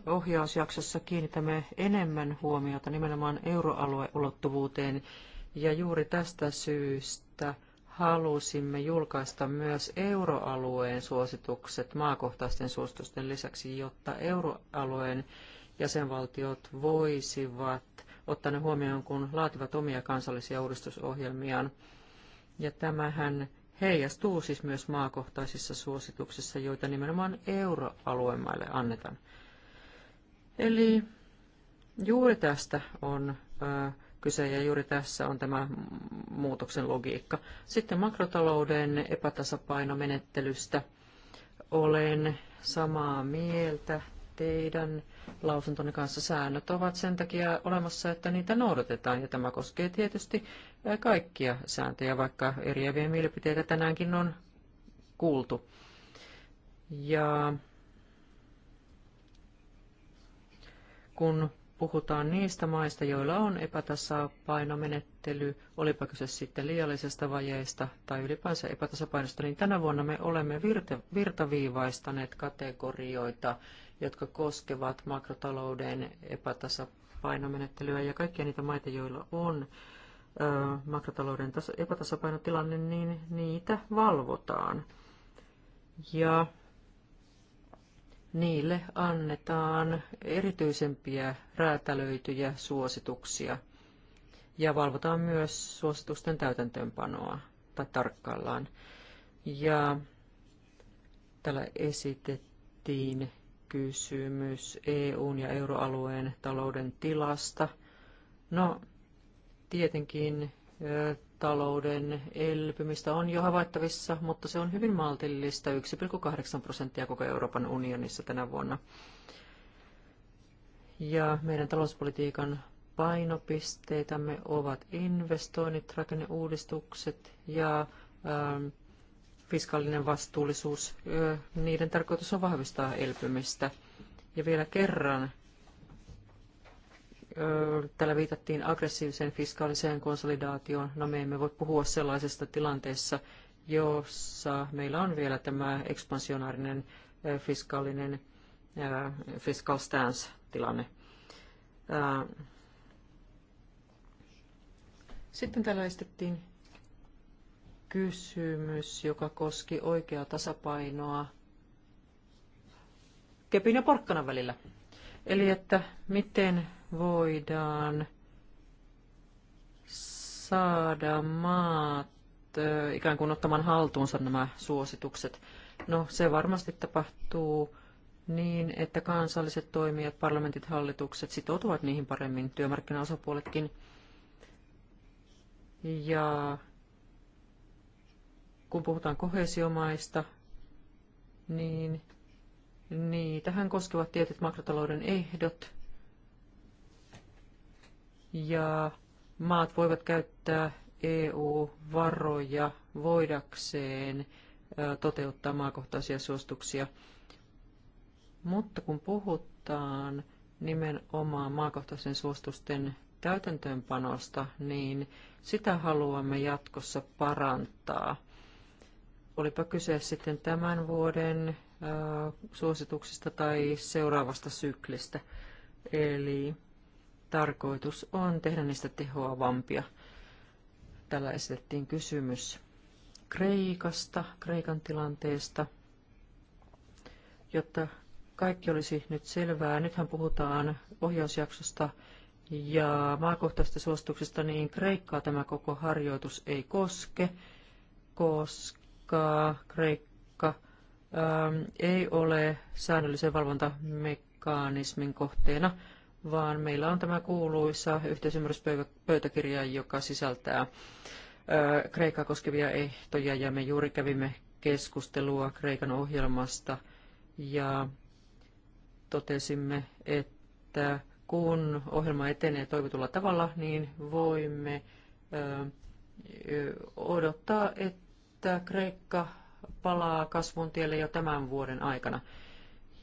[SPEAKER 3] ohjausjaksossa kiinnitämme enemmän huomiota nimenomaan euroalueulottuvuuteen ja juuri tästä syystä – halusimme julkaista myös euroalueen suositukset maakohtaisten suositusten lisäksi, jotta euroalueen jäsenvaltiot voisivat ottaa ne huomioon, kun laativat omia kansallisia uudistusohjelmiaan. Ja tämähän heijastuu siis myös maakohtaisissa suosituksissa, joita nimenomaan euroalueen maille annetaan. Eli juuri tästä on äh, kyse, ja juuri tässä on tämä muutoksen logiikka. Sitten makrotalouden epätasapainomenettelystä. Olen samaa mieltä teidän lausuntonne kanssa. Säännöt ovat sen takia olemassa, että niitä noudatetaan, ja tämä koskee tietysti kaikkia sääntöjä, vaikka eriäviä mielipiteitä tänäänkin on kuultu. Ja kun puhutaan niistä maista, joilla on epätasapainomenettely, olipa kyse sitten liiallisesta vajeesta tai ylipäänsä epätasapainosta, niin tänä vuonna me olemme virta, virtaviivaistaneet kategorioita, jotka koskevat makrotalouden epätasapainomenettelyä ja kaikkia niitä maita, joilla on ö, makrotalouden epätasapainotilanne, niin niitä valvotaan. Ja niille annetaan erityisempiä räätälöityjä suosituksia ja valvotaan myös suositusten täytäntöönpanoa tai tarkkaillaan. Ja täällä esitettiin kysymys EUn ja euroalueen talouden tilasta. No, tietenkin talouden elpymistä on jo havaittavissa, mutta se on hyvin maltillista, 1,8 prosenttia koko Euroopan unionissa tänä vuonna. Ja meidän talouspolitiikan painopisteitämme ovat investoinnit, rakenneuudistukset ja ähm, fiskaalinen vastuullisuus. Niiden tarkoitus on vahvistaa elpymistä. Ja vielä kerran täällä viitattiin aggressiiviseen fiskaaliseen konsolidaatioon. No me emme voi puhua sellaisesta tilanteessa, jossa meillä on vielä tämä ekspansionaarinen fiskaalinen fiscal stance-tilanne. Sitten täällä estettiin kysymys, joka koski oikeaa tasapainoa kepin ja porkkanan välillä. Eli että miten voidaan saada maat ikään kuin ottamaan haltuunsa nämä suositukset? No, se varmasti tapahtuu niin, että kansalliset toimijat, parlamentit, hallitukset sitoutuvat niihin paremmin, työmarkkinaosapuoletkin. Ja kun puhutaan kohesiomaista, niin niitähän koskevat tietyt makrotalouden ehdot, ja maat voivat käyttää EU-varoja voidakseen toteuttaa maakohtaisia suostuksia, Mutta kun puhutaan nimenomaan maakohtaisen suostusten täytäntöönpanosta, niin sitä haluamme jatkossa parantaa. Olipa kyse sitten tämän vuoden suosituksista tai seuraavasta syklistä. Eli tarkoitus on tehdä niistä tehoavampia. Tällä esitettiin kysymys Kreikasta, Kreikan tilanteesta, jotta kaikki olisi nyt selvää. Nythän puhutaan ohjausjaksosta ja maakohtaisesta suosituksesta, niin Kreikkaa tämä koko harjoitus ei koske, koska Kreikka ähm, ei ole säännöllisen valvontamekanismin kohteena vaan meillä on tämä kuuluisa yhteisymmärryspöytäkirja, joka sisältää Kreikkaa koskevia ehtoja, ja me juuri kävimme keskustelua Kreikan ohjelmasta, ja totesimme, että kun ohjelma etenee toivotulla tavalla, niin voimme odottaa, että Kreikka palaa kasvun tielle jo tämän vuoden aikana.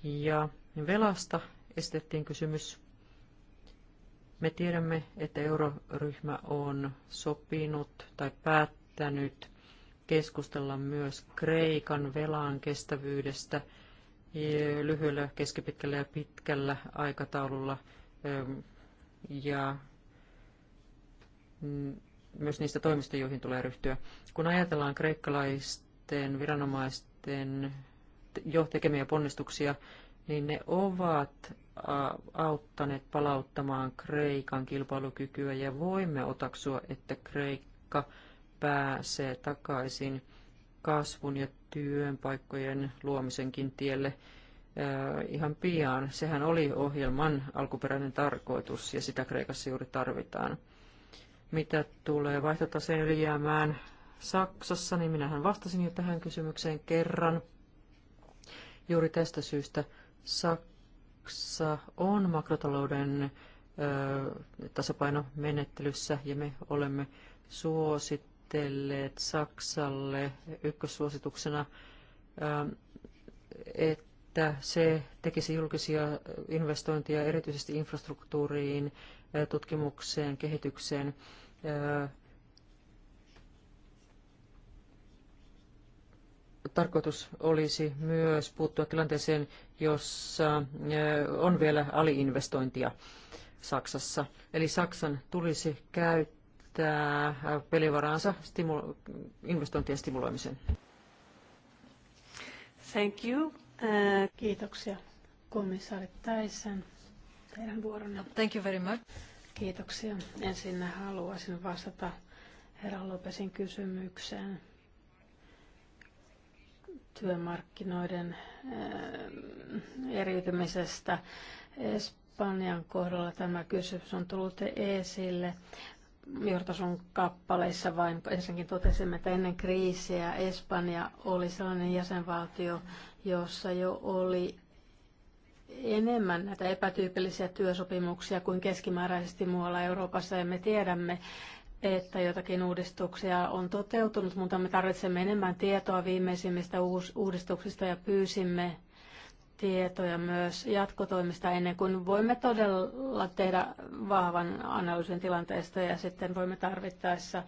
[SPEAKER 3] Ja velasta esitettiin kysymys. Me tiedämme, että euroryhmä on sopinut tai päättänyt keskustella myös Kreikan velan kestävyydestä e, lyhyellä, keskipitkällä ja pitkällä aikataululla e, ja myös niistä toimista, joihin tulee ryhtyä. Kun ajatellaan kreikkalaisten viranomaisten jo tekemiä ponnistuksia niin ne ovat auttaneet palauttamaan Kreikan kilpailukykyä ja voimme otaksua, että Kreikka pääsee takaisin kasvun ja työnpaikkojen luomisenkin tielle ihan pian. Sehän oli ohjelman alkuperäinen tarkoitus ja sitä Kreikassa juuri tarvitaan. Mitä tulee vaihtotaseen ylijäämään Saksassa, niin minähän vastasin jo tähän kysymykseen kerran. Juuri tästä syystä Saksa on makrotalouden tasapainomenettelyssä ja me olemme suositelleet Saksalle ykkössuosituksena, että se tekisi julkisia investointeja erityisesti infrastruktuuriin, tutkimukseen, kehitykseen tarkoitus olisi myös puuttua tilanteeseen, jossa on vielä aliinvestointia Saksassa. Eli Saksan tulisi käyttää pelivaraansa investointien stimuloimiseen.
[SPEAKER 1] Thank you. Uh, kiitoksia komissaari Täisen. Teidän vuoronne. Thank you very much. Kiitoksia. Ensin haluaisin vastata herra Lopesin kysymykseen työmarkkinoiden eh, eriytymisestä. Espanjan kohdalla tämä kysymys on tullut esille. Jortasun kappaleissa vain ensinnäkin totesimme, että ennen kriisiä Espanja oli sellainen jäsenvaltio, jossa jo oli enemmän näitä epätyypillisiä työsopimuksia kuin keskimääräisesti muualla Euroopassa, ja me tiedämme, että jotakin uudistuksia on toteutunut, mutta me tarvitsemme enemmän tietoa viimeisimmistä uudistuksista ja pyysimme tietoja myös jatkotoimista ennen kuin voimme todella tehdä vahvan analyysin tilanteesta ja sitten voimme tarvittaessa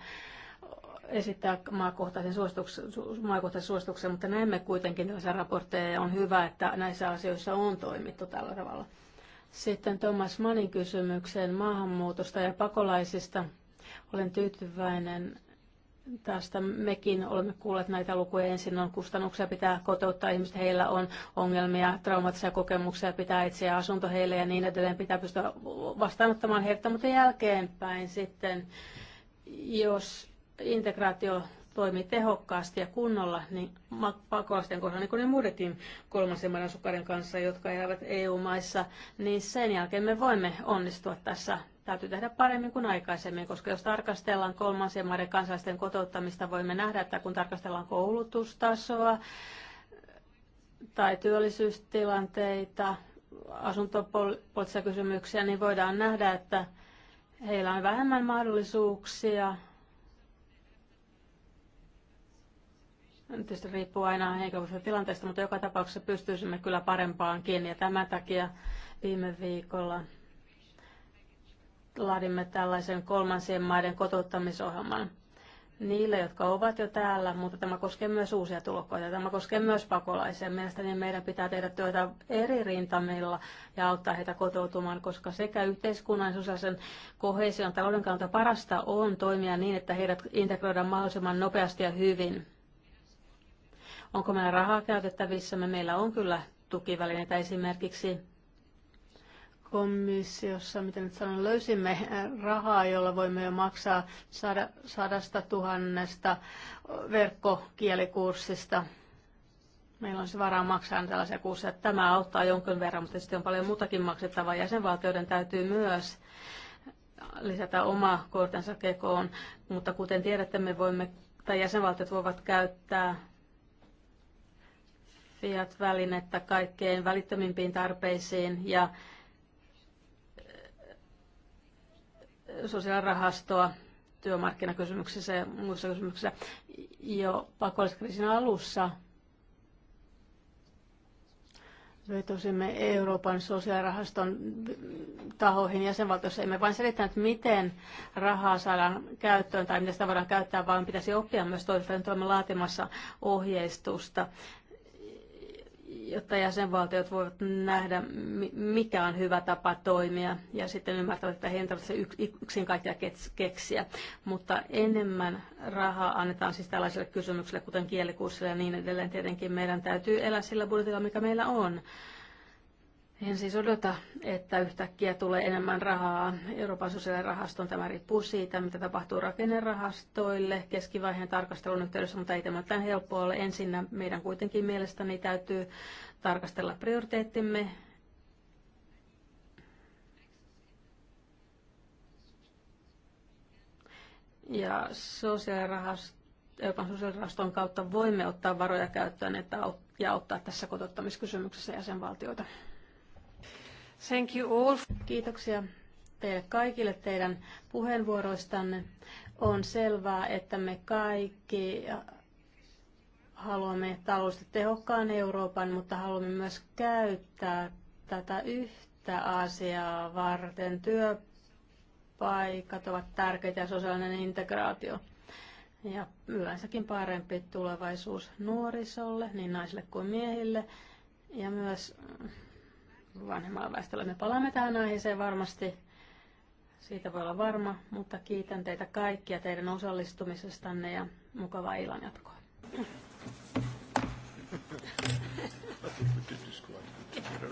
[SPEAKER 1] esittää maakohtaisen suosituksen, maakohtaisen suosituksen mutta näemme kuitenkin tällaisia raportteja ja on hyvä, että näissä asioissa on toimittu tällä tavalla. Sitten Thomas Manin kysymykseen maahanmuutosta ja pakolaisista. Olen tyytyväinen tästä. Mekin olemme kuulleet näitä lukuja. Ensin on kustannuksia, pitää kotouttaa ihmistä. heillä on ongelmia, traumaattisia kokemuksia, pitää etsiä asunto heille ja niin edelleen. Pitää pystyä vastaanottamaan heitä, mutta jälkeenpäin sitten, jos integraatio toimii tehokkaasti ja kunnolla, niin pakolaisten kohdalla, niin kuin ne muidenkin kolmansien maiden asukkaiden kanssa, jotka elävät EU-maissa, niin sen jälkeen me voimme onnistua tässä täytyy tehdä paremmin kuin aikaisemmin, koska jos tarkastellaan kolmansien maiden kansalaisten kotouttamista, voimme nähdä, että kun tarkastellaan koulutustasoa tai työllisyystilanteita, asuntopoliittisia kysymyksiä, niin voidaan nähdä, että heillä on vähemmän mahdollisuuksia. Tietysti riippuu aina heikommasta tilanteesta, mutta joka tapauksessa pystyisimme kyllä parempaankin. Ja tämän takia viime viikolla laadimme tällaisen kolmansien maiden kotouttamisohjelman niille, jotka ovat jo täällä, mutta tämä koskee myös uusia tulokkoita. Tämä koskee myös pakolaisia. Mielestäni meidän pitää tehdä työtä eri rintamilla ja auttaa heitä kotoutumaan, koska sekä yhteiskunnan sosiaalisen kohesion talouden kannalta parasta on toimia niin, että heidät integroidaan mahdollisimman nopeasti ja hyvin. Onko meillä rahaa käytettävissä? Meillä on kyllä tukivälineitä esimerkiksi komissiossa, miten nyt sanon, löysimme äh, rahaa, jolla voimme jo maksaa sadasta tuhannesta verkkokielikurssista. Meillä on se varaa maksaa tällaisia kursseja. Tämä auttaa jonkin verran, mutta sitten on paljon muutakin maksettavaa. Jäsenvaltioiden täytyy myös lisätä oma kortensa kekoon, mutta kuten tiedätte, me voimme, tai jäsenvaltiot voivat käyttää Fiat-välinettä kaikkein välittömimpiin tarpeisiin ja sosiaalirahastoa työmarkkinakysymyksissä ja muissa kysymyksissä jo pakolliskriisin alussa vetosimme Euroopan sosiaalirahaston tahoihin jäsenvaltioissa. Emme vain selittäneet, miten rahaa saadaan käyttöön tai miten sitä voidaan käyttää, vaan pitäisi oppia myös toisilta. Nyt laatimassa ohjeistusta jotta jäsenvaltiot voivat nähdä, mikä on hyvä tapa toimia ja sitten ymmärtävät, että heidän tarvitsee yksin kaikkia keksiä. Mutta enemmän rahaa annetaan siis tällaisille kysymyksille, kuten kielikurssille ja niin edelleen. Tietenkin meidän täytyy elää sillä budjetilla, mikä meillä on. En siis odota, että yhtäkkiä tulee enemmän rahaa Euroopan sosiaalirahastoon. Tämä riippuu siitä, mitä tapahtuu rakennerahastoille keskivaiheen tarkastelun yhteydessä, mutta ei tämä tämän helppoa ole. Ensin meidän kuitenkin mielestäni täytyy tarkastella prioriteettimme, ja sosiaalirahaston, Euroopan sosiaalirahaston kautta voimme ottaa varoja käyttöön että ja auttaa tässä kotouttamiskysymyksessä jäsenvaltioita. Thank you all. Kiitoksia teille kaikille teidän puheenvuoroistanne. On selvää, että me kaikki haluamme taloudellisesti tehokkaan Euroopan, mutta haluamme myös käyttää tätä yhtä asiaa varten. Työpaikat ovat tärkeitä ja sosiaalinen integraatio ja yleensäkin parempi tulevaisuus nuorisolle, niin naisille kuin miehille ja myös vanhemmalla väestöllä. Me palaamme tähän aiheeseen varmasti. Siitä voi olla varma, mutta kiitän teitä kaikkia teidän osallistumisestanne ja mukavaa jatkoa. [LAUGHS]